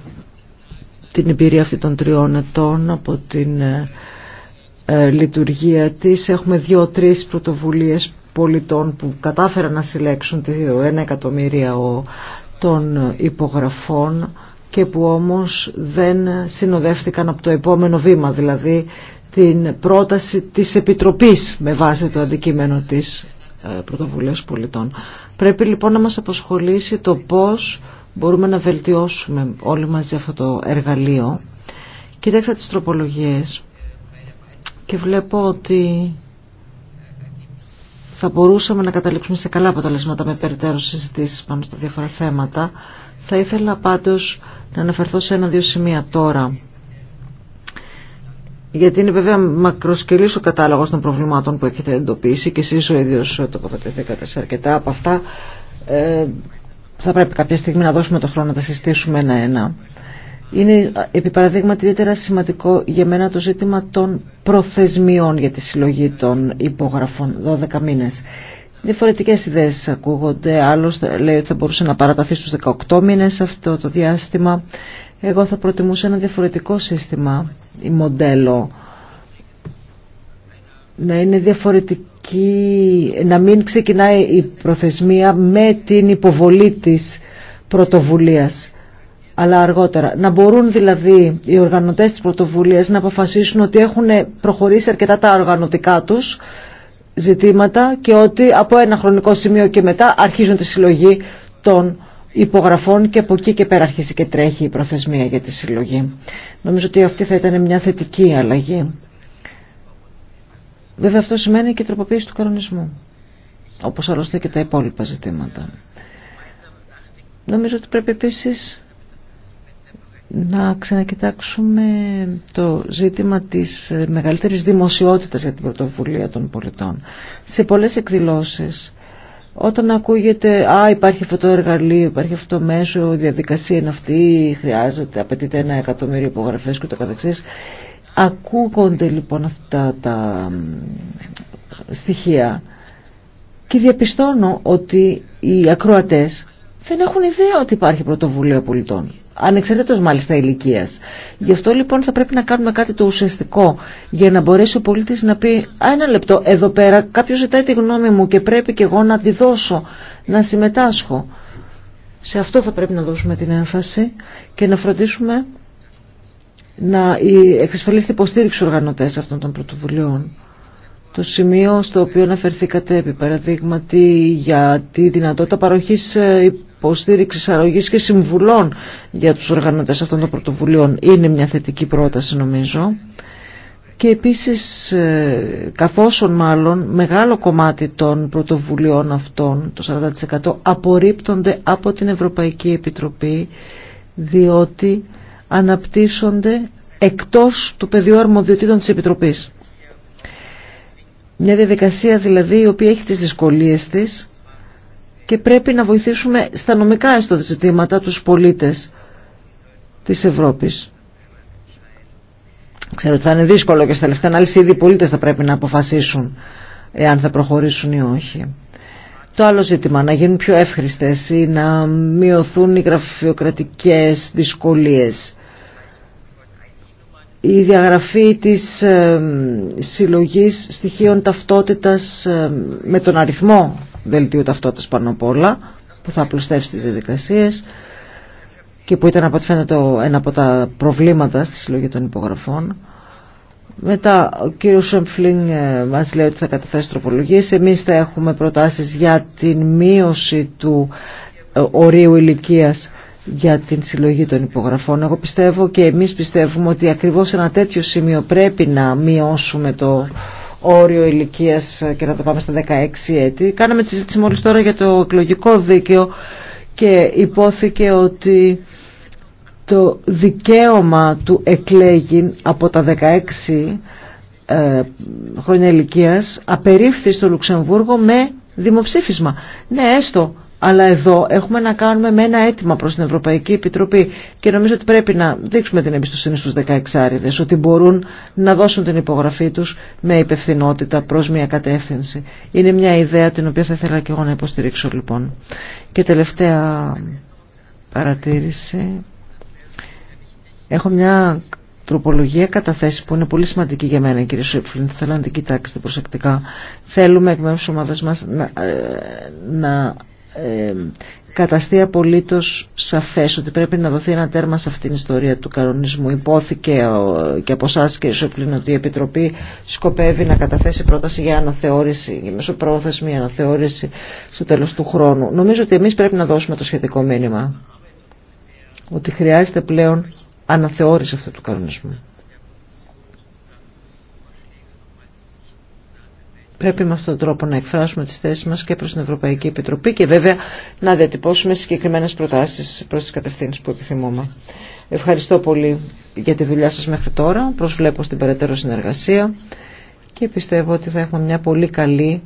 την εμπειρία αυτή των τριών ετών από την ε, ε, λειτουργία της. Έχουμε δύο-τρεις πρωτοβουλίες πολιτών που κατάφεραν να συλλέξουν το 1 εκατομμύρια των υπογραφών και που όμως δεν συνοδεύτηκαν από το επόμενο βήμα, δηλαδή την πρόταση της Επιτροπής με βάση το αντικείμενο της ε, πρωτοβουλίας πολιτών. Πρέπει λοιπόν να μας αποσχολήσει το πώς μπορούμε να βελτιώσουμε όλοι μαζί αυτό το εργαλείο. Κοιτάξα τις τροπολογίες και βλέπω ότι θα μπορούσαμε να καταλήξουμε σε καλά αποτελέσματα με περιττέρω συζητήσεις πάνω στα διάφορα θέματα. Θα ήθελα πάντως να αναφερθώ σε ένα-δύο σημεία τώρα. Γιατί είναι βέβαια μακροσκελής ο κατάλογος των προβλημάτων που έχετε εντοπίσει και εσείς ο ίδιος τοποθετηθήκατε σε αρκετά από αυτά. Ε, θα πρέπει κάποια στιγμή να δώσουμε το χρόνο να τα συστήσουμε ένα-ένα. Είναι επί παραδείγματι ιδιαίτερα σημαντικό για μένα το ζήτημα των προθεσμιών για τη συλλογή των υπογραφών, 12 μήνες. Διαφορετικέ ιδέε ακούγονται. Άλλο λέει ότι θα μπορούσε να παραταθεί στου 18 μήνε αυτό το διάστημα. Εγώ θα προτιμούσα ένα διαφορετικό σύστημα ή μοντέλο να είναι διαφορετική, να μην ξεκινάει η προθεσμία με την υποβολή της πρωτοβουλίας αλλά αργότερα. Να μπορούν δηλαδή οι οργανωτές της πρωτοβουλίας να αποφασίσουν ότι έχουν προχωρήσει αρκετά τα οργανωτικά τους ζητήματα και ότι από ένα χρονικό σημείο και μετά αρχίζουν τη συλλογή των υπογραφών και από εκεί και πέρα αρχίζει και τρέχει η προθεσμία για τη συλλογή. Νομίζω ότι αυτή θα ήταν μια θετική αλλαγή Βέβαια αυτό σημαίνει και τροποποίηση του κανονισμού, όπως άλλωστε και τα υπόλοιπα ζητήματα. Νομίζω ότι πρέπει επίσης να ξανακοιτάξουμε το ζήτημα της μεγαλύτερης δημοσιότητας για την πρωτοβουλία των πολιτών. Σε πολλές εκδηλώσεις, όταν ακούγεται «Α, υπάρχει αυτό το εργαλείο, υπάρχει αυτό το μέσο, η διαδικασία είναι αυτή, χρειάζεται, απαιτείται ένα εκατομμύριο υπογραφές και το καθεξής», Ακούγονται λοιπόν αυτά τα στοιχεία και διαπιστώνω ότι οι ακροατές δεν έχουν ιδέα ότι υπάρχει πρωτοβουλία πολιτών. Ανεξαρτήτως μάλιστα ηλικία. Γι' αυτό λοιπόν θα πρέπει να κάνουμε κάτι το ουσιαστικό για να μπορέσει ο πολίτης να πει «Α, ένα λεπτό, εδώ πέρα κάποιος ζητάει τη γνώμη μου και πρέπει και εγώ να τη δώσω, να συμμετάσχω». Σε αυτό θα πρέπει να δώσουμε την έμφαση και να φροντίσουμε να εξασφαλίσετε υποστήριξη οργανωτές αυτών των πρωτοβουλειών. Το σημείο στο οποίο αναφερθήκατε επί παραδείγματι για τη δυνατότητα παροχής ε, υποστήριξης αρρωγής και συμβουλών για τους οργανωτές αυτών των πρωτοβουλειών είναι μια θετική πρόταση νομίζω. Και επίσης ε, καθόσον μάλλον μεγάλο κομμάτι των πρωτοβουλειών αυτών, το 40% απορρίπτονται από την Ευρωπαϊκή Επιτροπή διότι αναπτύσσονται εκτός του πεδίου αρμοδιοτήτων της Επιτροπής. Μια διαδικασία δηλαδή η οποία έχει τις δυσκολίες της και πρέπει να βοηθήσουμε στα νομικά έστω ζητήματα τους πολίτες της Ευρώπης. Ξέρω ότι θα είναι δύσκολο και στα τελευταία ανάλυση ήδη οι πολίτες θα πρέπει να αποφασίσουν εάν θα προχωρήσουν ή όχι. Το άλλο ζήτημα, να γίνουν πιο εύχριστες ή να μειωθούν οι γραφειοκρατικές δυσκολίες η διαγραφή της ε, συλλογής στοιχείων ταυτότητας ε, με τον αριθμό δελτίου ταυτότητας πάνω απ' όλα που θα απλουστεύσει τις διαδικασίες και που ήταν από ό,τι φαίνεται ένα από τα προβλήματα στη συλλογή των υπογραφών. Μετά ο κύριος Σεμφλίνγκ ε, μας λέει ότι θα καταθέσει τροπολογίες. Εμείς θα έχουμε προτάσεις για την μείωση του ορίου ηλικίας για την συλλογή των υπογραφών. Εγώ πιστεύω και εμείς πιστεύουμε ότι ακριβώς σε ένα τέτοιο σημείο πρέπει να μειώσουμε το όριο ηλικίας και να το πάμε στα 16 έτη. Κάναμε τη συζήτηση μόλις τώρα για το εκλογικό δίκαιο και υπόθηκε ότι το δικαίωμα του εκλέγην από τα 16 ε, χρόνια ηλικίας απερίφθη στο Λουξεμβούργο με δημοψήφισμα. Ναι, έστω αλλά εδώ έχουμε να κάνουμε με ένα αίτημα προς την Ευρωπαϊκή Επιτροπή και νομίζω ότι πρέπει να δείξουμε την εμπιστοσύνη στους 16 άριδες ότι μπορούν να δώσουν την υπογραφή τους με υπευθυνότητα προς μια κατεύθυνση. Είναι μια ιδέα την οποία θα ήθελα και εγώ να υποστηρίξω λοιπόν. Και τελευταία παρατήρηση. Έχω μια τροπολογία καταθέσει που είναι πολύ σημαντική για μένα κύριε Σούφλιν, θέλω να την κοιτάξετε προσεκτικά. Θέλουμε εκ μέρους μας να, ε, να ε, καταστεί απολύτως σαφές ότι πρέπει να δοθεί ένα τέρμα σε αυτήν την ιστορία του κανονισμού. Υπόθηκε ε, και από εσά κύριε Σοπλήν ότι η Επιτροπή σκοπεύει να καταθέσει πρόταση για αναθεώρηση, για μεσοπρόθεσμη αναθεώρηση στο τέλος του χρόνου. Νομίζω ότι εμείς πρέπει να δώσουμε το σχετικό μήνυμα ότι χρειάζεται πλέον αναθεώρηση αυτού του κανονισμού. Πρέπει με αυτόν τον τρόπο να εκφράσουμε τις θέσεις μας και προς την Ευρωπαϊκή Επιτροπή και βέβαια να διατυπώσουμε συγκεκριμένες προτάσεις προς τις κατευθύνσεις που επιθυμούμε. Ευχαριστώ πολύ για τη δουλειά σας μέχρι τώρα. Προσβλέπω στην περαιτέρω συνεργασία και πιστεύω ότι θα έχουμε μια πολύ καλή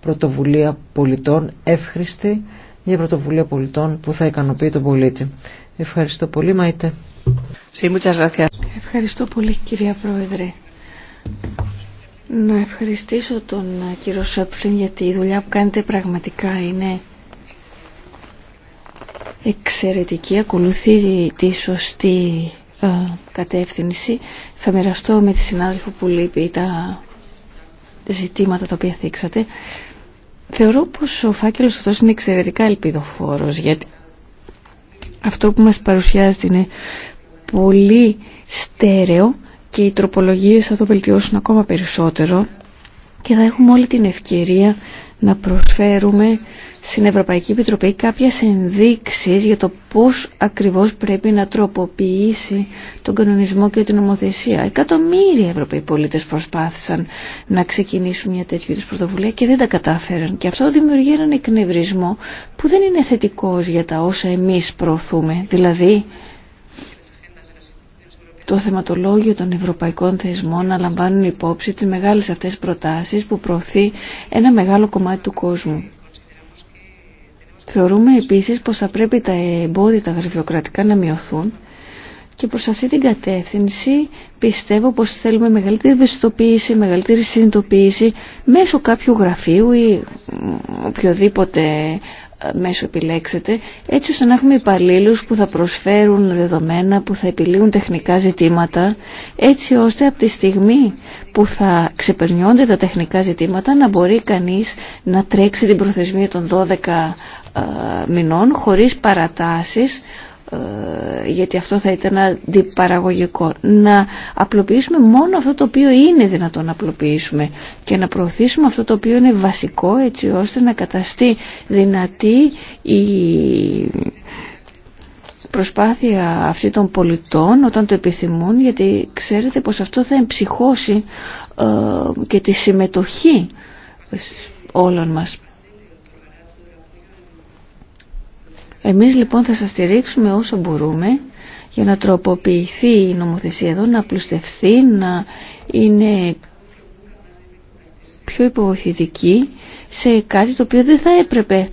πρωτοβουλία πολιτών, εύχριστη μια πρωτοβουλία πολιτών που θα ικανοποιεί τον πολίτη. Ευχαριστώ πολύ, Μαϊτέ. Ευχαριστώ πολύ, κυρία Πρόεδρε. Να ευχαριστήσω τον ε, κύριο Σέπφλιν γιατί η δουλειά που κάνετε πραγματικά είναι εξαιρετική, ακολουθεί τη σωστή ε, κατεύθυνση. Θα μοιραστώ με τη συνάδελφο που λείπει τα ζητήματα τα οποία θίξατε. Θεωρώ πως ο φάκελος αυτός είναι εξαιρετικά ελπιδοφόρος γιατί αυτό που μας παρουσιάζεται είναι πολύ στέρεο και οι τροπολογίες θα το βελτιώσουν ακόμα περισσότερο και θα έχουμε όλη την ευκαιρία να προσφέρουμε στην Ευρωπαϊκή Επιτροπή κάποιες ενδείξεις για το πώς ακριβώς πρέπει να τροποποιήσει τον κανονισμό και την ομοθέσια. Εκατομμύρια Ευρωπαίοι πολίτες προσπάθησαν να ξεκινήσουν μια τέτοια της πρωτοβουλία και δεν τα κατάφεραν. Και αυτό δημιουργεί έναν εκνευρισμό που δεν είναι θετικός για τα όσα εμείς προωθούμε. Δηλαδή, το θεματολόγιο των ευρωπαϊκών θεσμών να λαμβάνουν υπόψη τις μεγάλες αυτές προτάσεις που προωθεί ένα μεγάλο κομμάτι του κόσμου. Θεωρούμε επίσης πως θα πρέπει τα εμπόδια τα γραφειοκρατικά να μειωθούν και προς αυτή την κατεύθυνση πιστεύω πως θέλουμε μεγαλύτερη ευαισθητοποίηση, μεγαλύτερη συνειδητοποίηση μέσω κάποιου γραφείου ή οποιοδήποτε μέσο επιλέξετε, έτσι ώστε να έχουμε υπαλλήλους που θα προσφέρουν δεδομένα, που θα επιλύουν τεχνικά ζητήματα, έτσι ώστε από τη στιγμή που θα ξεπερνιόνται τα τεχνικά ζητήματα να μπορεί κανείς να τρέξει την προθεσμία των 12 ε, μηνών χωρίς παρατάσεις ε, γιατί αυτό θα ήταν αντιπαραγωγικό. Να απλοποιήσουμε μόνο αυτό το οποίο είναι δυνατόν να απλοποιήσουμε και να προωθήσουμε αυτό το οποίο είναι βασικό έτσι ώστε να καταστεί δυνατή η προσπάθεια αυτή των πολιτών όταν το επιθυμούν γιατί ξέρετε πως αυτό θα εμψυχώσει ε, και τη συμμετοχή όλων μας. Εμείς λοιπόν θα σας στηρίξουμε όσο μπορούμε για να τροποποιηθεί η νομοθεσία εδώ, να πλουστευθεί, να είναι πιο υποβοηθητική σε κάτι το οποίο δεν θα έπρεπε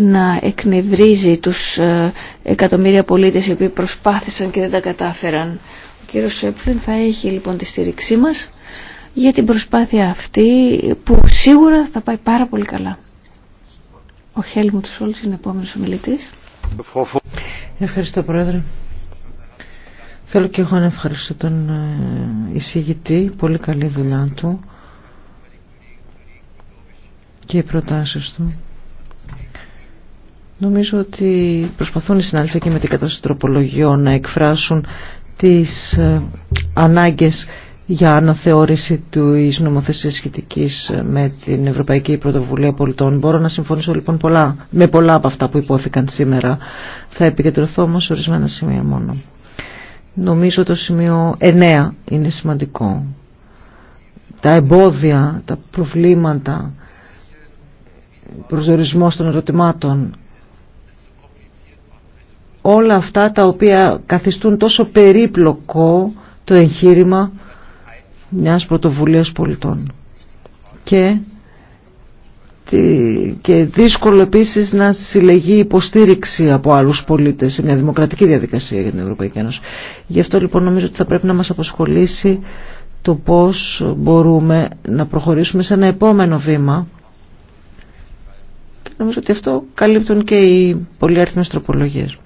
να εκνευρίζει τους ε, εκατομμύρια πολίτες οι οποίοι προσπάθησαν και δεν τα κατάφεραν. Ο κύριος Σέπλιν θα έχει λοιπόν τη στήριξή μας για την προσπάθεια αυτή που σίγουρα θα πάει πάρα πολύ καλά. Ο Χέλμουτ Σόλτς είναι επόμενος ομιλητής. Ευχαριστώ Πρόεδρε. Θέλω και εγώ να ευχαριστώ τον ε, εισηγητή, πολύ καλή δουλειά του και οι προτάσεις του. Νομίζω ότι προσπαθούν οι συνάδελφοι και με την κατάσταση τροπολογιών να εκφράσουν τις ε, ανάγκες για αναθεώρηση τη νομοθεσία σχετική με την Ευρωπαϊκή Πρωτοβουλία Πολιτών. Μπορώ να συμφωνήσω λοιπόν πολλά, με πολλά από αυτά που υπόθηκαν σήμερα. Θα επικεντρωθώ όμω σε ορισμένα σημεία μόνο. Νομίζω το σημείο 9 είναι σημαντικό. Τα εμπόδια, τα προβλήματα, προσδιορισμός των ερωτημάτων, όλα αυτά τα οποία καθιστούν τόσο περίπλοκο το εγχείρημα μιας πρωτοβουλίας πολιτών. Και, και δύσκολο επίσης να συλλεγεί υποστήριξη από άλλους πολίτες σε μια δημοκρατική διαδικασία για την Ευρωπαϊκή Ένωση. Γι' αυτό λοιπόν νομίζω ότι θα πρέπει να μας αποσχολήσει το πώς μπορούμε να προχωρήσουμε σε ένα επόμενο βήμα και νομίζω ότι αυτό καλύπτουν και οι πολυάριθμες τροπολογίες.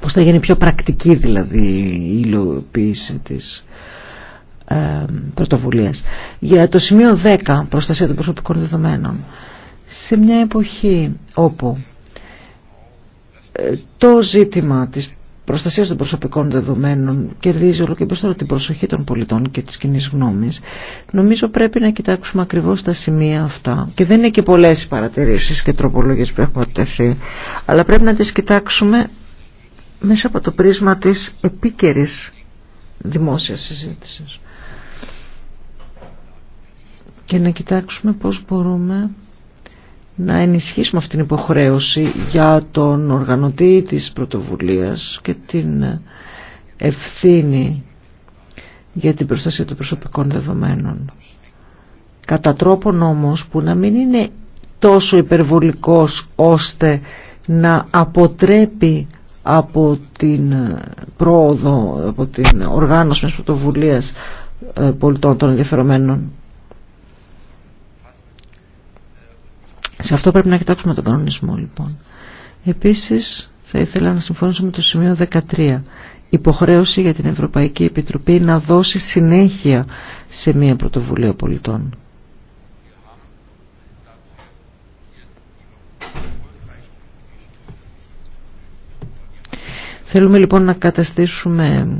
Πώς θα γίνει πιο πρακτική δηλαδή η υλοποίηση της πρωτοβουλίας. Για το σημείο 10, προστασία των προσωπικών δεδομένων. Σε μια εποχή όπου ε, το ζήτημα της προστασίας των προσωπικών δεδομένων κερδίζει όλο και περισσότερο την προσοχή των πολιτών και της κοινή γνώμης, νομίζω πρέπει να κοιτάξουμε ακριβώς τα σημεία αυτά. Και δεν είναι και πολλές οι παρατηρήσεις και τροπολογίες που έχουν τεθεί, αλλά πρέπει να τις κοιτάξουμε μέσα από το πρίσμα της επίκαιρης δημόσιας συζήτησης και να κοιτάξουμε πώς μπορούμε να ενισχύσουμε αυτήν την υποχρέωση για τον οργανωτή της πρωτοβουλίας και την ευθύνη για την προστασία των προσωπικών δεδομένων. Κατά τρόπον όμως που να μην είναι τόσο υπερβολικός ώστε να αποτρέπει από την πρόοδο, από την οργάνωση μιας πρωτοβουλίας ε, πολιτών των ενδιαφερομένων Σε αυτό πρέπει να κοιτάξουμε τον κανονισμό λοιπόν. Επίσης θα ήθελα να συμφωνήσω με το σημείο 13. Υποχρέωση για την Ευρωπαϊκή Επιτροπή να δώσει συνέχεια σε μια πρωτοβουλία πολιτών. Θέλουμε λοιπόν να καταστήσουμε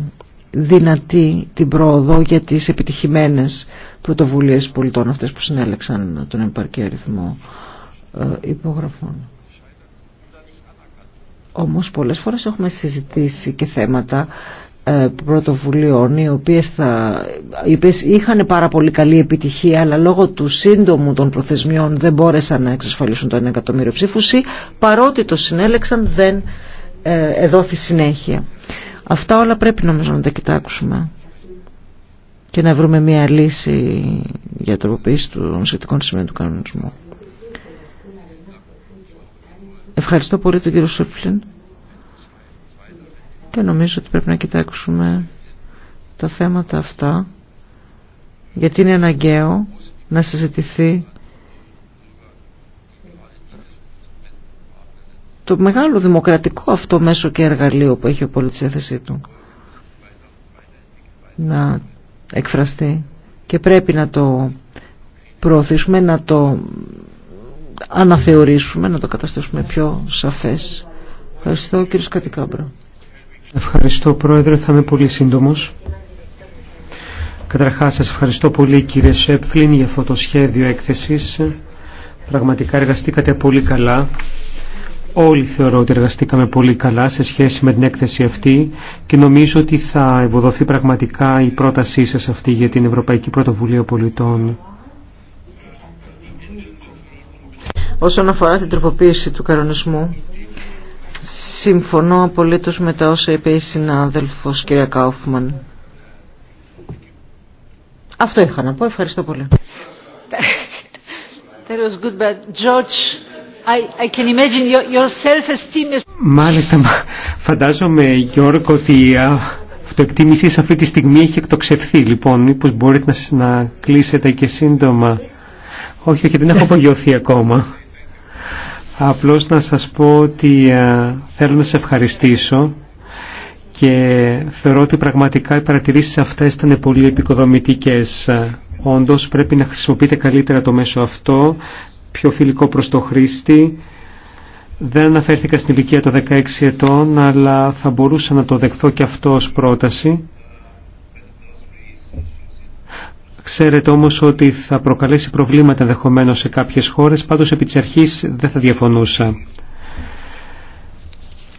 δυνατή την πρόοδο για τις επιτυχημένες πρωτοβουλίες πολιτών αυτές που συνέλεξαν τον επαρκή αριθμό ε, υπογραφών. Όμως πολλές φορές έχουμε συζητήσει και θέματα ε, πρωτοβουλειών οι οποίες, θα, είχαν πάρα πολύ καλή επιτυχία αλλά λόγω του σύντομου των προθεσμιών δεν μπόρεσαν να εξασφαλίσουν το 1 εκατομμύριο ψήφους ή παρότι το συνέλεξαν δεν ε, εδόθη συνέχεια. Αυτά όλα πρέπει νομίζω να τα κοιτάξουμε και να βρούμε μια λύση για τροποποίηση των σχετικών σημείων του κανονισμού. Ευχαριστώ πολύ τον κύριο Σούπλιν και νομίζω ότι πρέπει να κοιτάξουμε τα θέματα αυτά γιατί είναι αναγκαίο να συζητηθεί το μεγάλο δημοκρατικό αυτό μέσο και εργαλείο που έχει ο πολίτης του να εκφραστεί και πρέπει να το προωθήσουμε, να το αναθεωρήσουμε, να το καταστήσουμε πιο σαφές. Ευχαριστώ κύριε Σκατικάμπρα. Ευχαριστώ Πρόεδρε, θα είμαι πολύ σύντομος. Καταρχάς σας ευχαριστώ πολύ κύριε Σέπφλιν για αυτό το σχέδιο έκθεσης. Πραγματικά εργαστήκατε πολύ καλά. Όλοι θεωρώ ότι εργαστήκαμε πολύ καλά σε σχέση με την έκθεση αυτή και νομίζω ότι θα ευοδοθεί πραγματικά η πρότασή σας αυτή για την Ευρωπαϊκή Πρωτοβουλία Πολιτών. Όσον αφορά την τροποποίηση του κανονισμού, συμφωνώ απολύτως με τα όσα είπε η συνάδελφος κυρία Κάουφμαν. Αυτό είχα να πω. Ευχαριστώ πολύ. Μάλιστα, φαντάζομαι Γιώργο ότι αυτοεκτίμησή σε αυτή τη στιγμή έχει εκτοξευθεί. Λοιπόν, μήπω μπορείτε να, να κλείσετε και σύντομα. Όχι, όχι, δεν έχω απογειωθεί ακόμα. Απλώς να σας πω ότι ε, θέλω να σε ευχαριστήσω και θεωρώ ότι πραγματικά οι παρατηρήσεις αυτές ήταν πολύ επικοδομητικές. Ε, όντως πρέπει να χρησιμοποιείτε καλύτερα το μέσο αυτό, πιο φιλικό προς το χρήστη. Δεν αναφέρθηκα στην ηλικία των 16 ετών, αλλά θα μπορούσα να το δεχθώ και αυτό ως πρόταση. Ξέρετε όμως ότι θα προκαλέσει προβλήματα ενδεχομένω σε κάποιες χώρες, πάντως επί της αρχής δεν θα διαφωνούσα.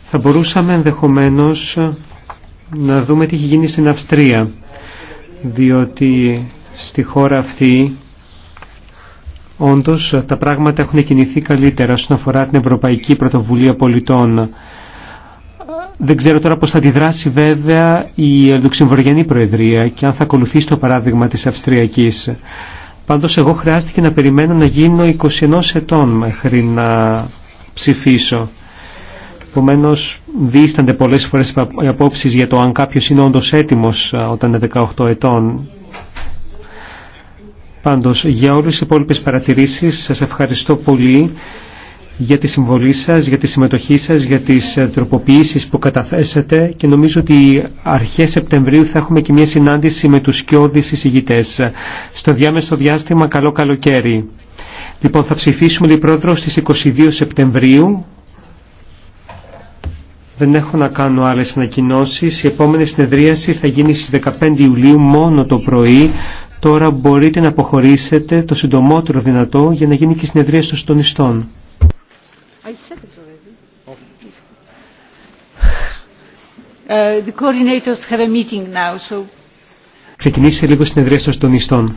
Θα μπορούσαμε ενδεχομένως να δούμε τι έχει γίνει στην Αυστρία, διότι στη χώρα αυτή όντως τα πράγματα έχουν κινηθεί καλύτερα όσον αφορά την Ευρωπαϊκή Πρωτοβουλία Πολιτών. Δεν ξέρω τώρα πώς θα τη δράσει βέβαια η Λουξεμβουργιανή Προεδρία και αν θα ακολουθήσει το παράδειγμα της Αυστριακής. Πάντως εγώ χρειάστηκε να περιμένω να γίνω 21 ετών μέχρι να ψηφίσω. Επομένω, δίστανται πολλέ φορέ οι απόψει για το αν κάποιο είναι όντω έτοιμο όταν είναι 18 ετών. Πάντω, για όλε τι υπόλοιπε παρατηρήσει, σα ευχαριστώ πολύ για τη συμβολή σας, για τη συμμετοχή σας, για τις ε, τροποποιήσεις που καταθέσατε και νομίζω ότι αρχές Σεπτεμβρίου θα έχουμε και μια συνάντηση με τους σκιώδεις εισηγητές. Στο διάμεσο διάστημα καλό καλοκαίρι. Λοιπόν, θα ψηφίσουμε την πρόεδρο στις 22 Σεπτεμβρίου. Δεν έχω να κάνω άλλες ανακοινώσει. Η επόμενη συνεδρίαση θα γίνει στις 15 Ιουλίου μόνο το πρωί. Τώρα μπορείτε να αποχωρήσετε το συντομότερο δυνατό για να γίνει και η συνεδρίαση των ιστών. Ε, the coordinators have a meeting now, so... Ξεκινήσει σε λίγο συνεδρία των συντονιστών.